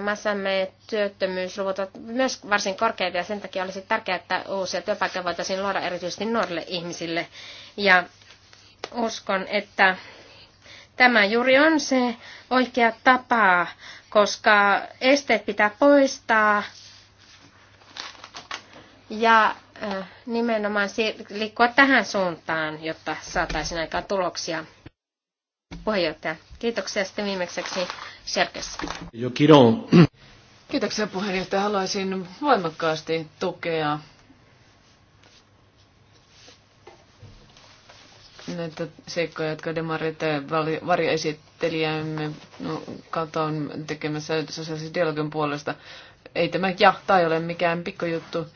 massamme työttömyysluvut ovat myös varsin korkeita ja sen takia olisi tärkeää, että uusia työpaikkoja voitaisiin luoda erityisesti nuorille ihmisille. Ja uskon, että Tämä juuri on se oikea tapa, koska esteet pitää poistaa ja äh, nimenomaan liikkua tähän suuntaan, jotta saataisiin aikaan tuloksia. Puheenjohtaja, kiitoksia sitten viimeiseksi Serkes. Kiitoksia puheenjohtaja. Haluaisin voimakkaasti tukea näitä seikkoja, jotka demarit varjoesittelijämme no, kautta on tekemässä sosiaalisen dialogin puolesta. Ei tämä ja tai ole mikään pikkujuttu.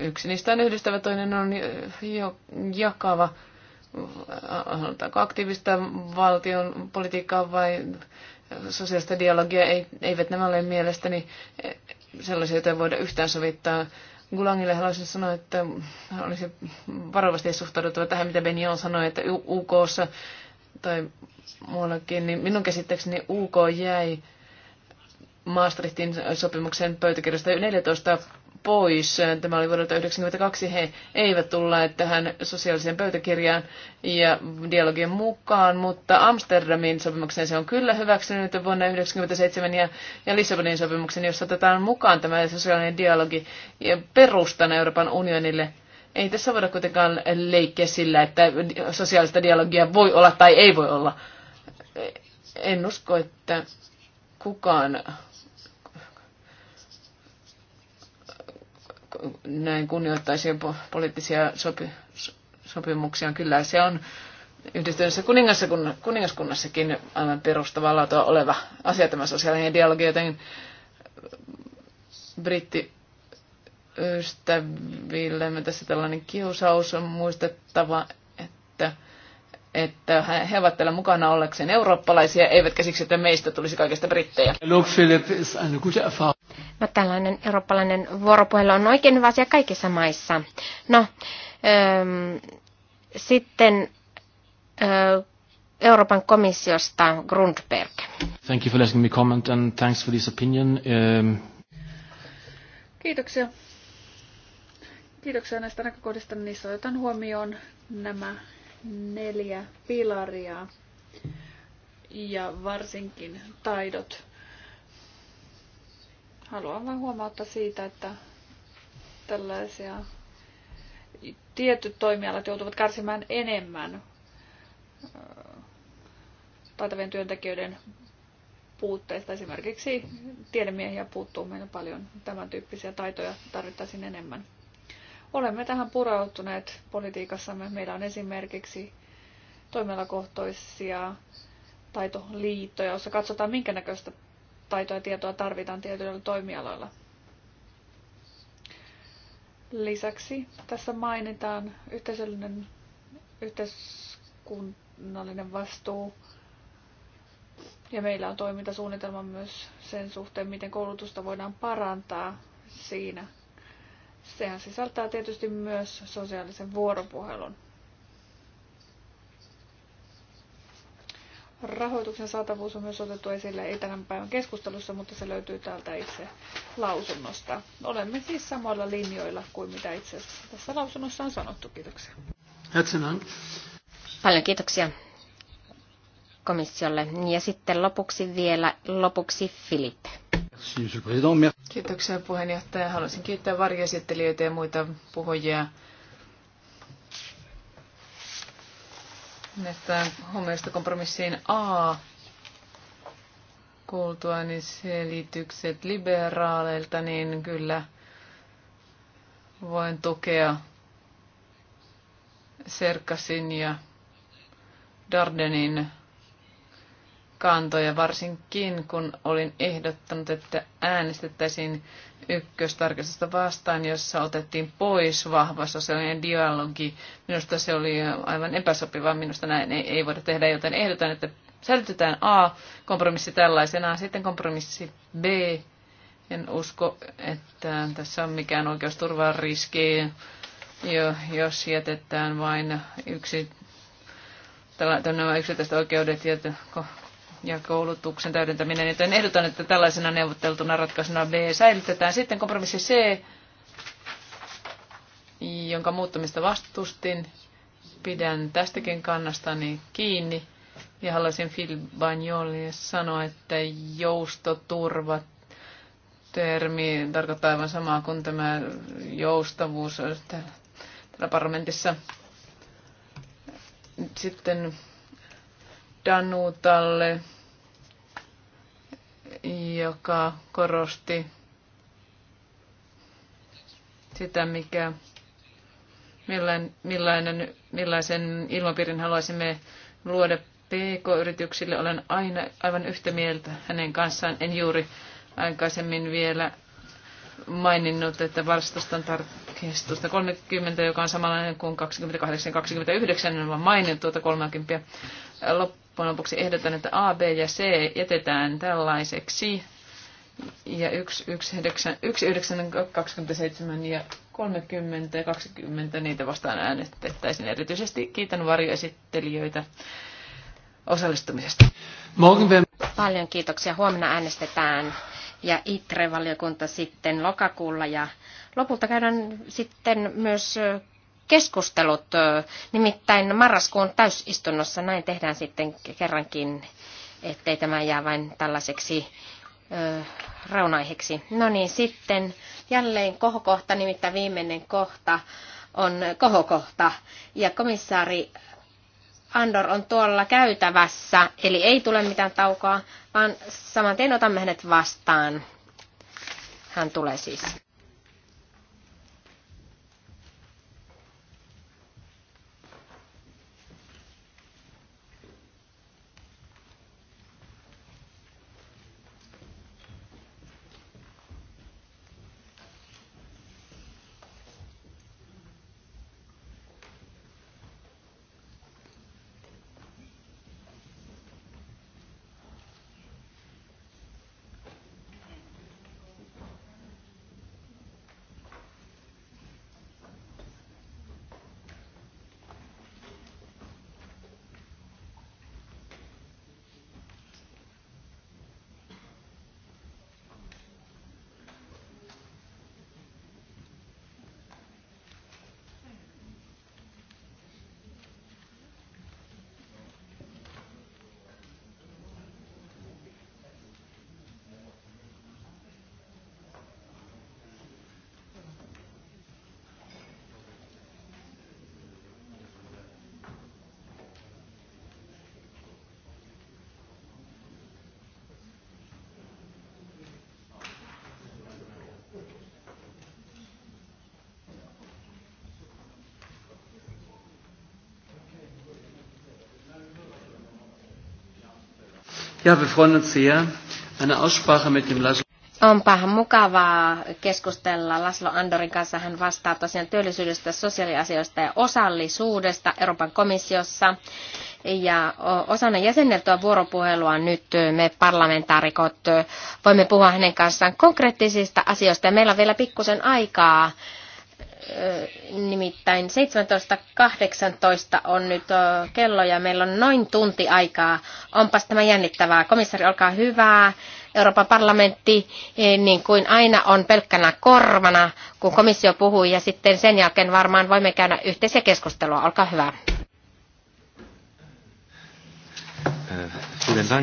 Yksi niistä on yhdistävä, toinen on jo, jakava. Halutaanko aktiivista valtion politiikkaa vai sosiaalista dialogia? Ei, eivät nämä ole mielestäni sellaisia, joita voida yhtään sovittaa Gulangille haluaisin sanoa, että olisi varovasti suhtauduttava tähän, mitä Benio sanoi, että UK tai muuallakin, niin minun käsittääkseni UK jäi Maastrichtin sopimuksen pöytäkirjasta 14 pois. Tämä oli vuodelta 1992. He eivät tulleet tähän sosiaaliseen pöytäkirjaan ja dialogien mukaan, mutta Amsterdamin sopimuksen se on kyllä hyväksynyt vuonna 1997 ja, ja Lissabonin sopimuksen, jossa otetaan mukaan tämä sosiaalinen dialogi ja perustan Euroopan unionille. Ei tässä voida kuitenkaan leikkiä sillä, että sosiaalista dialogia voi olla tai ei voi olla. En usko, että kukaan näin kunnioittaisi poliittisia sopi, sopimuksia. Kyllä se on yhdistyneessä kuningaskunnassakin aivan perustavaa laatua oleva asia tämä sosiaalinen dialogi, joten britti ystävillemme tässä tällainen kiusaus on muistettava, että, että he ovat täällä mukana ollakseen eurooppalaisia, eivätkä siksi, että meistä tulisi kaikesta brittejä. No tällainen eurooppalainen vuoropuhelu on oikein hyvä asia kaikissa maissa. No, äm, sitten äh, Euroopan komissiosta Grundberg. Thank you for letting me comment and thanks for this opinion. Um... Kiitoksia. Kiitoksia näistä näkökohdista. Niissä otetaan huomioon nämä neljä pilaria ja varsinkin taidot Haluan vain huomauttaa siitä, että tällaisia tietyt toimialat joutuvat kärsimään enemmän äh, taitavien työntekijöiden puutteista. Esimerkiksi tiedemiehiä puuttuu meillä paljon. Tämän tyyppisiä taitoja tarvittaisiin enemmän. Olemme tähän purautuneet politiikassamme. Meillä on esimerkiksi toimialakohtaisia taitoliittoja, joissa katsotaan minkä näköistä taitoa ja tietoa tarvitaan tietyillä toimialoilla. Lisäksi tässä mainitaan yhteisöllinen, yhteiskunnallinen vastuu ja meillä on toimintasuunnitelma myös sen suhteen, miten koulutusta voidaan parantaa siinä. Sehän sisältää tietysti myös sosiaalisen vuoropuhelun. Rahoituksen saatavuus on myös otettu esille ei tämän päivän keskustelussa, mutta se löytyy täältä itse lausunnosta. Olemme siis samoilla linjoilla kuin mitä itse asiassa tässä lausunnossa on sanottu. Kiitoksia. Paljon kiitoksia komissiolle. Ja sitten lopuksi vielä, lopuksi Filippe. Kiitoksia puheenjohtaja. Haluaisin kiittää varjoesittelijöitä ja muita puhujia näistä hommista kompromissiin A kuultua, niin selitykset liberaaleilta, niin kyllä voin tukea Serkasin ja Dardenin kantoja, varsinkin kun olin ehdottanut, että äänestettäisiin ykköstarkistusta vastaan, jossa otettiin pois vahva sosiaalinen dialogi. Minusta se oli aivan epäsopiva. minusta näin ei, ei voida tehdä, joten ehdotan, että säilytetään A-kompromissi tällaisenaan, sitten kompromissi B. En usko, että tässä on mikään oikeusturvan riski, jos jätetään vain yksi nämä yksittäiset oikeudet ja ja koulutuksen täydentäminen, joten ehdotan, että tällaisena neuvotteltuna ratkaisuna B säilytetään. Sitten kompromissi C, jonka muuttamista vastustin. Pidän tästäkin kannastani kiinni ja haluaisin Phil Bagnolille sanoa, että joustoturva termi tarkoittaa aivan samaa kuin tämä joustavuus täällä parlamentissa. Sitten Danutalle, joka korosti sitä, mikä, millainen, millaisen ilmapiirin haluaisimme luoda PK-yrityksille. Olen aina aivan yhtä mieltä hänen kanssaan. En juuri aikaisemmin vielä maininnut, että vastustan tarkistusta 30, joka on samanlainen kuin 28 ja 29, vaan mainin tuota 30 loppujen lopuksi ehdotan, että A, B ja C jätetään tällaiseksi. Ja 1, 1, 9, 1 9, 27 ja 30 ja 20, niitä vastaan äänestettäisiin. Erityisesti kiitän varjoesittelijöitä osallistumisesta. Paljon kiitoksia. Huomenna äänestetään ja ITRE-valiokunta sitten lokakuulla ja lopulta käydään sitten myös keskustelut. Nimittäin marraskuun täysistunnossa näin tehdään sitten kerrankin, ettei tämä jää vain tällaiseksi raunaiheksi. No niin, sitten jälleen kohokohta, nimittäin viimeinen kohta on kohokohta. Ja komissaari Andor on tuolla käytävässä, eli ei tule mitään taukoa, vaan saman tien otamme hänet vastaan. Hän tulee siis. Ja, wir freuen uns sehr. Eine Aussprache mit dem Laszlo. Onpa mukavaa keskustella Laslo Andorin kanssa. Hän vastaa tosiaan työllisyydestä, sosiaaliasioista ja osallisuudesta Euroopan komissiossa. Ja osana jäsenneltyä vuoropuhelua nyt me parlamentaarikot voimme puhua hänen kanssaan konkreettisista asioista. Ja meillä on vielä pikkusen aikaa nimittäin 17.18 on nyt kello ja meillä on noin tunti aikaa. Onpas tämä jännittävää. Komissari, olkaa hyvää. Euroopan parlamentti, e, niin kuin aina, on pelkkänä korvana, kun komissio puhuu, ja sitten sen jälkeen varmaan voimme käydä yhteisiä keskustelua. Olkaa hyvä. Uh,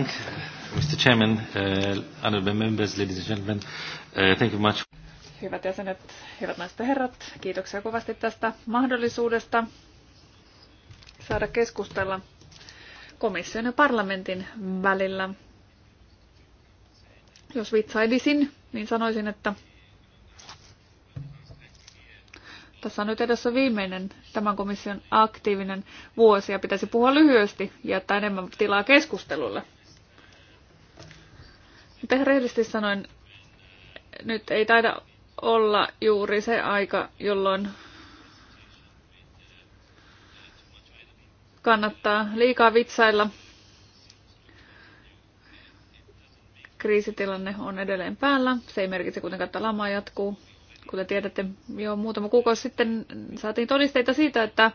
Mr. Chairman, uh, honorable members, ladies and gentlemen. Uh, thank you much hyvät jäsenet, hyvät naiset ja herrat, kiitoksia kovasti tästä mahdollisuudesta saada keskustella komission ja parlamentin välillä. Jos vitsailisin, niin sanoisin, että tässä on nyt edessä viimeinen tämän komission aktiivinen vuosi ja pitäisi puhua lyhyesti ja jättää enemmän tilaa keskustelulle. Mutta rehellisesti sanoen, nyt ei taida olla juuri se aika, jolloin kannattaa liikaa vitsailla. Kriisitilanne on edelleen päällä. Se ei merkitse kuitenkaan, että lama jatkuu. Kuten tiedätte, jo muutama kuukausi sitten saatiin todisteita siitä, että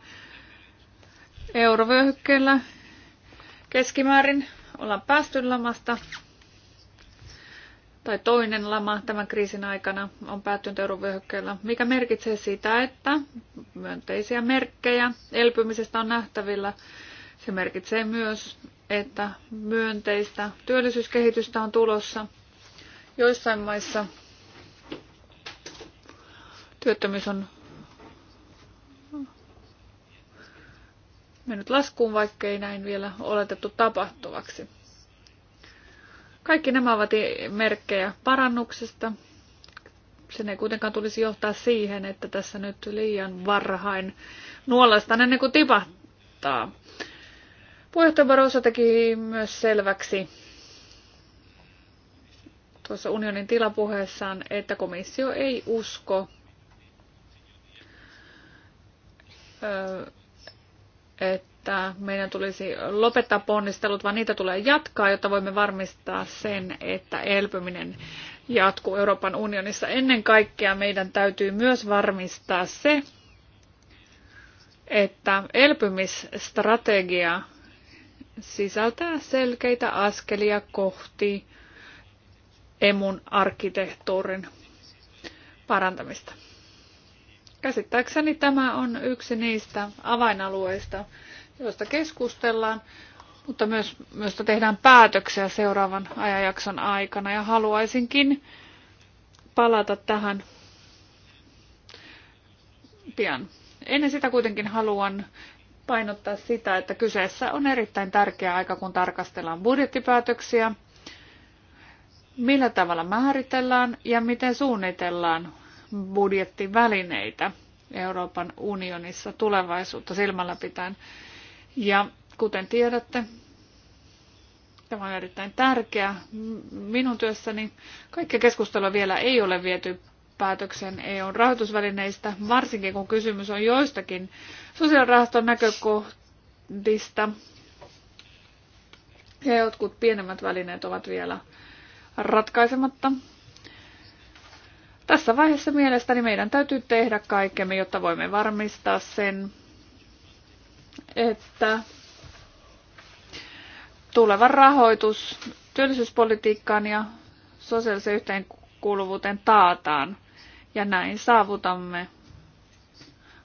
eurovyöhykkeellä keskimäärin ollaan päästy lamasta tai toinen lama tämän kriisin aikana on päättynyt eurovyöhykkeellä, mikä merkitsee sitä, että myönteisiä merkkejä elpymisestä on nähtävillä. Se merkitsee myös, että myönteistä työllisyyskehitystä on tulossa. Joissain maissa työttömyys on mennyt laskuun, vaikkei näin vielä oletettu tapahtuvaksi. Kaikki nämä ovat merkkejä parannuksesta. Sen ei kuitenkaan tulisi johtaa siihen, että tässä nyt liian varhain nuolasta, ennen kuin tipahtaa. Puheenjohtaja Barroso teki myös selväksi tuossa unionin tilapuheessaan, että komissio ei usko että että meidän tulisi lopettaa ponnistelut, vaan niitä tulee jatkaa, jotta voimme varmistaa sen, että elpyminen jatkuu Euroopan unionissa. Ennen kaikkea meidän täytyy myös varmistaa se, että elpymisstrategia sisältää selkeitä askelia kohti emun arkkitehtuurin parantamista. Käsittääkseni tämä on yksi niistä avainalueista, joista keskustellaan, mutta myös, myös tehdään päätöksiä seuraavan ajanjakson aikana. Ja haluaisinkin palata tähän pian. Ennen sitä kuitenkin haluan painottaa sitä, että kyseessä on erittäin tärkeä aika, kun tarkastellaan budjettipäätöksiä, millä tavalla määritellään ja miten suunnitellaan budjettivälineitä Euroopan unionissa tulevaisuutta silmällä pitäen. Ja kuten tiedätte, tämä on erittäin tärkeä minun työssäni. Kaikki keskustelua vielä ei ole viety päätöksen EUn rahoitusvälineistä, varsinkin kun kysymys on joistakin sosiaalirahaston näkökohdista. Ja jotkut pienemmät välineet ovat vielä ratkaisematta. Tässä vaiheessa mielestäni meidän täytyy tehdä kaikkemme, jotta voimme varmistaa sen, että tuleva rahoitus työllisyyspolitiikkaan ja sosiaalisen yhteenkuuluvuuteen taataan. Ja näin saavutamme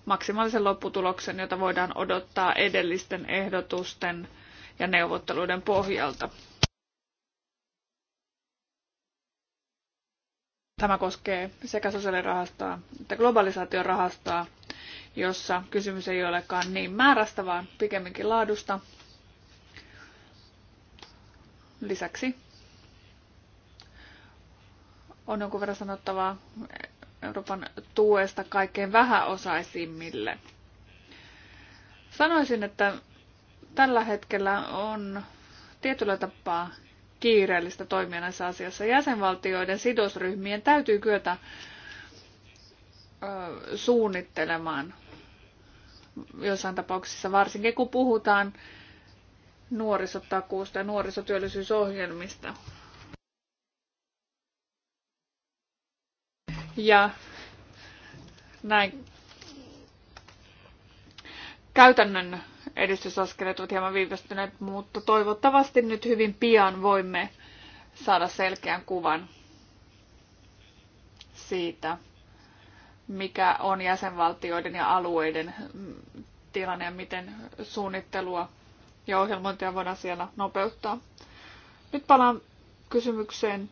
maksimaalisen lopputuloksen, jota voidaan odottaa edellisten ehdotusten ja neuvotteluiden pohjalta. Tämä koskee sekä sosiaalirahastoa että globalisaatiorahastoa jossa kysymys ei olekaan niin määrästä, vaan pikemminkin laadusta. Lisäksi on jonkun verran sanottavaa Euroopan tuesta kaikkein vähäosaisimmille. Sanoisin, että tällä hetkellä on tietyllä tapaa kiireellistä toimia näissä asiassa. Jäsenvaltioiden sidosryhmien täytyy kyetä ö, suunnittelemaan joissain tapauksissa, varsinkin kun puhutaan nuorisotakuusta ja nuorisotyöllisyysohjelmista. Ja näin käytännön edistysaskeleet ovat hieman viivästyneet, mutta toivottavasti nyt hyvin pian voimme saada selkeän kuvan siitä, mikä on jäsenvaltioiden ja alueiden tilanne ja miten suunnittelua ja ohjelmointia voidaan siellä nopeuttaa. Nyt palaan kysymykseen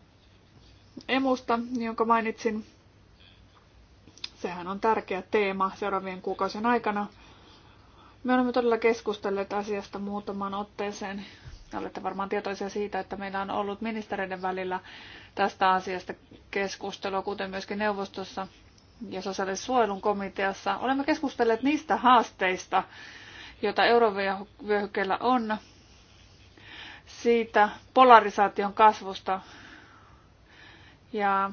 emusta, jonka mainitsin. Sehän on tärkeä teema seuraavien kuukausien aikana. Me olemme todella keskustelleet asiasta muutamaan otteeseen. Olette varmaan tietoisia siitä, että meillä on ollut ministereiden välillä tästä asiasta keskustelua, kuten myöskin neuvostossa ja sosiaalisen suojelun komiteassa olemme keskustelleet niistä haasteista, joita eurovyöhykkeellä on, siitä polarisaation kasvusta ja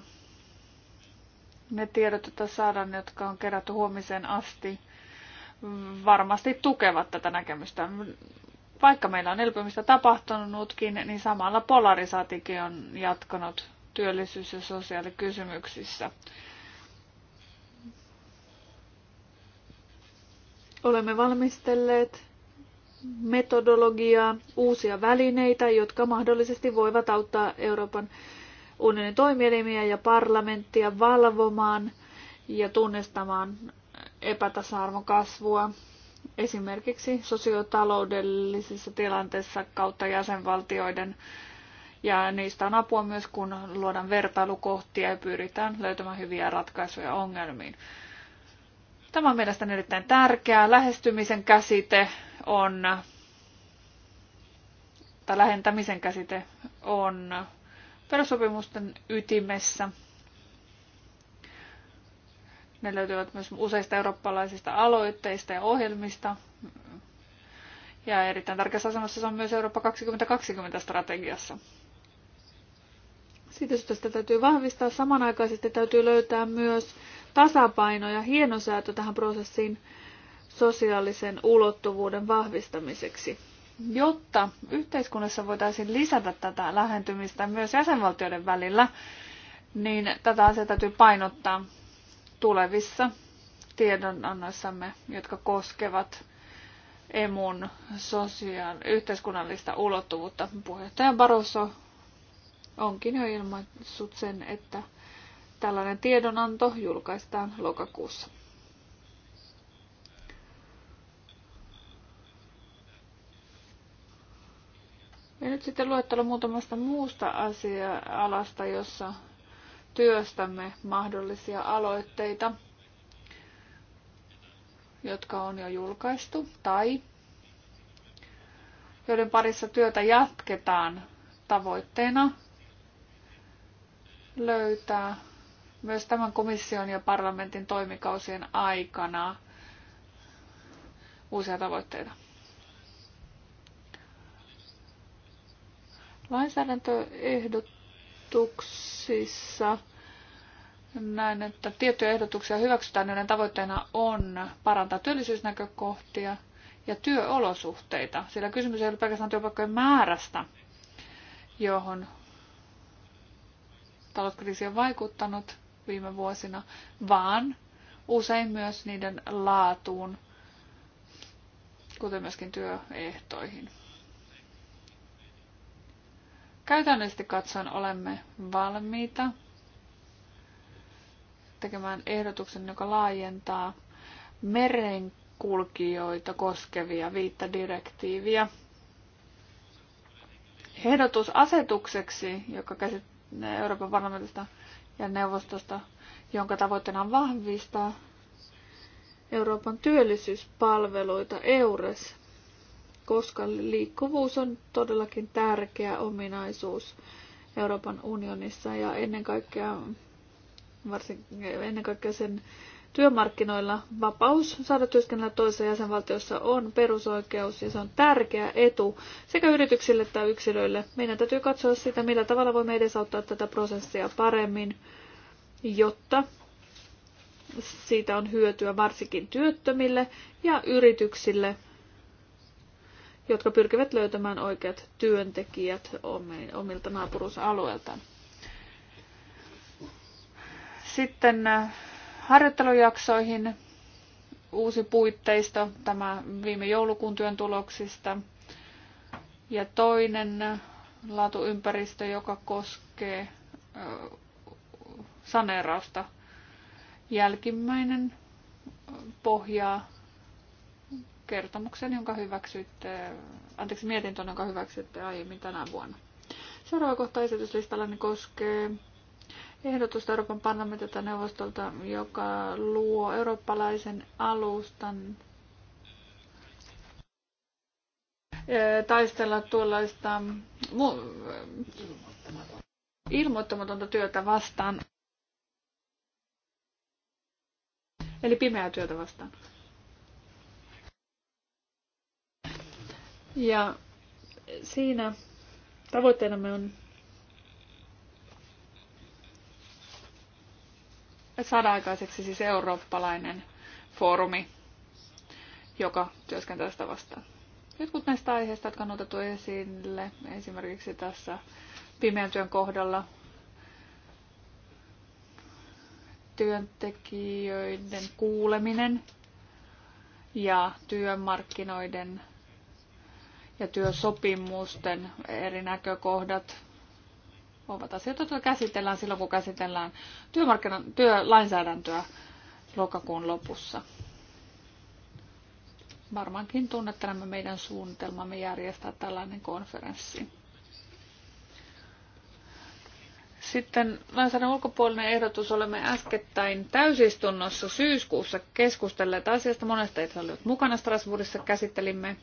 ne tiedot, joita saadaan, jotka on kerätty huomiseen asti, varmasti tukevat tätä näkemystä. Vaikka meillä on elpymistä tapahtunutkin, niin samalla polarisaatikin on jatkanut työllisyys- ja sosiaalikysymyksissä. Olemme valmistelleet metodologiaa, uusia välineitä, jotka mahdollisesti voivat auttaa Euroopan unionin toimielimiä ja parlamenttia valvomaan ja tunnistamaan epätasa-arvon kasvua esimerkiksi sosiotaloudellisissa tilanteissa kautta jäsenvaltioiden. Ja niistä on apua myös, kun luodaan vertailukohtia ja pyritään löytämään hyviä ratkaisuja ongelmiin. Tämä on mielestäni erittäin tärkeää. Lähestymisen käsite on, tai lähentämisen käsite on perussopimusten ytimessä. Ne löytyvät myös useista eurooppalaisista aloitteista ja ohjelmista. Ja erittäin tärkeässä asemassa se on myös Eurooppa 2020-strategiassa. Siitä syystä sitä täytyy vahvistaa. Samanaikaisesti täytyy löytää myös tasapaino ja hienosäätö tähän prosessiin sosiaalisen ulottuvuuden vahvistamiseksi. Jotta yhteiskunnassa voitaisiin lisätä tätä lähentymistä myös jäsenvaltioiden välillä, niin tätä asiaa täytyy painottaa tulevissa tiedonannoissamme, jotka koskevat emun sosiaal- yhteiskunnallista ulottuvuutta. Puheenjohtaja Barroso onkin jo ilmaissut sen, että Tällainen tiedonanto julkaistaan lokakuussa. Ja nyt sitten luettelo muutamasta muusta asia-alasta, jossa työstämme mahdollisia aloitteita, jotka on jo julkaistu tai joiden parissa työtä jatketaan tavoitteena löytää myös tämän komission ja parlamentin toimikausien aikana uusia tavoitteita. Lainsäädäntöehdotuksissa näin, että tiettyjä ehdotuksia hyväksytään, joiden tavoitteena on parantaa työllisyysnäkökohtia ja työolosuhteita, sillä kysymys ei ole pelkästään työpaikkojen määrästä, johon talouskriisi on vaikuttanut, viime vuosina, vaan usein myös niiden laatuun, kuten myöskin työehtoihin. Käytännöllisesti katsoen olemme valmiita tekemään ehdotuksen, joka laajentaa merenkulkijoita koskevia viittä direktiiviä. Ehdotus asetukseksi, joka käsittää Euroopan parlamentista ja neuvostosta, jonka tavoitteena on vahvistaa Euroopan työllisyyspalveluita EURES, koska liikkuvuus on todellakin tärkeä ominaisuus Euroopan unionissa ja ennen kaikkea, varsinkin, ennen kaikkea sen Työmarkkinoilla vapaus saada työskennellä toisessa jäsenvaltiossa on perusoikeus ja se on tärkeä etu sekä yrityksille että yksilöille. Meidän täytyy katsoa sitä, millä tavalla voimme edesauttaa tätä prosessia paremmin, jotta siitä on hyötyä varsinkin työttömille ja yrityksille, jotka pyrkivät löytämään oikeat työntekijät omilta naapuruusalueiltaan. Sitten äh, harjoittelujaksoihin uusi puitteisto, tämä viime joulukuun työn tuloksista. Ja toinen laatuympäristö, joka koskee saneerausta. Jälkimmäinen pohjaa kertomuksen, jonka hyväksytte, anteeksi mietintön, jonka hyväksytte aiemmin tänä vuonna. Seuraava kohta esityslistalla koskee ehdotusta Euroopan parlamentilta neuvostolta, joka luo eurooppalaisen alustan taistella tuollaista ilmoittamatonta työtä vastaan. Eli pimeää työtä vastaan. Ja siinä tavoitteenamme on saada aikaiseksi siis eurooppalainen foorumi, joka työskentelee sitä vastaan. kun näistä aiheista, jotka on otettu esille, esimerkiksi tässä pimeän työn kohdalla, työntekijöiden kuuleminen ja työmarkkinoiden ja työsopimusten eri näkökohdat, ovat asiat, joita käsitellään silloin, kun käsitellään työmarkkinan, työlainsäädäntöä lokakuun lopussa. Varmaankin tunnette nämä meidän suunnitelmamme järjestää tällainen konferenssi. Sitten lainsäädännön ulkopuolinen ehdotus. Olemme äskettäin täysistunnossa syyskuussa keskustelleet asiasta. Monesta itse olet mukana Strasbourgissa. Käsittelimme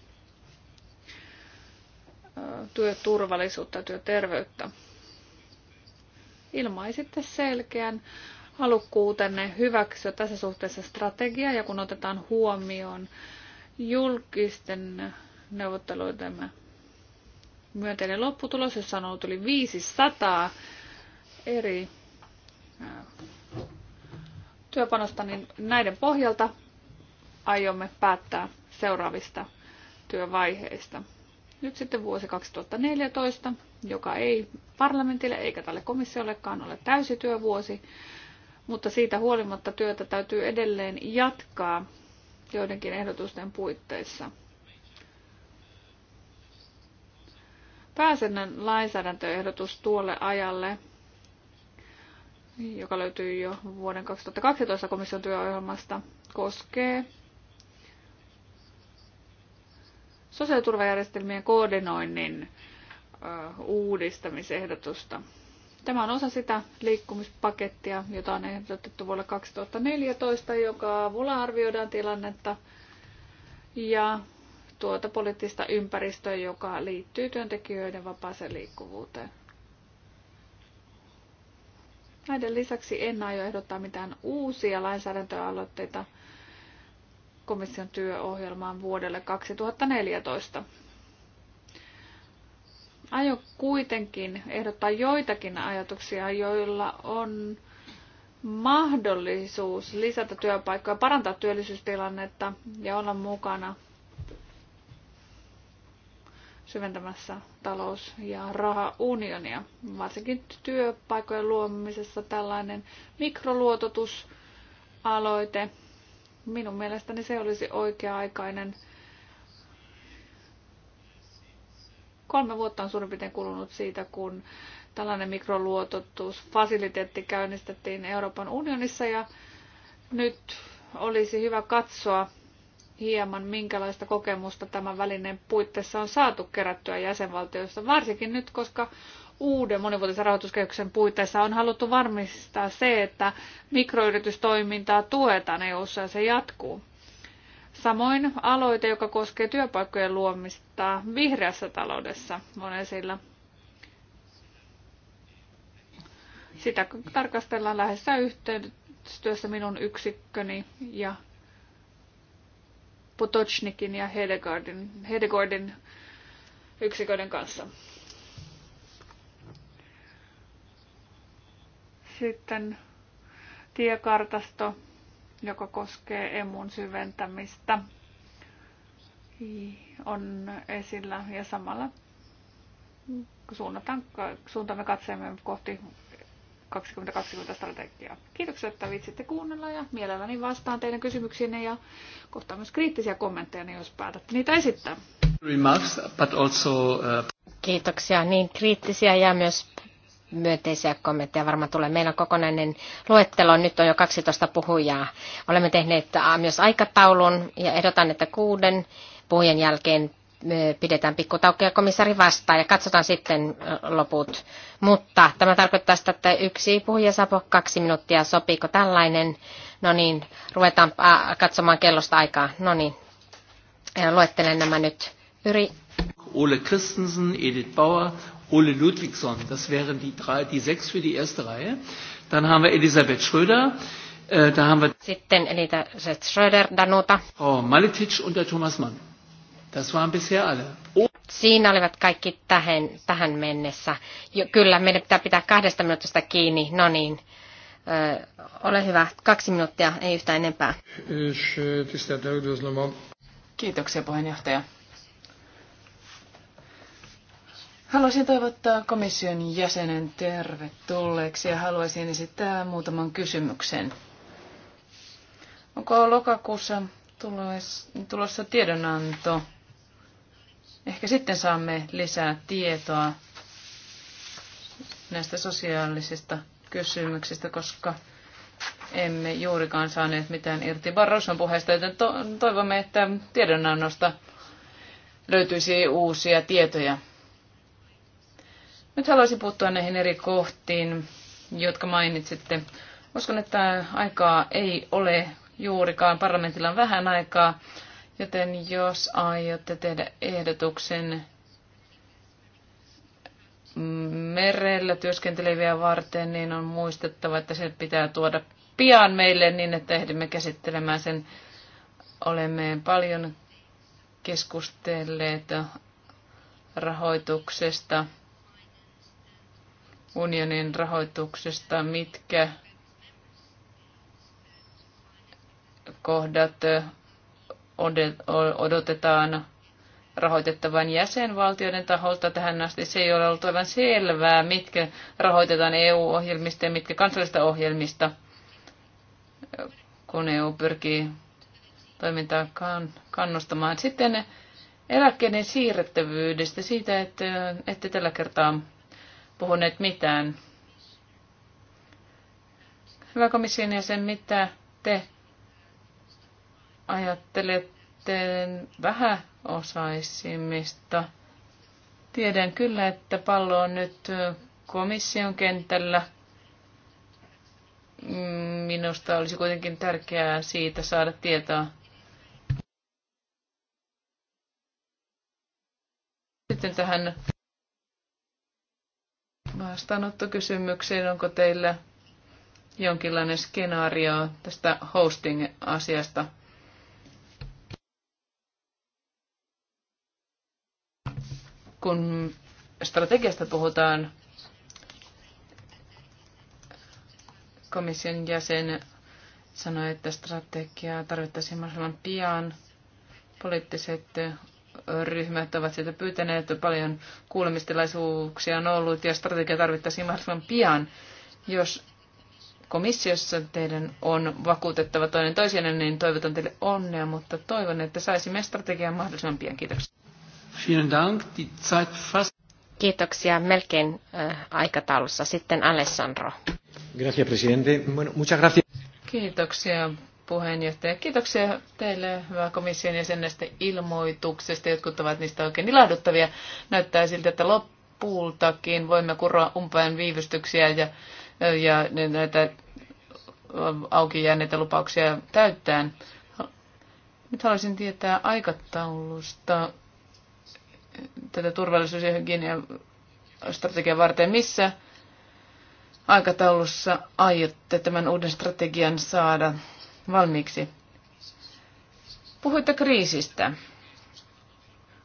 työturvallisuutta ja työterveyttä ilmaisitte selkeän halukkuutenne hyväksyä tässä suhteessa strategia ja kun otetaan huomioon julkisten neuvotteluidemme myönteinen lopputulos, jossa on ollut yli 500 eri äh, työpanosta, niin näiden pohjalta aiomme päättää seuraavista työvaiheista. Nyt sitten vuosi 2014, joka ei parlamentille eikä tälle komissiollekaan ole täysityövuosi, mutta siitä huolimatta työtä täytyy edelleen jatkaa joidenkin ehdotusten puitteissa. Pääsennän lainsäädäntöehdotus tuolle ajalle, joka löytyy jo vuoden 2012 komission työohjelmasta, koskee sosiaaliturvajärjestelmien koordinoinnin uudistamisehdotusta. Tämä on osa sitä liikkumispakettia, jota on ehdotettu vuonna 2014, joka avulla arvioidaan tilannetta ja tuota poliittista ympäristöä, joka liittyy työntekijöiden vapaaseen liikkuvuuteen. Näiden lisäksi en aio ehdottaa mitään uusia lainsäädäntöaloitteita komission työohjelmaan vuodelle 2014. Aion kuitenkin ehdottaa joitakin ajatuksia, joilla on mahdollisuus lisätä työpaikkoja, parantaa työllisyystilannetta ja olla mukana syventämässä talous- ja rahaunionia. Varsinkin työpaikojen luomisessa tällainen mikroluototusaloite Minun mielestäni se olisi oikea-aikainen. Kolme vuotta on suurin piirtein kulunut siitä, kun tällainen mikroluototusfasiliteetti käynnistettiin Euroopan unionissa ja nyt olisi hyvä katsoa hieman, minkälaista kokemusta tämän välineen puitteissa on saatu kerättyä jäsenvaltioista, varsinkin nyt, koska uuden monivuotisen rahoituskehyksen puitteissa on haluttu varmistaa se, että mikroyritystoimintaa tuetaan EU-ssa ja se jatkuu. Samoin aloite, joka koskee työpaikkojen luomista vihreässä taloudessa, on esillä. Sitä tarkastellaan läheisessä yhteistyössä minun yksikköni ja Potocnikin ja Hedegaardin yksiköiden kanssa. Sitten tiekartasto, joka koskee emun syventämistä, on esillä ja samalla suunnataan, suuntaamme katseemme kohti 2020 strategiaa. Kiitoksia, että viitsitte kuunnella ja mielelläni vastaan teidän kysymyksiinne ja kohtaan myös kriittisiä kommentteja, niin jos päätätte niitä esittää. Remarks, but also, uh... Kiitoksia. Niin kriittisiä ja myös myönteisiä kommentteja varmaan tulee. Meillä on kokonainen luettelo, nyt on jo 12 puhujaa. Olemme tehneet äh, myös aikataulun ja ehdotan, että kuuden puhujan jälkeen äh, pidetään pikkutaukia komissari vastaan ja katsotaan sitten äh, loput. Mutta tämä tarkoittaa sitä, että yksi puhuja saa kaksi minuuttia. Sopiiko tällainen? No niin, ruvetaan katsomaan kellosta aikaa. No niin, luettelen nämä nyt. Yri. Ole Christensen, Edith Bauer, ole Ludwigsson. Das wären die, drei, die sechs für die erste Reihe. Dann haben wir Elisabeth Schröder. Äh, da haben wir Sitten Elisabeth Schröder, Danuta. Frau Maletic und der Thomas Mann. Das waren bisher alle. Oh. Siinä olivat kaikki tähän, tähän mennessä. Jo, kyllä, meidän pitää pitää kahdesta minuutista kiinni. No niin, Öö, ole hyvä, kaksi minuuttia, ei yhtään enempää. Kiitoksia puheenjohtaja. Haluaisin toivottaa komission jäsenen tervetulleeksi ja haluaisin esittää muutaman kysymyksen. Onko lokakuussa tulossa tiedonanto? Ehkä sitten saamme lisää tietoa näistä sosiaalisista kysymyksistä, koska emme juurikaan saaneet mitään irti Barroson puheesta, joten to- toivomme, että tiedonannosta löytyisi uusia tietoja. Nyt haluaisin puuttua näihin eri kohtiin, jotka mainitsitte. Uskon, että aikaa ei ole juurikaan. Parlamentilla on vähän aikaa, joten jos aiotte tehdä ehdotuksen merellä työskenteleviä varten, niin on muistettava, että se pitää tuoda pian meille niin, että ehdimme käsittelemään sen. Olemme paljon keskustelleet rahoituksesta unionin rahoituksesta, mitkä kohdat odotetaan rahoitettavan jäsenvaltioiden taholta tähän asti. Se ei ole ollut aivan selvää, mitkä rahoitetaan EU-ohjelmista ja mitkä kansallista ohjelmista, kun EU pyrkii toimintaa kannustamaan. Sitten eläkkeiden siirrettävyydestä, siitä, että, että tällä kertaa puhuneet mitään. Hyvä komission jäsen, mitä te ajattelette osaisimmista? Tiedän kyllä, että pallo on nyt komission kentällä. Minusta olisi kuitenkin tärkeää siitä saada tietoa. Sitten tähän vastaanottokysymyksiin. Onko teillä jonkinlainen skenaario tästä hosting-asiasta? Kun strategiasta puhutaan, komission jäsen sanoi, että strategiaa tarvittaisiin mahdollisimman pian. Poliittiset ryhmät ovat sieltä pyytäneet. Paljon kuulemistilaisuuksia on ollut ja strategia tarvittaisiin mahdollisimman pian. Jos komissiossa teidän on vakuutettava toinen toisenne, niin toivotan teille onnea, mutta toivon, että saisimme strategian mahdollisimman pian. Kiitoksia. Kiitoksia. Melkein äh, aikataulussa. Sitten Alessandro. Gracias, presidente. Bueno, muchas gracias. Kiitoksia puheenjohtaja. Kiitoksia teille, hyvä komission jäsen, näistä ilmoituksesta. Jotkut ovat niistä oikein ilahduttavia. Näyttää siltä, että loppuultakin voimme kuroa umpeen viivystyksiä ja, ja näitä auki jääneitä lupauksia täyttäen. Nyt haluaisin tietää aikataulusta tätä turvallisuus- ja hygienia varten. Missä aikataulussa aiotte tämän uuden strategian saada valmiiksi. Puhuitte kriisistä.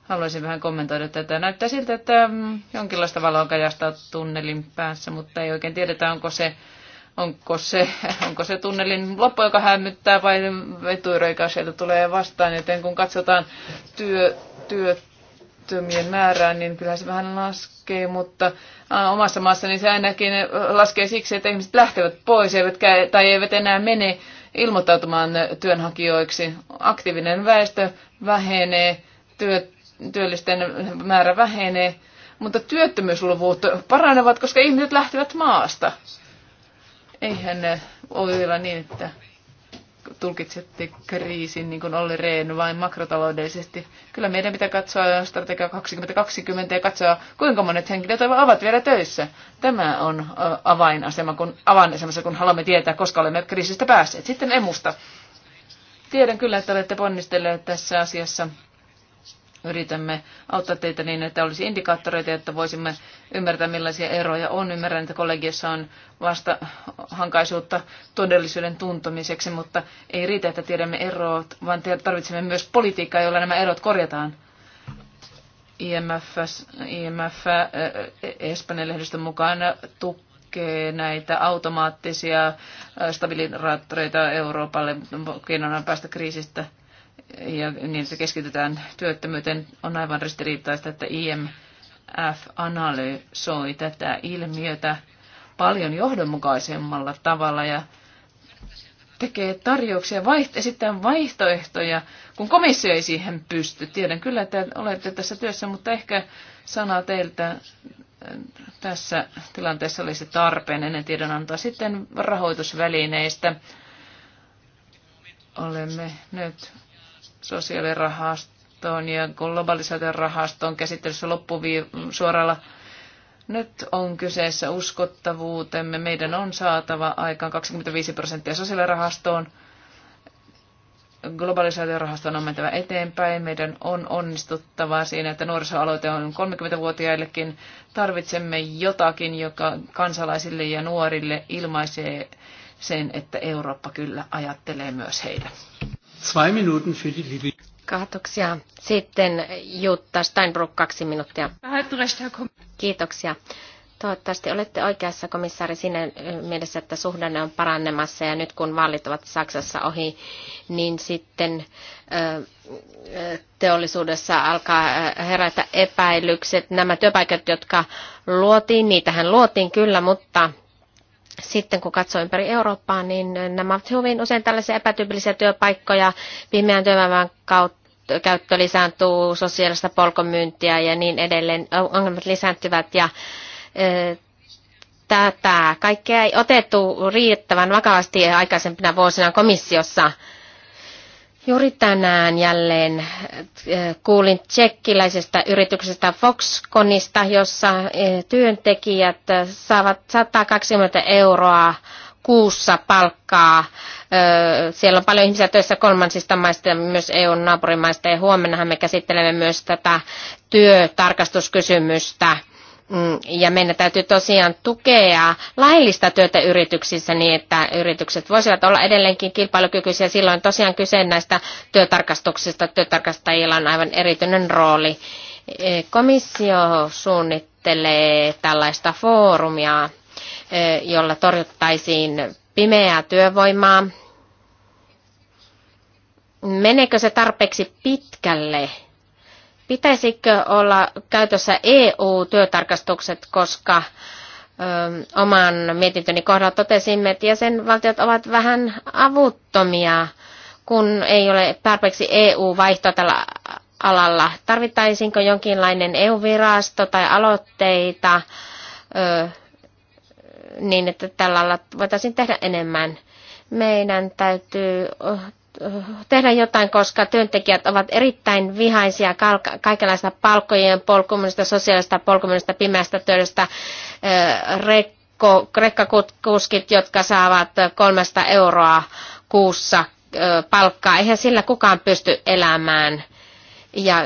Haluaisin vähän kommentoida tätä. Näyttää siltä, että mm, jonkinlaista valoa kajastaa tunnelin päässä, mutta ei oikein tiedetä, onko se, onko se, (laughs) onko se tunnelin loppu, joka hämmyttää vai vetuira, sieltä tulee vastaan. Joten kun katsotaan työ, työ, työttömien määrää, niin kyllä se vähän laskee, mutta omassa maassa niin se ainakin laskee siksi, että ihmiset lähtevät pois eivätkä, tai eivät enää mene ilmoittautumaan työnhakijoiksi. Aktiivinen väestö vähenee, työ, työllisten määrä vähenee, mutta työttömyysluvut paranevat, koska ihmiset lähtevät maasta. Eihän eh, ole vielä niin, että tulkitsette kriisin, niin kuin Olli Rehn, vain makrotaloudellisesti. Kyllä meidän pitää katsoa strategia 2020 ja katsoa, kuinka monet henkilöt ovat vielä töissä. Tämä on avainasema, kun, avainasemassa, kun haluamme tietää, koska olemme kriisistä päässeet. Sitten emusta. Tiedän kyllä, että olette ponnistelleet tässä asiassa yritämme auttaa teitä niin, että olisi indikaattoreita, että voisimme ymmärtää, millaisia eroja on. Ymmärrän, että kollegiossa on vasta hankaisuutta todellisuuden tuntumiseksi, mutta ei riitä, että tiedämme erot, vaan tarvitsemme myös politiikkaa, jolla nämä erot korjataan. IMF, IMF Espanjan lehdistön mukaan tukee näitä automaattisia stabilisaattoreita Euroopalle keinona päästä kriisistä ja niin se keskitytään työttömyyteen, on aivan ristiriitaista, että IMF analysoi tätä ilmiötä paljon johdonmukaisemmalla tavalla ja tekee tarjouksia, vaiht- esittää vaihtoehtoja, kun komissio ei siihen pysty. Tiedän kyllä, että olette tässä työssä, mutta ehkä sana teiltä äh, tässä tilanteessa olisi tarpeen ennen tiedonantoa. Sitten rahoitusvälineistä olemme nyt sosiaalirahastoon ja globalisaation rahastoon käsittelyssä loppuviin nyt on kyseessä uskottavuutemme. Meidän on saatava aikaan 25 prosenttia sosiaalirahastoon. Globalisaatiorahaston on mentävä eteenpäin. Meidän on onnistuttava siinä, että nuorisoaloite on 30-vuotiaillekin. Tarvitsemme jotakin, joka kansalaisille ja nuorille ilmaisee sen, että Eurooppa kyllä ajattelee myös heitä. Zwei Minuten für die Liebe. Kiitoksia. Sitten Jutta Steinbrück, kaksi minuuttia. Kiitoksia. Toivottavasti olette oikeassa, komissaari, siinä mielessä, että suhdanne on parannemassa ja nyt kun vallit ovat Saksassa ohi, niin sitten teollisuudessa alkaa herätä epäilykset. Nämä työpaikat, jotka luotiin, niitähän luotiin kyllä, mutta sitten kun katsoo ympäri Eurooppaa, niin nämä ovat hyvin usein tällaisia epätyypillisiä työpaikkoja. Pimeän työvoiman käyttö lisääntyy, sosiaalista polkomyyntiä ja niin edelleen, ongelmat lisääntyvät ja e, tätä kaikkea ei otettu riittävän vakavasti aikaisempina vuosina komissiossa – Juuri tänään jälleen eh, kuulin tsekkiläisestä yrityksestä Foxconista, jossa eh, työntekijät eh, saavat 120 euroa kuussa palkkaa. Siellä on paljon ihmisiä töissä kolmansista maista ja myös EUn naapurimaista ja huomennahan me käsittelemme myös tätä työtarkastuskysymystä Mm, ja meidän täytyy tosiaan tukea laillista työtä yrityksissä niin, että yritykset voisivat olla edelleenkin kilpailukykyisiä. Silloin tosiaan kyse näistä työtarkastuksista. Työtarkastajilla on aivan erityinen rooli. E, komissio suunnittelee tällaista foorumia, e, jolla torjuttaisiin pimeää työvoimaa. Meneekö se tarpeeksi pitkälle? Pitäisikö olla käytössä EU-työtarkastukset, koska ö, oman mietintöni kohdalla totesimme, että jäsenvaltiot ovat vähän avuttomia, kun ei ole tarpeeksi EU-vaihtoa tällä alalla. Tarvittaisinko jonkinlainen EU-virasto tai aloitteita ö, niin, että tällä alalla voitaisiin tehdä enemmän? Meidän täytyy tehdä jotain, koska työntekijät ovat erittäin vihaisia kaikenlaista palkkojen polkumista, sosiaalista polkumista, pimeästä työstä, rekko, rekkakuskit, jotka saavat kolmesta euroa kuussa palkkaa. Eihän sillä kukaan pysty elämään. Ja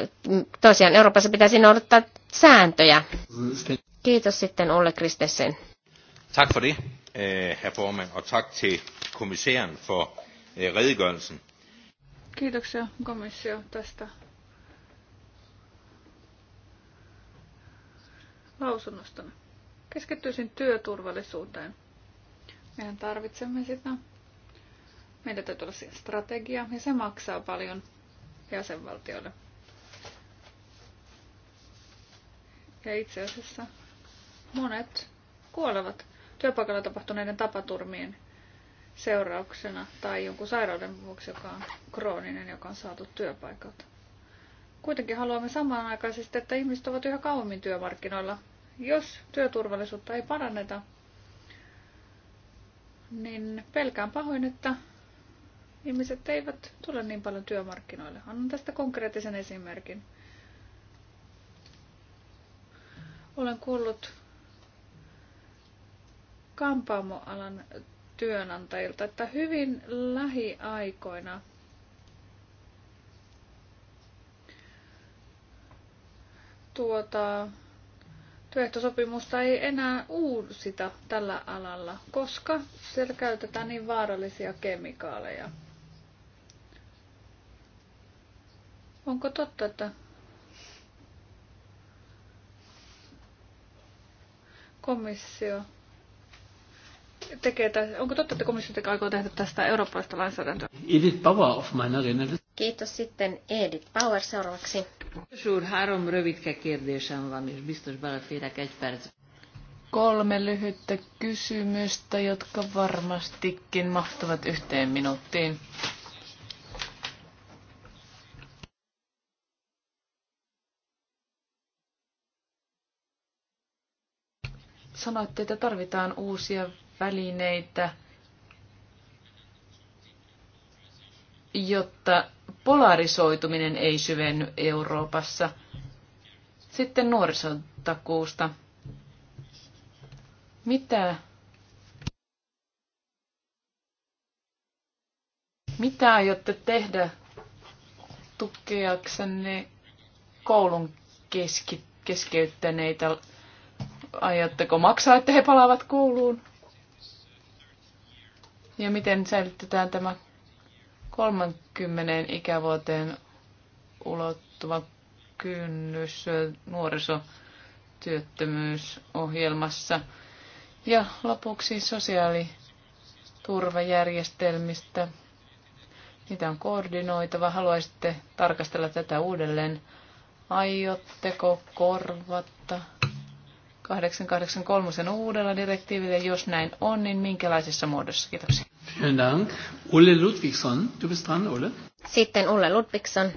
tosiaan Euroopassa pitäisi noudattaa sääntöjä. Kiitos sitten Olle Kristessen. Tack för det, eh, herr Forman, och tack till kommissären för redegørelsen. Kiitoksia komissio tästä lausunnosta. Keskittyisin työturvallisuuteen. meidän tarvitsemme sitä. Meidän täytyy olla siihen strategia ja se maksaa paljon jäsenvaltioille. Ja itse asiassa monet kuolevat työpaikalla tapahtuneiden tapaturmien seurauksena tai jonkun sairauden vuoksi, joka on krooninen, joka on saatu työpaikalta. Kuitenkin haluamme samanaikaisesti, että ihmiset ovat yhä kauemmin työmarkkinoilla. Jos työturvallisuutta ei paranneta, niin pelkään pahoin, että ihmiset eivät tule niin paljon työmarkkinoille. Annan tästä konkreettisen esimerkin. Olen kuullut kampaamoalan työnantajilta, että hyvin lähiaikoina tuota, työehtosopimusta ei enää uusita tällä alalla, koska siellä käytetään niin vaarallisia kemikaaleja. Onko totta, että komissio tekee, onko totta, että komissio tekee aikoo tehdä tästä eurooppalaista lainsäädäntöä? Edith Bauer my meiner Kiitos sitten Edith Bauer seuraavaksi. Suur harom rövitkä kérdésem van, Bistos biztos beleférek Kolme lyhyttä kysymystä, jotka varmastikin mahtuvat yhteen minuuttiin. sanoitte, että tarvitaan uusia välineitä, jotta polarisoituminen ei syvenny Euroopassa. Sitten nuorisotakuusta. Mitä Mitä aiotte tehdä tukeaksenne koulun keski, keskeyttäneitä? Aiotteko maksaa, että he palaavat kouluun? Ja miten säilytetään tämä 30 ikävuoteen ulottuva kynnys nuorisotyöttömyysohjelmassa. Ja lopuksi sosiaaliturvajärjestelmistä. Niitä on koordinoitava. Haluaisitte tarkastella tätä uudelleen. Aiotteko korvata 883 uudella direktiivillä. Jos näin on, niin minkälaisessa muodossa? Kiitoksia. Dank. Ulle Ludvigsson, du bist dran, Ulle. Sitten Ulle Ludvigsson.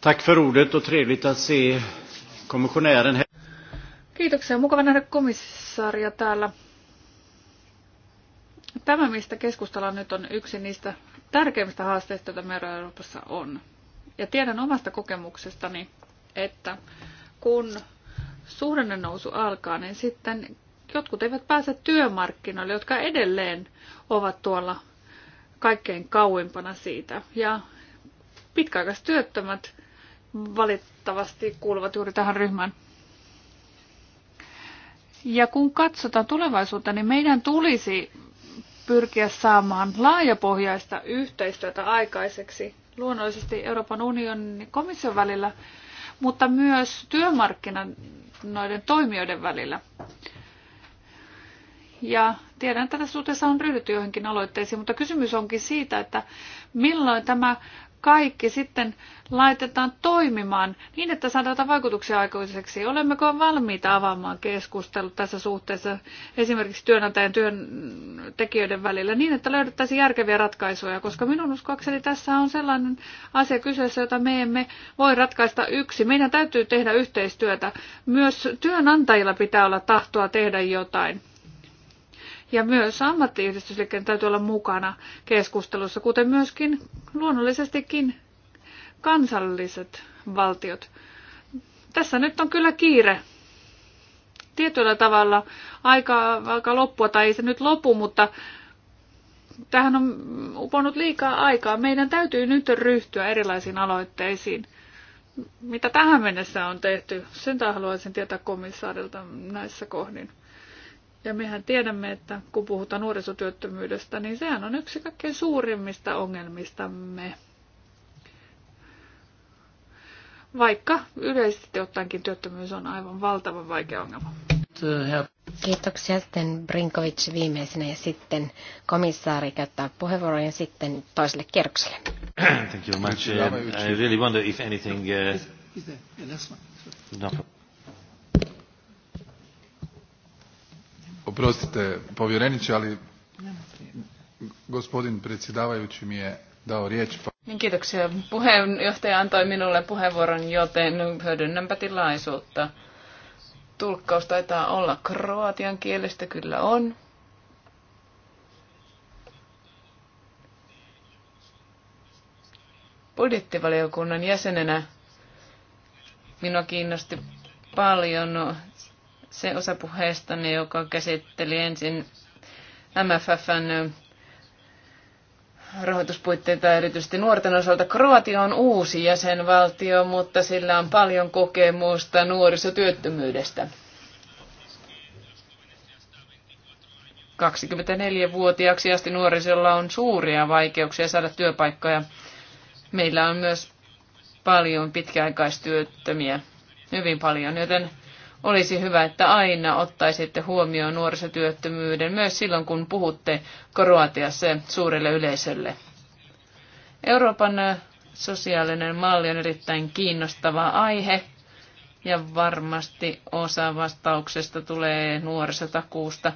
Tack för ordet och trevligt att se kommissionären här. Kiitoksia. Mukava nähdä komissaaria täällä. Tämä, mistä keskustellaan nyt, on yksi niistä tärkeimmistä haasteista, joita meillä Euroopassa on. Ja tiedän omasta kokemuksestani, että kun suhdannen nousu alkaa, niin sitten jotkut eivät pääse työmarkkinoille, jotka edelleen ovat tuolla kaikkein kauimpana siitä. Ja pitkäaikaistyöttömät valittavasti kuuluvat juuri tähän ryhmään. Ja kun katsotaan tulevaisuutta, niin meidän tulisi pyrkiä saamaan laajapohjaista yhteistyötä aikaiseksi luonnollisesti Euroopan unionin komission välillä, mutta myös työmarkkinan noiden toimijoiden välillä. Ja tiedän, että tässä suhteessa on ryhdytty joihinkin aloitteisiin, mutta kysymys onkin siitä, että milloin tämä kaikki sitten laitetaan toimimaan niin, että saadaan vaikutuksia aikaiseksi? Olemmeko valmiita avaamaan keskustelut tässä suhteessa esimerkiksi työnantajan työntekijöiden välillä niin, että löydettäisiin järkeviä ratkaisuja, koska minun uskoakseni tässä on sellainen asia kyseessä, jota me emme voi ratkaista yksi. Meidän täytyy tehdä yhteistyötä. Myös työnantajilla pitää olla tahtoa tehdä jotain. Ja myös ammattiyhdistysliikkeen täytyy olla mukana keskustelussa, kuten myöskin luonnollisestikin kansalliset valtiot. Tässä nyt on kyllä kiire. Tietyllä tavalla aika, aika loppua, tai ei se nyt lopu, mutta tähän on uponut liikaa aikaa. Meidän täytyy nyt ryhtyä erilaisiin aloitteisiin. Mitä tähän mennessä on tehty? Sen haluaisin tietää komissaarilta näissä kohdin. Ja mehän tiedämme, että kun puhutaan nuorisotyöttömyydestä, niin sehän on yksi kaikkein suurimmista ongelmistamme. Vaikka yleisesti ottaenkin työttömyys on aivan valtavan vaikea ongelma. Kiitoksia sitten Brinkovic viimeisenä ja sitten komissaari käyttää puheenvuoron ja sitten toiselle kierrokselle. Thank you much. Um, I really wonder if anything... Uh... Is, is there a last one? Oprostite, povjerenie ali gospodin predsjedavajui mi je dao rije Pa... Niin kiitoksia. Puheenjohtaja antoi minulle puheenvuoron, joten hyödynnänpä tilaisuutta. Tulkkaus taitaa olla kroatian kielestä, kyllä on. Budjettivaliokunnan jäsenenä minua kiinnosti paljon se osa puheestani, joka käsitteli ensin MFFn rahoituspuitteita erityisesti nuorten osalta. Kroatia on uusi jäsenvaltio, mutta sillä on paljon kokemusta nuorisotyöttömyydestä. 24-vuotiaaksi asti nuorisolla on suuria vaikeuksia saada työpaikkoja. Meillä on myös paljon pitkäaikaistyöttömiä, hyvin paljon, joten olisi hyvä, että aina ottaisitte huomioon nuorisotyöttömyyden myös silloin, kun puhutte Kroatiassa suurelle yleisölle. Euroopan sosiaalinen malli on erittäin kiinnostava aihe ja varmasti osa vastauksesta tulee nuorisotakuusta.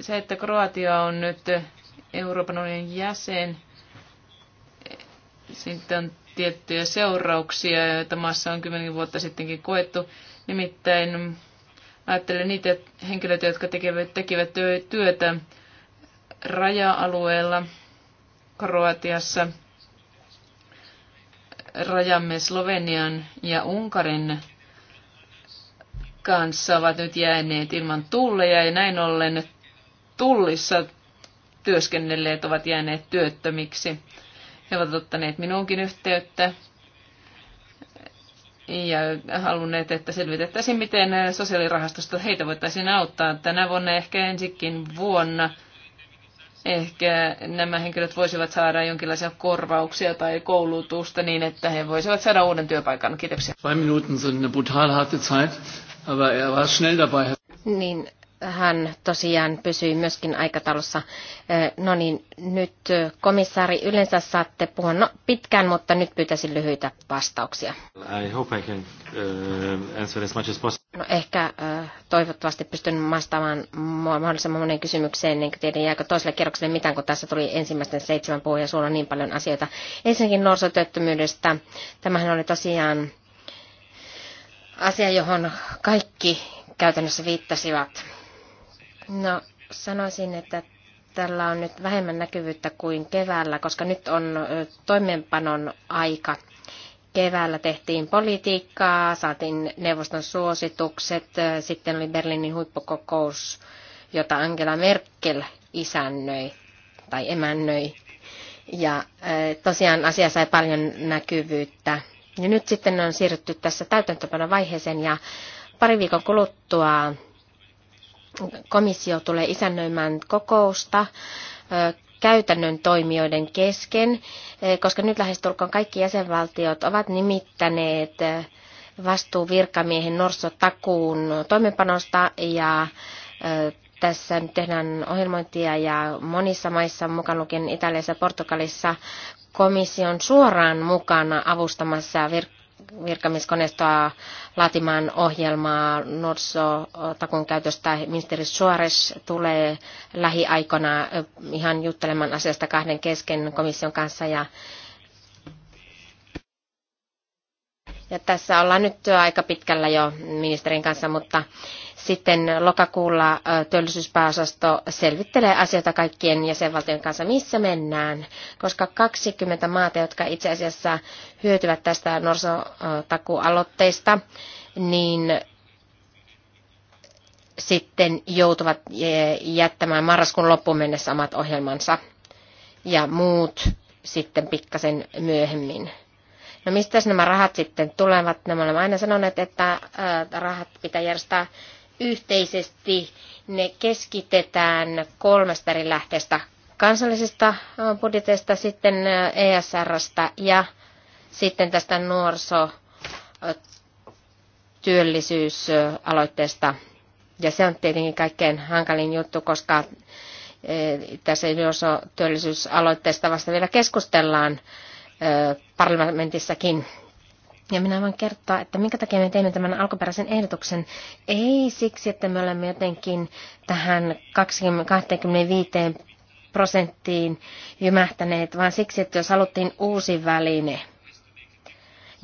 Se, että Kroatia on nyt Euroopan unionin jäsen, sitten on tiettyjä seurauksia, joita maassa on kymmenen vuotta sittenkin koettu. Nimittäin ajattelen niitä henkilöitä, jotka tekevät, tekevät työtä raja-alueella Kroatiassa rajamme Slovenian ja Unkarin kanssa ovat nyt jääneet ilman tulleja ja näin ollen tullissa työskennelleet ovat jääneet työttömiksi. He ovat ottaneet minuunkin yhteyttä ja halunneet, että selvitettäisiin, miten sosiaalirahastosta heitä voitaisiin auttaa. Tänä vuonna ehkä ensikin vuonna ehkä nämä henkilöt voisivat saada jonkinlaisia korvauksia tai koulutusta niin, että he voisivat saada uuden työpaikan. Kiitoksia. Zwei sind eine brutal harte Zeit, aber er war schnell dabei. Niin, hän tosiaan pysyi myöskin aikataulussa. No niin, nyt komissaari, yleensä saatte puhua no, pitkään, mutta nyt pyytäisin lyhyitä vastauksia. I hope I can, uh, answer as much as possible. No ehkä uh, toivottavasti pystyn vastaamaan mahdollisimman monen kysymykseen, niin kuin tiedän jääkö toiselle kierrokselle mitään, kun tässä tuli ensimmäisten seitsemän puhujan sulla niin paljon asioita. Ensinnäkin nuorisotyöttömyydestä. Tämähän oli tosiaan asia, johon kaikki käytännössä viittasivat No, sanoisin, että tällä on nyt vähemmän näkyvyyttä kuin keväällä, koska nyt on toimeenpanon aika. Keväällä tehtiin politiikkaa, saatiin neuvoston suositukset, sitten oli Berliinin huippukokous, jota Angela Merkel isännöi tai emännöi. Ja tosiaan asia sai paljon näkyvyyttä. Ja nyt sitten on siirrytty tässä täytäntöpanovaiheeseen ja pari viikon kuluttua komissio tulee isännöimään kokousta käytännön toimijoiden kesken, koska nyt lähestulkoon kaikki jäsenvaltiot ovat nimittäneet vastuuvirkamiehen norsotakuun toimenpanosta ja tässä nyt tehdään ohjelmointia ja monissa maissa, mukaan lukien Italiassa ja Portugalissa, komission suoraan mukana avustamassa vir- virkamieskoneistoa laatimaan ohjelmaa Norso-takun käytöstä. Ministeri Suores tulee lähiaikona ihan juttelemaan asiasta kahden kesken komission kanssa ja Ja tässä ollaan nyt aika pitkällä jo ministerin kanssa, mutta sitten lokakuulla työllisyyspääosasto selvittelee asioita kaikkien jäsenvaltion kanssa, missä mennään, koska 20 maata, jotka itse asiassa hyötyvät tästä nuorisotakualoitteesta, niin sitten joutuvat e, jättämään marraskuun loppuun mennessä omat ohjelmansa ja muut sitten pikkasen myöhemmin. No mistä nämä rahat sitten tulevat? No, me olemme aina sanoneet, että rahat pitää järjestää yhteisesti. Ne keskitetään kolmesta eri lähteestä kansallisista budjeteista, sitten ESRstä ja sitten tästä nuorisotyöllisyysaloitteesta. Ja se on tietenkin kaikkein hankalin juttu, koska tässä nuorisotyöllisyysaloitteesta vasta vielä keskustellaan parlamentissakin. Ja minä voin kertoa, että minkä takia me teimme tämän alkuperäisen ehdotuksen. Ei siksi, että me olemme jotenkin tähän 20, 25 prosenttiin jymähtäneet, vaan siksi, että jos haluttiin uusi väline –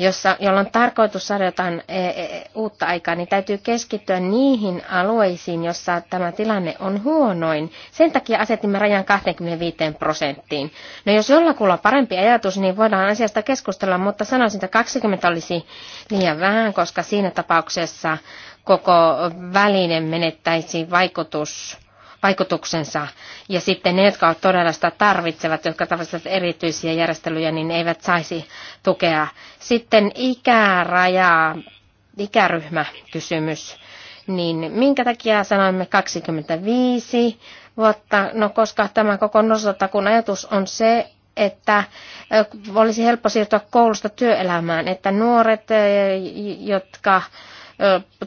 jossa, jolloin tarkoitus saada jotain e, e, e, uutta aikaa, niin täytyy keskittyä niihin alueisiin, jossa tämä tilanne on huonoin. Sen takia asetimme rajan 25 prosenttiin. No jos jollakulla on parempi ajatus, niin voidaan asiasta keskustella, mutta sanoisin, että 20 olisi liian vähän, koska siinä tapauksessa koko väline menettäisi vaikutus vaikutuksensa. Ja sitten ne, jotka todella sitä tarvitsevat, jotka tarvitsevat erityisiä järjestelyjä, niin eivät saisi tukea. Sitten ikäraja, ikäryhmäkysymys. Niin minkä takia sanoimme 25 vuotta? No koska tämä koko nuorisotakun ajatus on se, että olisi helppo siirtyä koulusta työelämään, että nuoret, jotka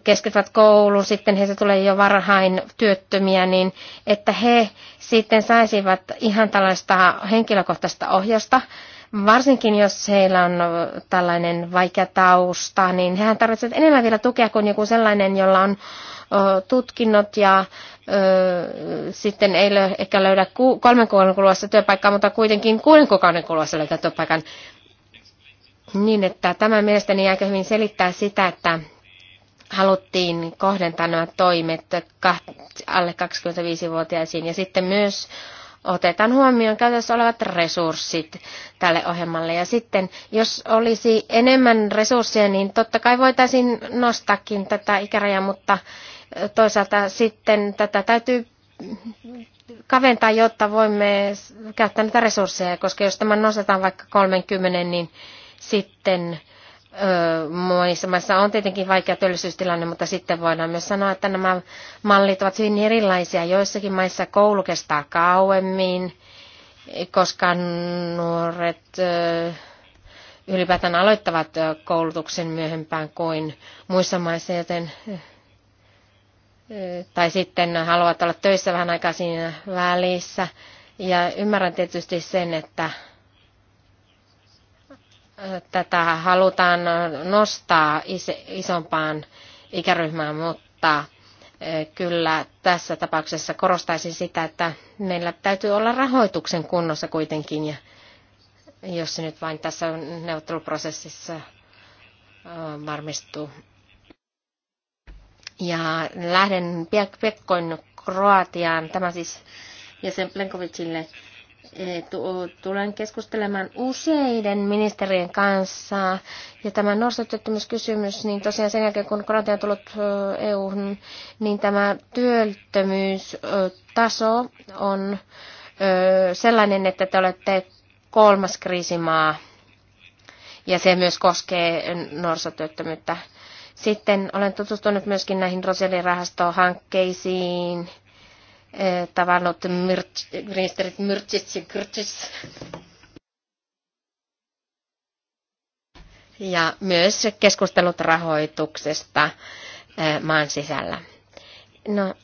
keskeyttävät koulun, sitten heistä tulee jo varhain työttömiä, niin että he sitten saisivat ihan tällaista henkilökohtaista ohjausta, varsinkin jos heillä on tällainen vaikea tausta, niin hehän tarvitsevat enemmän vielä tukea kuin joku sellainen, jolla on tutkinnot ja ö, sitten ei lö, ehkä löydä ku, kolmen kuukauden kuluessa työpaikkaa, mutta kuitenkin kuuden kuukauden kuluessa löytää työpaikan. Niin, että tämä mielestäni aika hyvin selittää sitä, että haluttiin kohdentaa nämä toimet alle 25-vuotiaisiin ja sitten myös otetaan huomioon käytössä olevat resurssit tälle ohjelmalle. Ja sitten, jos olisi enemmän resursseja, niin totta kai voitaisiin nostakin tätä ikärajaa, mutta toisaalta sitten tätä täytyy kaventaa, jotta voimme käyttää näitä resursseja, koska jos tämä nostetaan vaikka 30, niin sitten monissa maissa on tietenkin vaikea työllisyystilanne, mutta sitten voidaan myös sanoa, että nämä mallit ovat hyvin erilaisia. Joissakin maissa koulu kestää kauemmin, koska nuoret ylipäätään aloittavat koulutuksen myöhempään kuin muissa maissa, joten tai sitten haluavat olla töissä vähän aikaa siinä välissä. Ja ymmärrän tietysti sen, että tätä halutaan nostaa isompaan ikäryhmään, mutta e, kyllä tässä tapauksessa korostaisin sitä, että meillä täytyy olla rahoituksen kunnossa kuitenkin, ja jos se nyt vain tässä neuvotteluprosessissa varmistuu. Ja lähden piakkoin Kroatiaan, tämä siis jäsen Plenkovicille E, tulen keskustelemaan useiden ministerien kanssa. Ja tämä nuorisotyöttömyyskysymys, niin tosiaan sen jälkeen kun Kroatia on tullut eu niin tämä työttömyystaso on sellainen, että te olette kolmas kriisimaa. Ja se myös koskee nuorisotyöttömyyttä. Sitten olen tutustunut myöskin näihin Roselin rahastohankkeisiin hankkeisiin tavannut ministerit Myrtsits ja Kyrtsits. Ja myös keskustelut rahoituksesta eh, maan sisällä. No,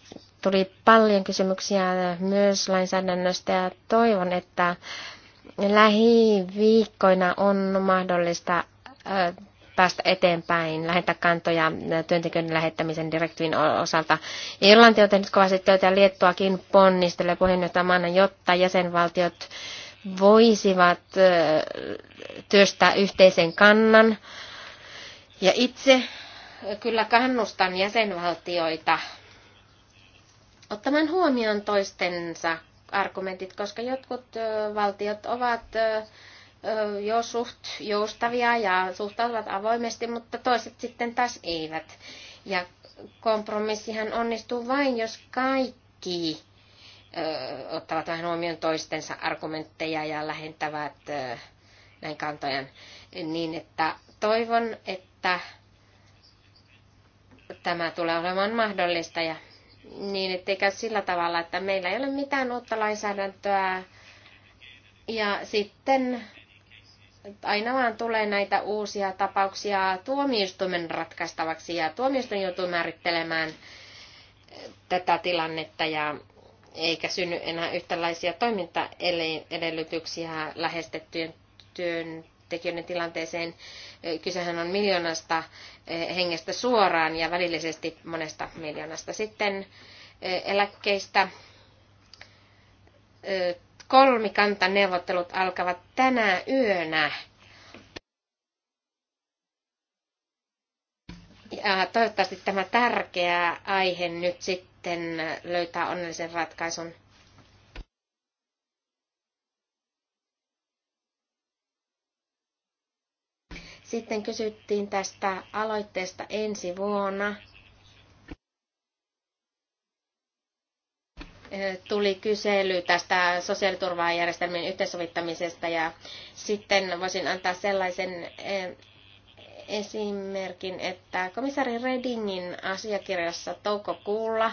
tuli paljon kysymyksiä myös lainsäädännöstä ja toivon, että lähiviikkoina on mahdollista eh, päästä eteenpäin, lähettää kantoja työntekijöiden lähettämisen direktiivin osalta. Irlanti on tehnyt kovasti töitä ja Liettuakin ponnistelee puheenjohtajamaana, jotta jäsenvaltiot voisivat työstää yhteisen kannan. Ja itse kyllä kannustan jäsenvaltioita ottamaan huomioon toistensa argumentit, koska jotkut valtiot ovat jo suht joustavia ja suhtautuvat avoimesti, mutta toiset sitten taas eivät. Ja kompromissihan onnistuu vain, jos kaikki ö, ottavat vähän huomioon toistensa argumentteja ja lähentävät ö, näin kantojan. Niin että toivon, että tämä tulee olemaan mahdollista ja niin, ettei käy sillä tavalla, että meillä ei ole mitään uutta lainsäädäntöä ja sitten aina vaan tulee näitä uusia tapauksia tuomioistuimen ratkaistavaksi ja tuomioistuin joutuu määrittelemään eh, tätä tilannetta ja eikä synny enää yhtälaisia toimintaedellytyksiä lähestettyjen työntekijöiden tilanteeseen. Eh, kysehän on miljoonasta eh, hengestä suoraan ja välillisesti monesta miljoonasta. Sitten eläkkeistä Kolmikantaneuvottelut alkavat tänä yönä. Ja toivottavasti tämä tärkeä aihe nyt sitten löytää onnellisen ratkaisun. Sitten kysyttiin tästä aloitteesta ensi vuonna. tuli kysely tästä sosiaaliturvajärjestelmien yhteensovittamisesta ja sitten voisin antaa sellaisen esimerkin, että komissaari Redingin asiakirjassa toukokuulla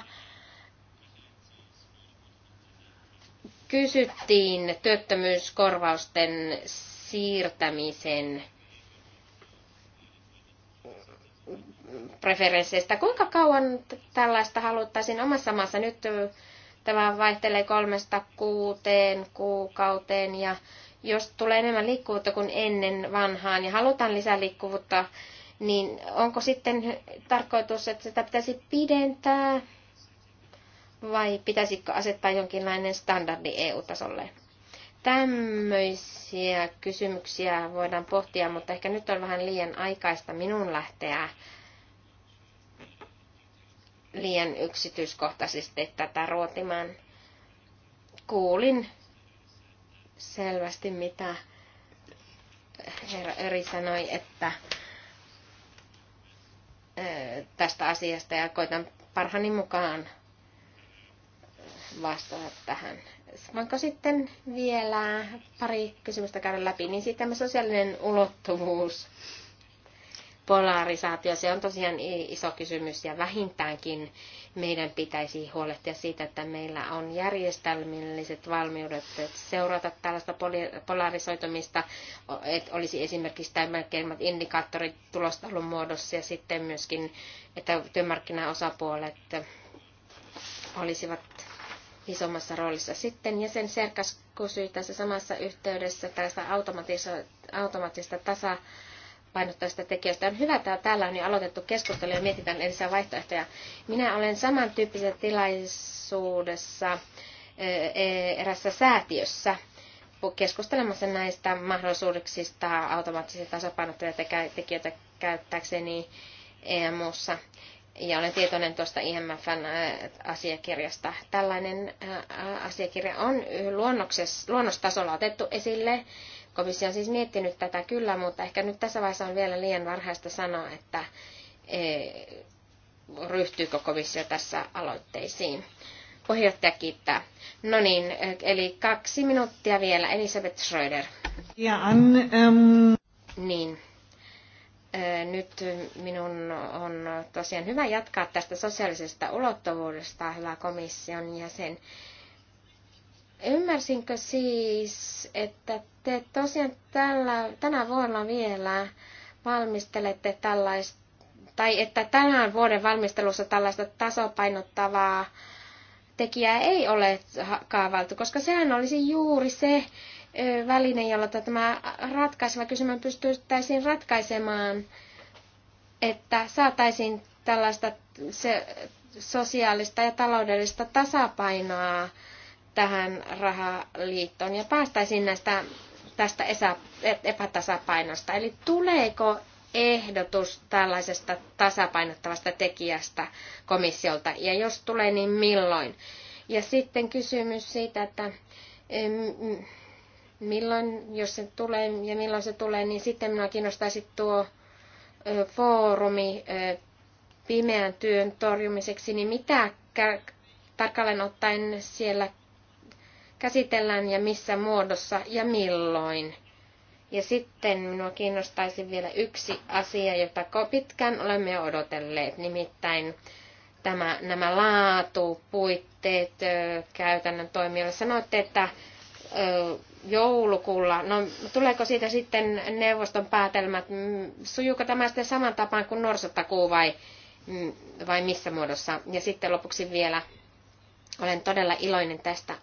kysyttiin työttömyyskorvausten siirtämisen preferensseistä. Kuinka kauan tällaista haluttaisiin omassa maassa nyt Tämä vaihtelee kolmesta kuuteen kuukauteen ja jos tulee enemmän liikkuvuutta kuin ennen vanhaan ja halutaan lisää liikkuvuutta, niin onko sitten tarkoitus, että sitä pitäisi pidentää vai pitäisikö asettaa jonkinlainen standardi EU-tasolle? Tämmöisiä kysymyksiä voidaan pohtia, mutta ehkä nyt on vähän liian aikaista minun lähteä liian yksityiskohtaisesti tätä ruotimaan. Kuulin selvästi, mitä herra Öri sanoi, että tästä asiasta ja koitan parhaani mukaan vastata tähän. Voinko sitten vielä pari kysymystä käydä läpi, niin sitten tämä sosiaalinen ulottuvuus polarisaatio, se on tosiaan iso kysymys ja vähintäänkin meidän pitäisi huolehtia siitä, että meillä on järjestelmälliset valmiudet seurata tällaista polarisoitumista, että olisi esimerkiksi tärkeimmät indikaattorit tulostalun muodossa ja sitten myöskin, että työmarkkinaosapuolet olisivat isommassa roolissa. Sitten ja sen Serkas kysyi tässä samassa yhteydessä tällaista automaattista tasa painottaa tekijöistä. On hyvä, että täällä on jo aloitettu keskustelu ja mietitään edessä vaihtoehtoja. Minä olen samantyyppisessä tilaisuudessa eh, eh, erässä säätiössä keskustelemassa näistä mahdollisuuksista automaattisia tasapainottavia tekijöitä käyttääkseni EMUssa. Ja olen tietoinen tuosta IMFn eh, asiakirjasta. Tällainen asiakirja on luonnostasolla otettu esille Komissio on siis miettinyt tätä kyllä, mutta ehkä nyt tässä vaiheessa on vielä liian varhaista sanoa, että e, ryhtyykö komissio tässä aloitteisiin. Puheenjohtaja kiittää. No niin, eli kaksi minuuttia vielä. Elisabeth Schröder. Ja, an, um... Niin. E, nyt minun on tosiaan hyvä jatkaa tästä sosiaalisesta ulottuvuudesta, hyvä komission jäsen. Ymmärsinkö siis, että te tosiaan tällä, tänä vuonna vielä valmistelette tällaista, tai että tämän vuoden valmistelussa tällaista tasapainottavaa tekijää ei ole kaavailtu, koska sehän olisi juuri se väline, jolla tämä ratkaiseva kysymys pystyttäisiin ratkaisemaan, että saataisiin tällaista se, sosiaalista ja taloudellista tasapainoa tähän rahaliittoon ja päästäisiin näistä, tästä epätasapainosta. Eli tuleeko ehdotus tällaisesta tasapainottavasta tekijästä komissiolta ja jos tulee, niin milloin? Ja sitten kysymys siitä, että milloin, jos se tulee ja milloin se tulee, niin sitten minua kiinnostaisi tuo foorumi pimeän työn torjumiseksi, niin mitä tarkalleen ottaen siellä käsitellään ja missä muodossa ja milloin. Ja sitten minua kiinnostaisi vielä yksi asia, jota pitkään olemme jo odotelleet, nimittäin tämä, nämä laatupuitteet käytännön toimijoille. Sanoitte, että joulukuulla. No, tuleeko siitä sitten neuvoston päätelmät? Mm, sujuuko tämä sitten saman tapaan kuin norsotakuu vai, mm, vai missä muodossa? Ja sitten lopuksi vielä olen todella iloinen tästä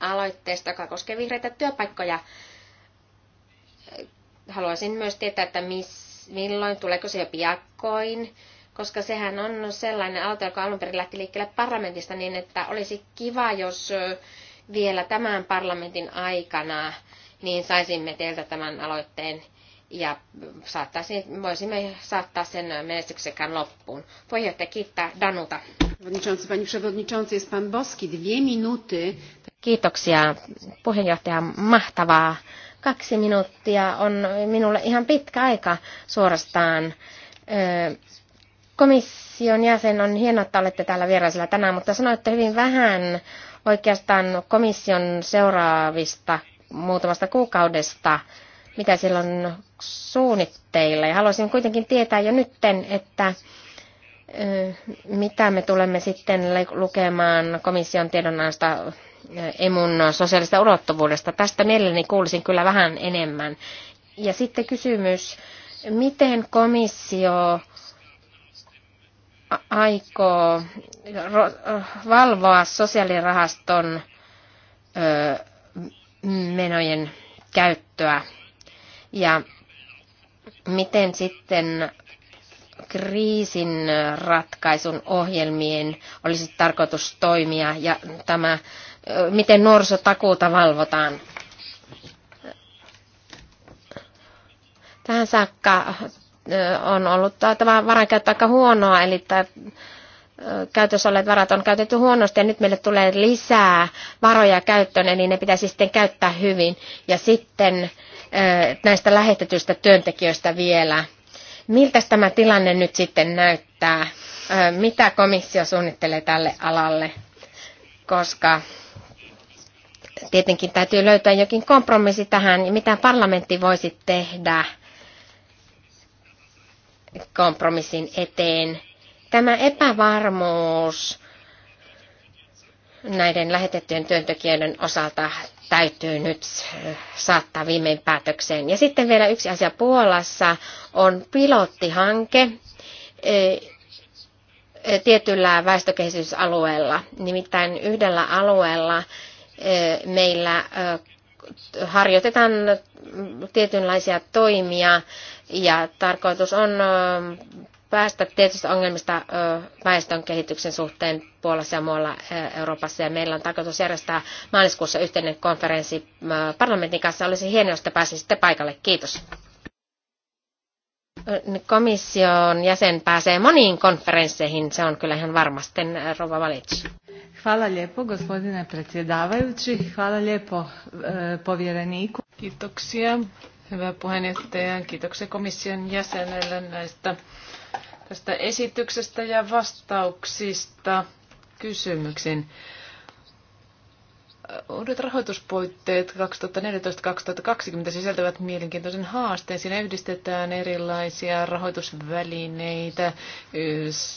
aloitteesta, joka koskee vihreitä työpaikkoja. Haluaisin myös tietää, että miss, milloin, tuleeko se jo piakkoin, koska sehän on sellainen aloite, joka alun perin lähti liikkeelle parlamentista, niin että olisi kiva, jos vielä tämän parlamentin aikana niin saisimme teiltä tämän aloitteen ja saattaisi, voisimme saattaa sen menestyksekään loppuun. Puheenjohtaja kiittää Danuta. pan Kiitoksia puheenjohtaja, mahtavaa. Kaksi minuuttia on minulle ihan pitkä aika suorastaan. Komission jäsen on hienoa, että olette täällä vieraisella tänään, mutta sanoitte hyvin vähän oikeastaan komission seuraavista muutamasta kuukaudesta – mitä siellä on suunnitteilla. Ja haluaisin kuitenkin tietää jo nytten, että mitä me tulemme sitten lukemaan komission tiedonannosta emun sosiaalista ulottuvuudesta. Tästä mielelläni kuulisin kyllä vähän enemmän. Ja sitten kysymys, miten komissio aikoo valvoa sosiaalirahaston menojen käyttöä ja miten sitten kriisin ratkaisun ohjelmien olisi tarkoitus toimia ja tämä, miten nuorisotakuuta valvotaan? Tähän saakka on ollut tämä varankäyttö aika huonoa, eli tämä käytössä olleet varat on käytetty huonosti ja nyt meille tulee lisää varoja käyttöön, eli ne pitäisi sitten käyttää hyvin. Ja sitten näistä lähetetyistä työntekijöistä vielä. Miltä tämä tilanne nyt sitten näyttää? Mitä komissio suunnittelee tälle alalle? Koska tietenkin täytyy löytää jokin kompromissi tähän, mitä parlamentti voisi tehdä kompromissin eteen Tämä epävarmuus näiden lähetettyjen työntekijöiden osalta täytyy nyt saattaa viimein päätökseen. Ja sitten vielä yksi asia Puolassa on pilottihanke e, e, tietyllä väestökehitysalueella. Nimittäin yhdellä alueella e, meillä harjoitetaan tietynlaisia toimia ja tarkoitus on päästä tietystä ongelmista väestön kehityksen suhteen Puolassa ja muualla Euroopassa. Ja meillä on tarkoitus järjestää maaliskuussa yhteinen konferenssi parlamentin kanssa. Olisi hienoa, jos te pääsisitte paikalle. Kiitos. Niin komission jäsen pääsee moniin konferensseihin, se on kyllä ihan varmasti, Rova Valitsi. Hvala lijepo, gospodine predsjedavajući. Hvala lijepo povjereniku. Kiitoksia, hyvä puheenjohtaja. Kiitoksia komission jäsenelle näistä tästä esityksestä ja vastauksista kysymyksiin. Uudet rahoituspuitteet 2014-2020 sisältävät mielenkiintoisen haasteen. Siinä yhdistetään erilaisia rahoitusvälineitä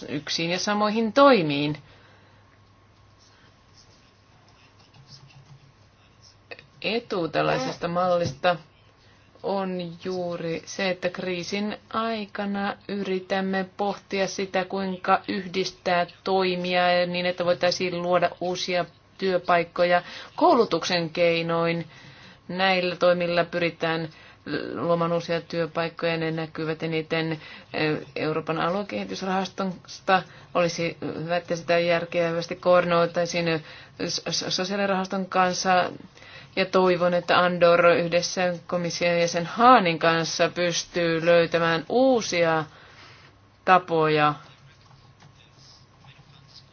yksiin ja samoihin toimiin. Etu tällaisesta mallista on juuri se, että kriisin aikana yritämme pohtia sitä, kuinka yhdistää toimia niin, että voitaisiin luoda uusia työpaikkoja koulutuksen keinoin. Näillä toimilla pyritään luomaan uusia työpaikkoja, ne näkyvät eniten eh, Euroopan aluekehitysrahastosta. Olisi hyvä, että sitä järkevästi koordinoitaisiin sosiaalirahaston kanssa ja toivon, että Andorra yhdessä komission jäsen Haanin kanssa pystyy löytämään uusia tapoja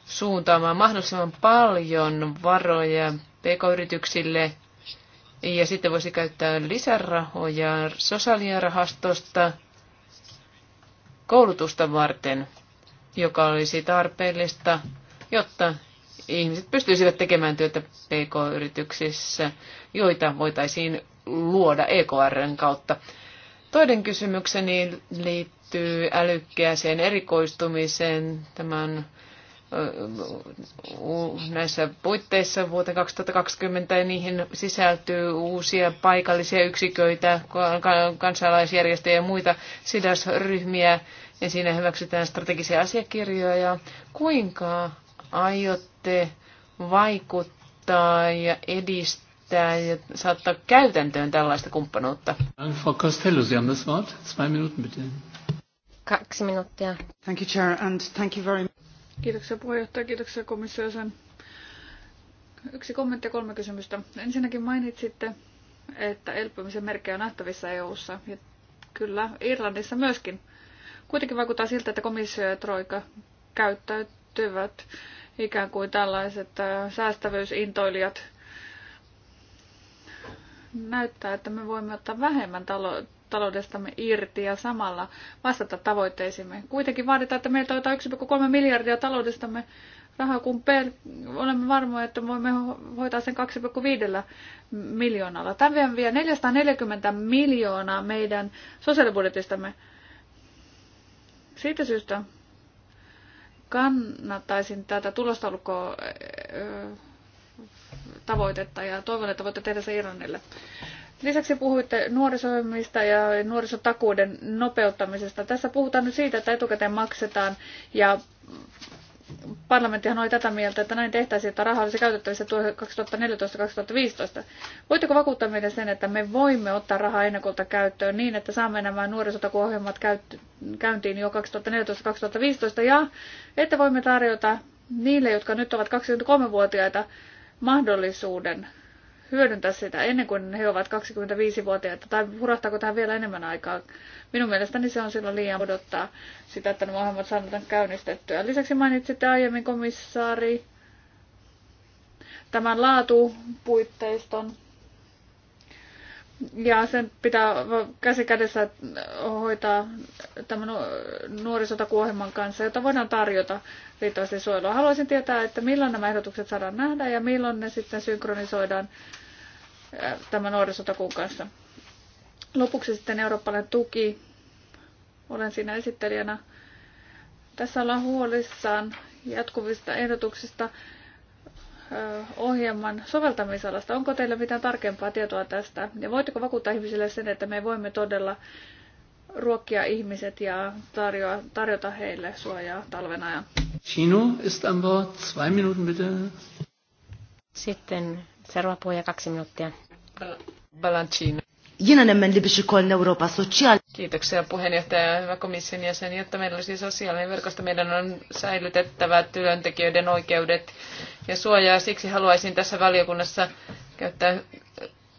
suuntaamaan mahdollisimman paljon varoja pk-yrityksille ja sitten voisi käyttää lisärahoja sosiaalirahastosta koulutusta varten, joka olisi tarpeellista, jotta ihmiset pystyisivät tekemään työtä PK-yrityksissä, joita voitaisiin luoda EKRn kautta. Toinen kysymykseni liittyy älykkääseen erikoistumiseen tämän näissä puitteissa vuoteen 2020 ja niihin sisältyy uusia paikallisia yksiköitä, kansalaisjärjestöjä ja muita sidosryhmiä ja siinä hyväksytään strategisia asiakirjoja. Kuinka aiot voitte vaikuttaa ja edistää ja saattaa käytäntöön tällaista kumppanuutta? Frau Costello, Sie haben das Wort. Zwei Minuten bitte. Kaksi minuuttia. Thank you, Chair, and thank you very much. Kiitoksia puheenjohtaja, kiitoksia komissio sen. Yksi kommentti ja kolme kysymystä. Ensinnäkin mainitsitte, että elpymisen merkkejä on nähtävissä EU-ssa. Ja kyllä, Irlannissa myöskin. Kuitenkin vaikuttaa siltä, että komissio ja Troika käyttäytyvät ikään kuin tällaiset äh, säästävyysintoilijat. Näyttää, että me voimme ottaa vähemmän talo- taloudestamme irti ja samalla vastata tavoitteisimme. Kuitenkin vaaditaan, että meiltä otetaan 1,3 miljardia taloudestamme rahaa, kun per, olemme varmoja, että voimme hoitaa sen 2,5 miljoonalla. Tämä vie 440 miljoonaa meidän sosiaalibudjetistamme. Siitä syystä kannattaisin tätä tulostaulukkoa tavoitetta ja toivon, että voitte tehdä se Iranille. Lisäksi puhuitte nuorisohjelmista ja nuorisotakuuden nopeuttamisesta. Tässä puhutaan nyt siitä, että etukäteen maksetaan ja parlamenttihan oli tätä mieltä, että näin tehtäisiin, että raha olisi käytettävissä 2014-2015. Voitteko vakuuttaa meille sen, että me voimme ottaa rahaa ennakolta käyttöön niin, että saamme nämä nuorisotakuohjelmat käyntiin jo 2014-2015 ja että voimme tarjota niille, jotka nyt ovat 23-vuotiaita, mahdollisuuden hyödyntää sitä ennen kuin he ovat 25-vuotiaita, tai hurahtaako tähän vielä enemmän aikaa Minun mielestäni se on silloin liian odottaa sitä, että nämä ohjelmat saadaan käynnistettyä. Lisäksi mainitsitte aiemmin komissaari tämän laatupuitteiston. Ja sen pitää käsi kädessä hoitaa tämän nuorisotakuohjelman kanssa, jota voidaan tarjota riittävästi suojelua. Haluaisin tietää, että milloin nämä ehdotukset saadaan nähdä ja milloin ne sitten synkronisoidaan tämän nuorisotakuun kanssa. Lopuksi sitten eurooppalainen tuki. Olen siinä esittelijänä. Tässä ollaan huolissaan jatkuvista ehdotuksista ohjelman soveltamisalasta. Onko teillä mitään tarkempaa tietoa tästä? Ja voitteko vakuuttaa ihmisille sen, että me voimme todella ruokkia ihmiset ja tarjoa, tarjota heille suojaa talven ajan? Chino ist am Wort. Zwei Minuten bitte. Sitten seuraava puhuja kaksi minuuttia. Balancino. Jina nemmän li biex ikollna Ewropa Kiitoksia puheenjohtaja hyvä komission jäsen. Jotta meillä olisi sosiaalinen verkosto, meidän on säilytettävä työntekijöiden oikeudet ja suojaa. Siksi haluaisin tässä valiokunnassa käyttää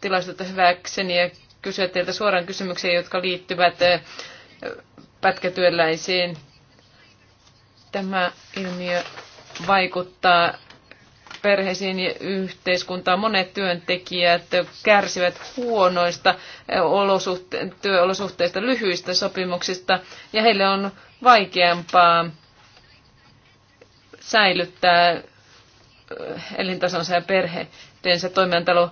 tilaisuutta hyväkseni ja kysyä teiltä suoraan kysymyksiä, jotka liittyvät eh, pätkätyöläisiin. Tämä ilmiö vaikuttaa perheisiin ja yhteiskuntaan. Monet työntekijät kärsivät huonoista olosuhte- työolosuhteista, lyhyistä sopimuksista ja heille on vaikeampaa säilyttää äh, elintasonsa ja perheidensä toimeentalo.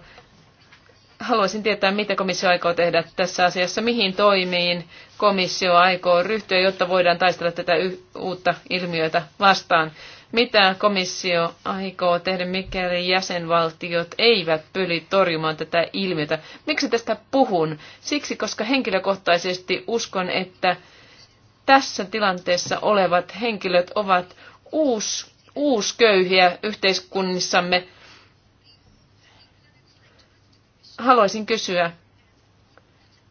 Haluaisin tietää, mitä komissio aikoo tehdä tässä asiassa, mihin toimiin komissio aikoo ryhtyä, jotta voidaan taistella tätä uutta ilmiötä vastaan. Mitä komissio aikoo tehdä, mikäli jäsenvaltiot eivät pyli torjumaan tätä ilmiötä? Miksi tästä puhun? Siksi, koska henkilökohtaisesti uskon, että tässä tilanteessa olevat henkilöt ovat uus, uusköyhiä yhteiskunnissamme. Haluaisin kysyä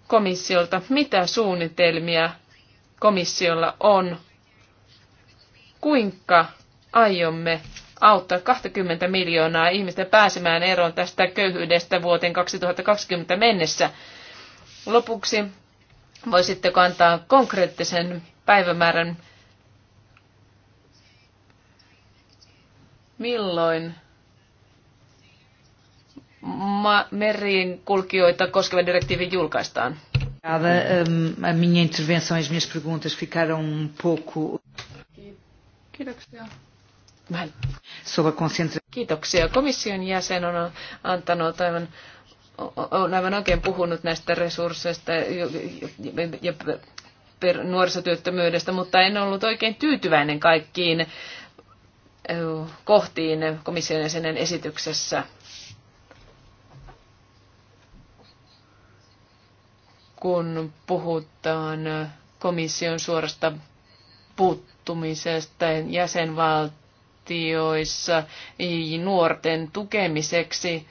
komissiolta, mitä suunnitelmia komissiolla on, kuinka aiomme auttaa 20 miljoonaa ihmistä pääsemään eroon tästä köyhyydestä vuoteen 2020 mennessä. Lopuksi voisitteko antaa konkreettisen päivämäärän, milloin ma- meriin kulkijoita koskeva direktiivi julkaistaan? A minha intervenção e as minhas perguntas ficaram um pouco. Kiitoksia. Kiitoksia. Komission jäsen on antanut aivan on aivan oikein puhunut näistä resursseista ja nuorisotyöttömyydestä, mutta en ollut oikein tyytyväinen kaikkiin kohtiin komission jäsenen esityksessä. Kun puhutaan komission suorasta puuttumisesta jäsenvaltioon, organisaatioissa nuorten tukemiseksi.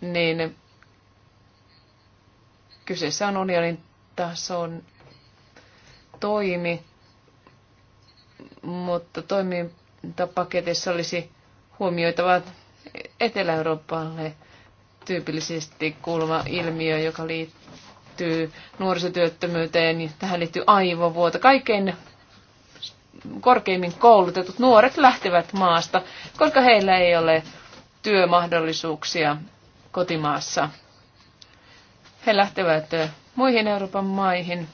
Niin kyseessä on unionin tason toimi, mutta toimintapaketissa olisi huomioitava Etelä-Euroopalle tyypillisesti kuuluva ilmiö, joka liittyy liittyy nuorisotyöttömyyteen, tähän liittyy aivovuoto. Kaikkein korkeimmin koulutetut nuoret lähtevät maasta, koska heillä ei ole työmahdollisuuksia kotimaassa. He lähtevät muihin Euroopan maihin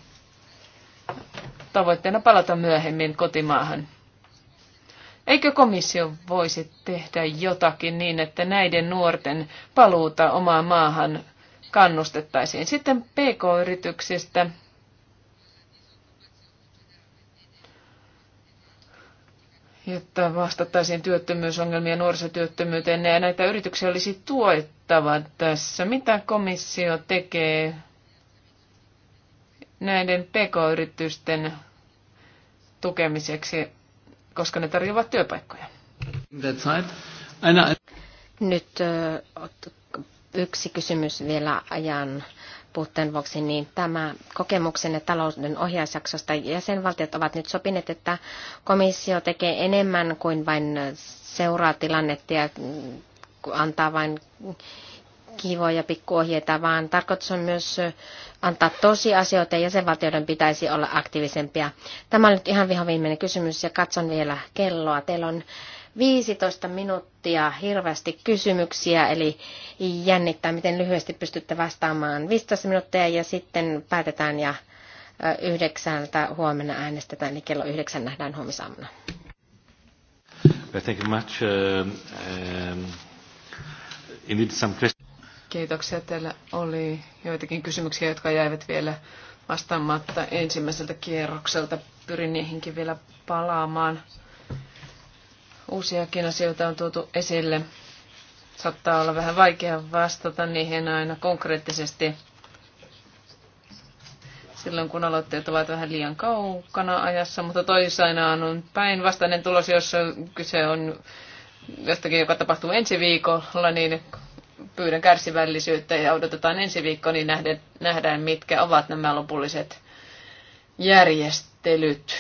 tavoitteena palata myöhemmin kotimaahan. Eikö komissio voisi tehdä jotakin niin, että näiden nuorten paluuta omaan maahan kannustettaisiin. Sitten PK-yrityksistä. jotta vastattaisiin työttömyysongelmia nuorisotyöttömyyteen. Ja näitä yrityksiä olisi tuettava tässä. Mitä komissio tekee näiden pk-yritysten tukemiseksi, koska ne tarjoavat työpaikkoja? Nyt yksi kysymys vielä ajan puutteen vuoksi, niin tämä kokemuksenne talouden ohjausjaksosta jäsenvaltiot ovat nyt sopineet, että komissio tekee enemmän kuin vain seuraa tilannetta ja antaa vain kivoja pikkuohjeita, vaan tarkoitus on myös antaa tosiasioita ja jäsenvaltioiden pitäisi olla aktiivisempia. Tämä on nyt ihan vihoviimeinen kysymys ja katson vielä kelloa. Teillä on 15 minuuttia hirveästi kysymyksiä, eli jännittää, miten lyhyesti pystytte vastaamaan 15 minuuttia ja sitten päätetään ja yhdeksältä huomenna äänestetään, eli kello yhdeksän nähdään huomisaamuna. Thank you much. Um, um, some Kiitoksia. Teillä oli joitakin kysymyksiä, jotka jäivät vielä vastaamatta ensimmäiseltä kierrokselta. Pyrin niihinkin vielä palaamaan. Uusiakin asioita on tuotu esille. Saattaa olla vähän vaikea vastata niihin aina konkreettisesti silloin, kun aloitteet ovat vähän liian kaukana ajassa, mutta toisaalta on päinvastainen tulos, jos kyse on jostakin, joka tapahtuu ensi viikolla, niin pyydän kärsivällisyyttä ja odotetaan ensi viikko, niin nähdään, mitkä ovat nämä lopulliset järjestelyt.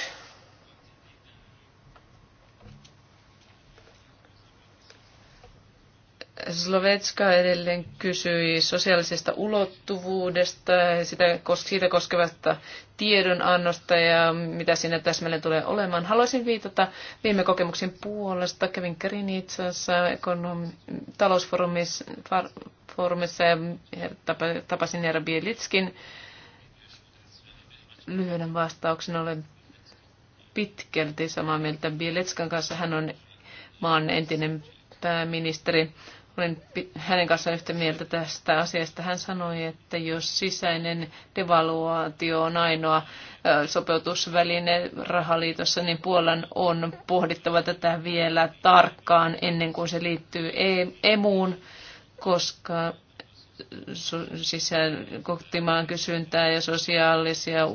Slovetska edelleen kysyi sosiaalisesta ulottuvuudesta ja sitä, siitä koskevasta tiedonannosta ja mitä siinä täsmälleen tulee olemaan. Haluaisin viitata viime kokemuksen puolesta. Kävin Karinitsassa talousfoorumissa ja tapasin Jera Bielitskin. Lyhyen vastauksen olen pitkälti samaa mieltä Bielitskan kanssa. Hän on maan entinen pääministeri. Olen hänen kanssaan yhtä mieltä tästä asiasta. Hän sanoi, että jos sisäinen devaluaatio on ainoa sopeutusväline rahaliitossa, niin Puolan on pohdittava tätä vielä tarkkaan ennen kuin se liittyy e- emuun, koska sisään kohtimaan kysyntää ja sosiaalisia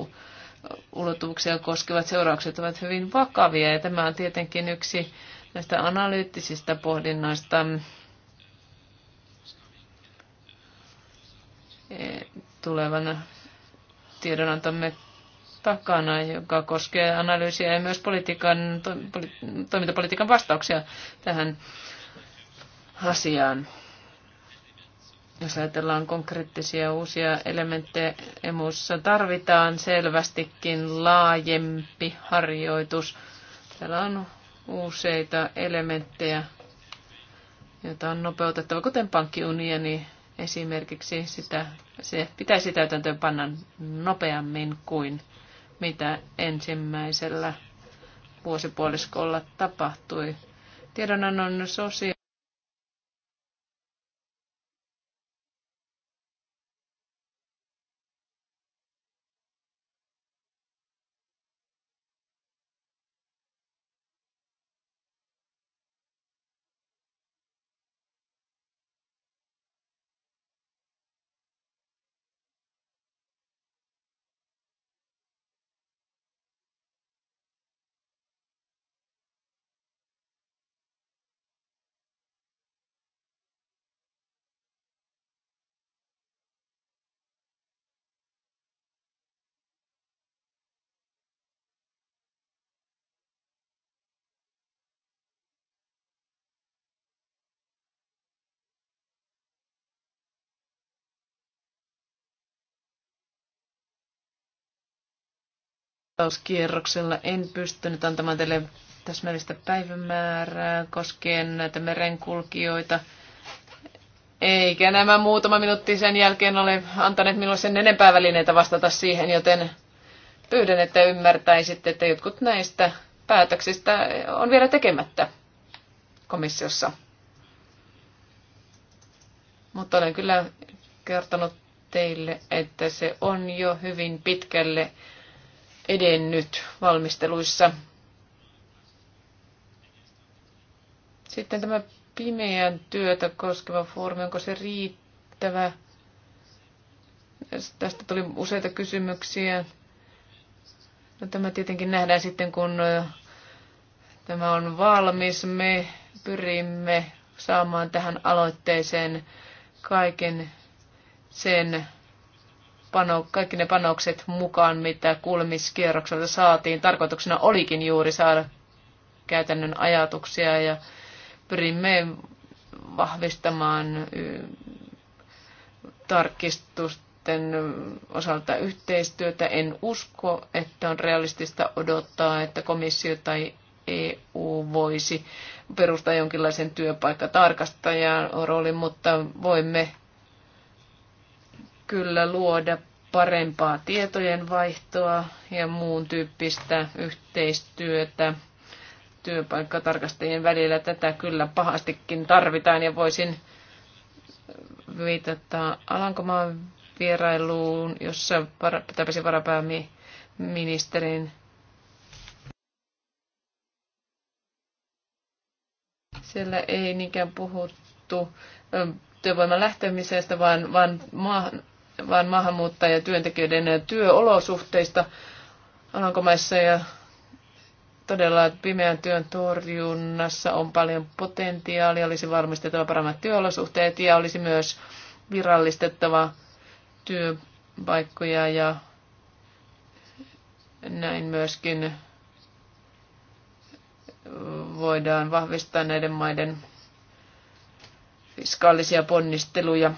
ulottuvuuksia koskevat seuraukset ovat hyvin vakavia. Ja tämä on tietenkin yksi näistä analyyttisistä pohdinnoista tulevan tiedonantamme takana, joka koskee analyysiä ja myös politiikan, to, toimintapolitiikan vastauksia tähän asiaan. Jos ajatellaan konkreettisia uusia elementtejä emussa, tarvitaan selvästikin laajempi harjoitus. Täällä on useita elementtejä, joita on nopeutettava, kuten pankkiunioni Esimerkiksi sitä, se pitäisi täytäntöön panna nopeammin kuin mitä ensimmäisellä vuosipuoliskolla tapahtui. Tiedonannon sosiaali- vastauskierroksella en pystynyt antamaan teille täsmällistä päivämäärää koskien näitä merenkulkijoita. Eikä nämä muutama minuutti sen jälkeen ole antaneet minulle sen enempää välineitä vastata siihen, joten pyydän, että ymmärtäisitte, että jotkut näistä päätöksistä on vielä tekemättä komissiossa. Mutta olen kyllä kertonut teille, että se on jo hyvin pitkälle edennyt valmisteluissa. Sitten tämä pimeän työtä koskeva foorumi, onko se riittävä? Tästä tuli useita kysymyksiä. No, tämä tietenkin nähdään sitten, kun äh, tämä on valmis. Me pyrimme saamaan tähän aloitteeseen kaiken sen pano, kaikki ne panokset mukaan, mitä kuulemiskierrokselta saatiin. Tarkoituksena olikin juuri saada käytännön ajatuksia ja pyrimme vahvistamaan tarkistusten osalta yhteistyötä. En usko, että on realistista odottaa, että komissio tai EU voisi perustaa jonkinlaisen työpaikkatarkastajan roolin, mutta voimme kyllä luoda parempaa tietojen vaihtoa ja muun tyyppistä yhteistyötä työpaikkatarkastajien välillä. Tätä kyllä pahastikin tarvitaan ja voisin viitata Alankomaan vierailuun, jossa tapasi varapääministerin. Siellä ei niinkään puhuttu työvoiman lähtemisestä, vaan, vaan maahan, vaan maahanmuuttajatyöntekijöiden työolosuhteista Alankomaissa ja todella pimeän työn torjunnassa on paljon potentiaalia, olisi varmistettava paremmat työolosuhteet ja olisi myös virallistettava työpaikkoja ja näin myöskin voidaan vahvistaa näiden maiden fiskaalisia ponnisteluja.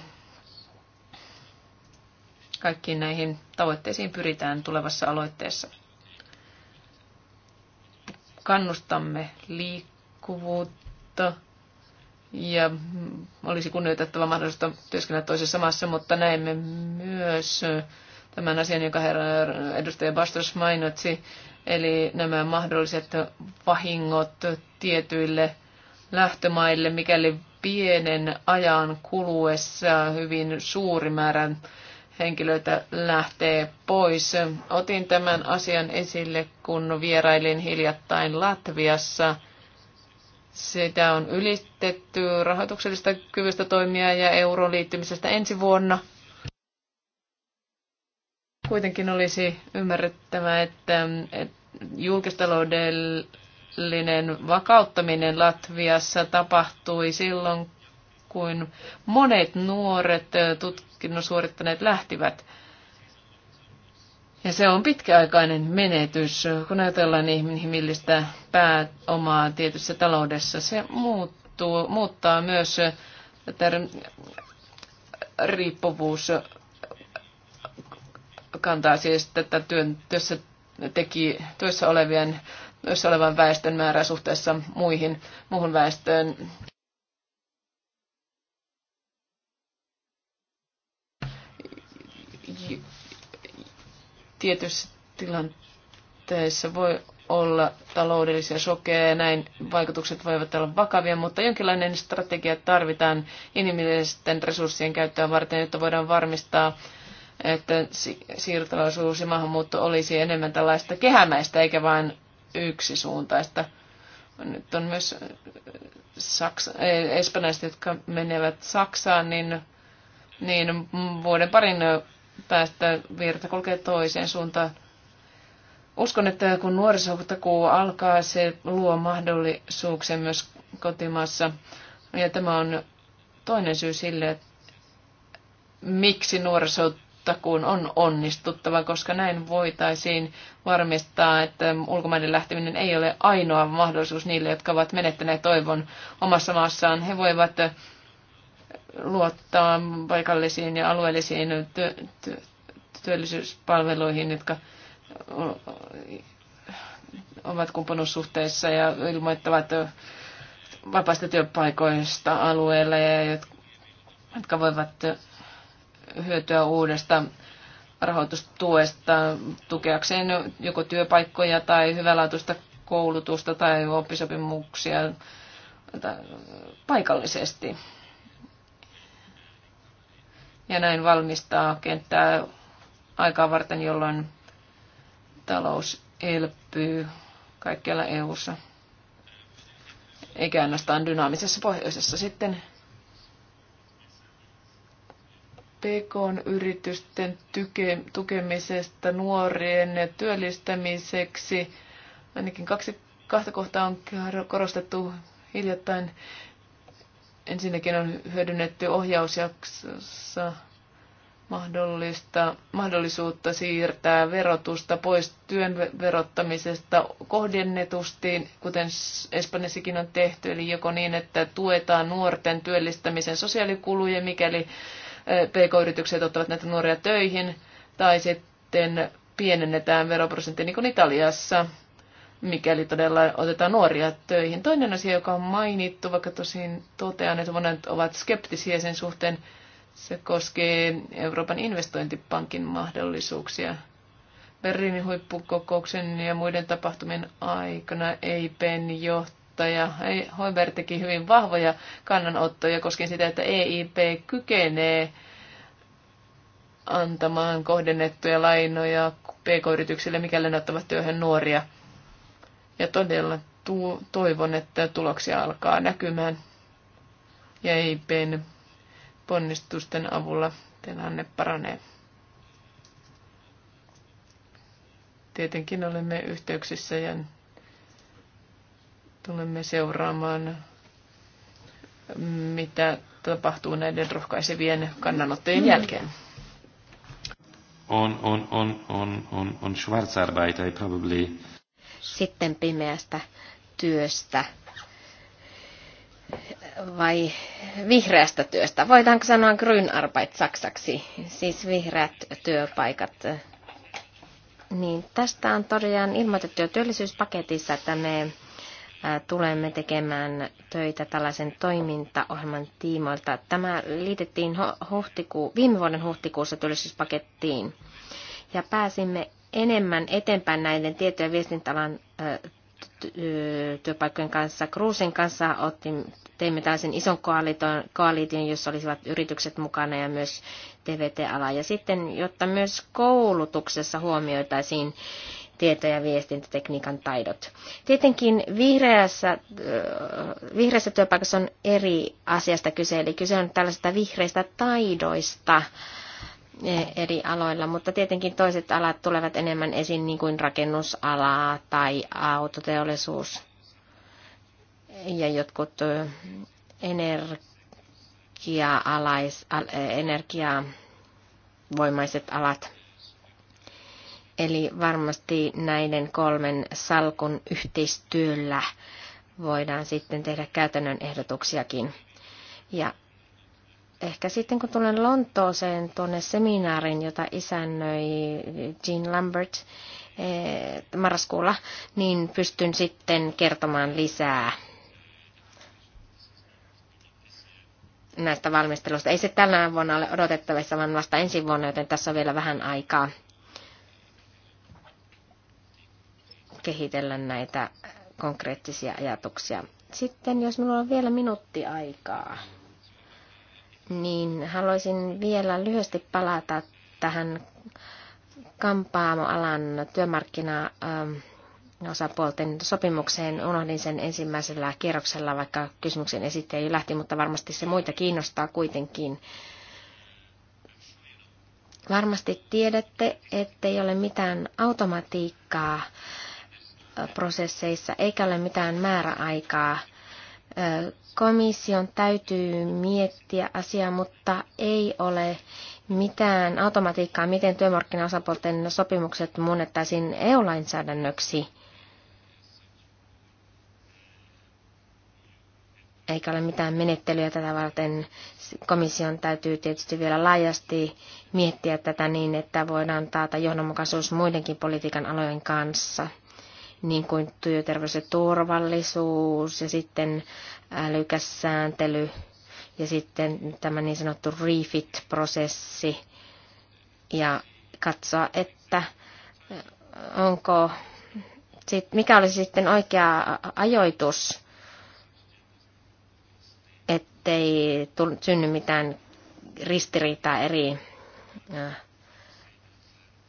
Kaikkiin näihin tavoitteisiin pyritään tulevassa aloitteessa. Kannustamme liikkuvuutta ja olisi kunnioitettava mahdollista työskennellä toisessa maassa, mutta näemme myös tämän asian, jonka herra edustaja Bastos mainitsi, eli nämä mahdolliset vahingot tietyille lähtömaille, mikäli pienen ajan kuluessa hyvin suuri määrä henkilöitä lähtee pois. Otin tämän asian esille, kun vierailin hiljattain Latviassa. Sitä on ylistetty rahoituksellista kyvystä toimia ja euron liittymisestä ensi vuonna. Kuitenkin olisi ymmärrettävä, että, että julkistaloudellinen vakauttaminen Latviassa tapahtui silloin, kun monet nuoret tutkivat tutkinnon suorittaneet lähtivät. Ja se on pitkäaikainen menetys, kun ajatellaan inhimillistä pääomaa tietyssä taloudessa. Se muuttuu, muuttaa myös riippuvuus kantaa siis tätä työn, työssä, teki, työssä, olevien, työssä olevan väestön määrää suhteessa muihin, muuhun väestöön. tietyissä tilanteissa voi olla taloudellisia sokeja ja näin vaikutukset voivat olla vakavia, mutta jonkinlainen strategia tarvitaan inhimillisten resurssien käyttöä varten, jotta voidaan varmistaa, että siirtolaisuus ja maahanmuutto olisi enemmän tällaista kehämäistä eikä vain yksisuuntaista. Nyt on myös äh, Saksa, äh, espanjalaiset, jotka menevät Saksaan, niin, niin vuoden parin päästä virta kulkee toiseen suuntaan. Uskon, että kun nuorisotakuu alkaa, se luo mahdollisuuksia myös kotimaassa. Ja tämä on toinen syy sille, miksi nuorisotakuun on onnistuttava, koska näin voitaisiin varmistaa, että ulkomaiden lähteminen ei ole ainoa mahdollisuus niille, jotka ovat menettäneet toivon omassa maassaan. He voivat luottaa paikallisiin ja alueellisiin työ, työ, työllisyyspalveluihin, jotka ovat kumppanuussuhteissa ja ilmoittavat vapaista työpaikoista alueella ja jotka voivat hyötyä uudesta rahoitustuesta tukeakseen joko työpaikkoja tai hyvälaatuista koulutusta tai oppisopimuksia paikallisesti ja näin valmistaa kenttää aikaa varten, jolloin talous elpyy kaikkialla EU-ssa. Eikä ainoastaan dynaamisessa pohjoisessa sitten PK-yritysten tukemisesta nuorien työllistämiseksi. Ainakin kaksi, kahta kohtaa on korostettu hiljattain Ensinnäkin on hyödynnetty ohjausjaksossa mahdollista, mahdollisuutta siirtää verotusta pois työn verottamisesta kohdennetusti, kuten Espanjassakin on tehty, eli joko niin, että tuetaan nuorten työllistämisen sosiaalikuluja, mikäli pk-yritykset ottavat näitä nuoria töihin, tai sitten pienennetään veroprosenttia, niin kuin Italiassa mikäli todella otetaan nuoria töihin. Toinen asia, joka on mainittu, vaikka tosin totean, että monet ovat skeptisiä sen suhteen, se koskee Euroopan investointipankin mahdollisuuksia. Berliinin huippukokouksen ja muiden tapahtumien aikana EIPn johtaja Hoiber teki hyvin vahvoja kannanottoja koskien sitä, että EIP kykenee antamaan kohdennettuja lainoja pk-yrityksille, mikäli ne ottavat työhön nuoria – ja todella tuo, toivon, että tuloksia alkaa näkymään. Ja EIPn ponnistusten avulla tilanne paranee. Tietenkin olemme yhteyksissä ja tulemme seuraamaan, mitä tapahtuu näiden rohkaisevien kannanottojen mm. jälkeen. On, on, on, on, on, on on, on, probably sitten pimeästä työstä vai vihreästä työstä. Voidaanko sanoa arbeit saksaksi, siis vihreät työpaikat? Niin tästä on todella ilmoitettu jo työllisyyspaketissa, että me tulemme tekemään töitä tällaisen toimintaohjelman tiimoilta. Tämä liitettiin huhtiku, viime vuoden huhtikuussa työllisyyspakettiin ja pääsimme enemmän eteenpäin näiden tieto- ja viestintäalan työpaikkojen kanssa. Kruusin kanssa otin, teimme tällaisen ison koalition, koalition, jossa olisivat yritykset mukana ja myös TVT-ala. Ja sitten, jotta myös koulutuksessa huomioitaisiin tieto- ja viestintätekniikan taidot. Tietenkin vihreässä, vihreässä työpaikassa on eri asiasta kyse, eli kyse on tällaisista vihreistä taidoista, E, eri aloilla, mutta tietenkin toiset alat tulevat enemmän esiin, niin kuin rakennusala tai autoteollisuus ja jotkut energia-alais, energiavoimaiset alat. Eli varmasti näiden kolmen salkun yhteistyöllä voidaan sitten tehdä käytännön ehdotuksiakin. Ja ehkä sitten kun tulen Lontooseen tuonne seminaarin, jota isännöi Jean Lambert eh, marraskuulla, niin pystyn sitten kertomaan lisää näistä valmistelusta. Ei se tällä vuonna ole odotettavissa, vaan vasta ensi vuonna, joten tässä on vielä vähän aikaa kehitellä näitä konkreettisia ajatuksia. Sitten, jos minulla on vielä minuutti aikaa niin haluaisin vielä lyhyesti palata tähän kampaamoalan työmarkkina ähm, osapuolten sopimukseen. Unohdin sen ensimmäisellä kierroksella, vaikka kysymyksen esittäjä jo lähti, mutta varmasti se muita kiinnostaa kuitenkin. Varmasti tiedätte, ettei ole mitään automatiikkaa äh, prosesseissa, eikä ole mitään määräaikaa – Komission täytyy miettiä asiaa, mutta ei ole mitään automatiikkaa, miten työmarkkinaosapuolten sopimukset muunnettaisiin EU-lainsäädännöksi. eikä ole mitään menettelyä tätä varten. Komission täytyy tietysti vielä laajasti miettiä tätä niin, että voidaan taata johdonmukaisuus muidenkin politiikan alojen kanssa niin kuin työterveys ja turvallisuus ja sitten älykäs sääntely ja sitten tämä niin sanottu refit-prosessi ja katsoa, että äh, onko, mikä olisi sitten oikea ajoitus, ettei synny mitään ristiriitaa eri äh,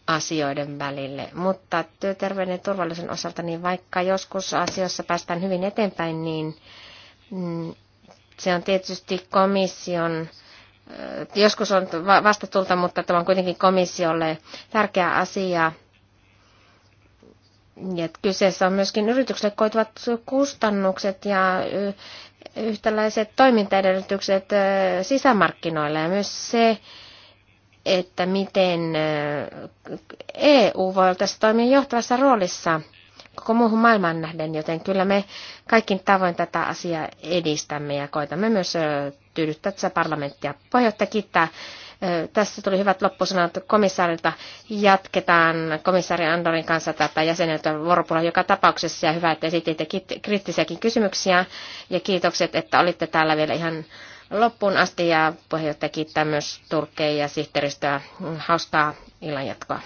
asioiden välille. Mutta työterveyden ja turvallisuuden osalta, niin vaikka joskus asioissa päästään hyvin eteenpäin, niin mm, se on tietysti komission, joskus on vastatulta, mutta tämä on kuitenkin komissiolle tärkeä asia. Ja kyseessä on myöskin yritykselle koituvat kustannukset ja yhtäläiset toimintaedellytykset sisämarkkinoilla ja myös se, että miten EU voi tässä toimia johtavassa roolissa koko muuhun maailmaan nähden, joten kyllä me kaikin tavoin tätä asiaa edistämme ja koitamme myös tyydyttää tätä parlamenttia. Puheenjohtaja kiittää. Tässä tuli hyvät loppusanat komissaarilta. Jatketaan komissaari Andorin kanssa tätä jäseneltä vuoropuolella joka tapauksessa ja hyvä, että esititte kriittisiäkin kysymyksiä ja kiitokset, että olitte täällä vielä ihan loppuun asti ja puheenjohtaja kiittää myös Turkkeja ja sihteeristöä. Hauskaa illanjatkoa.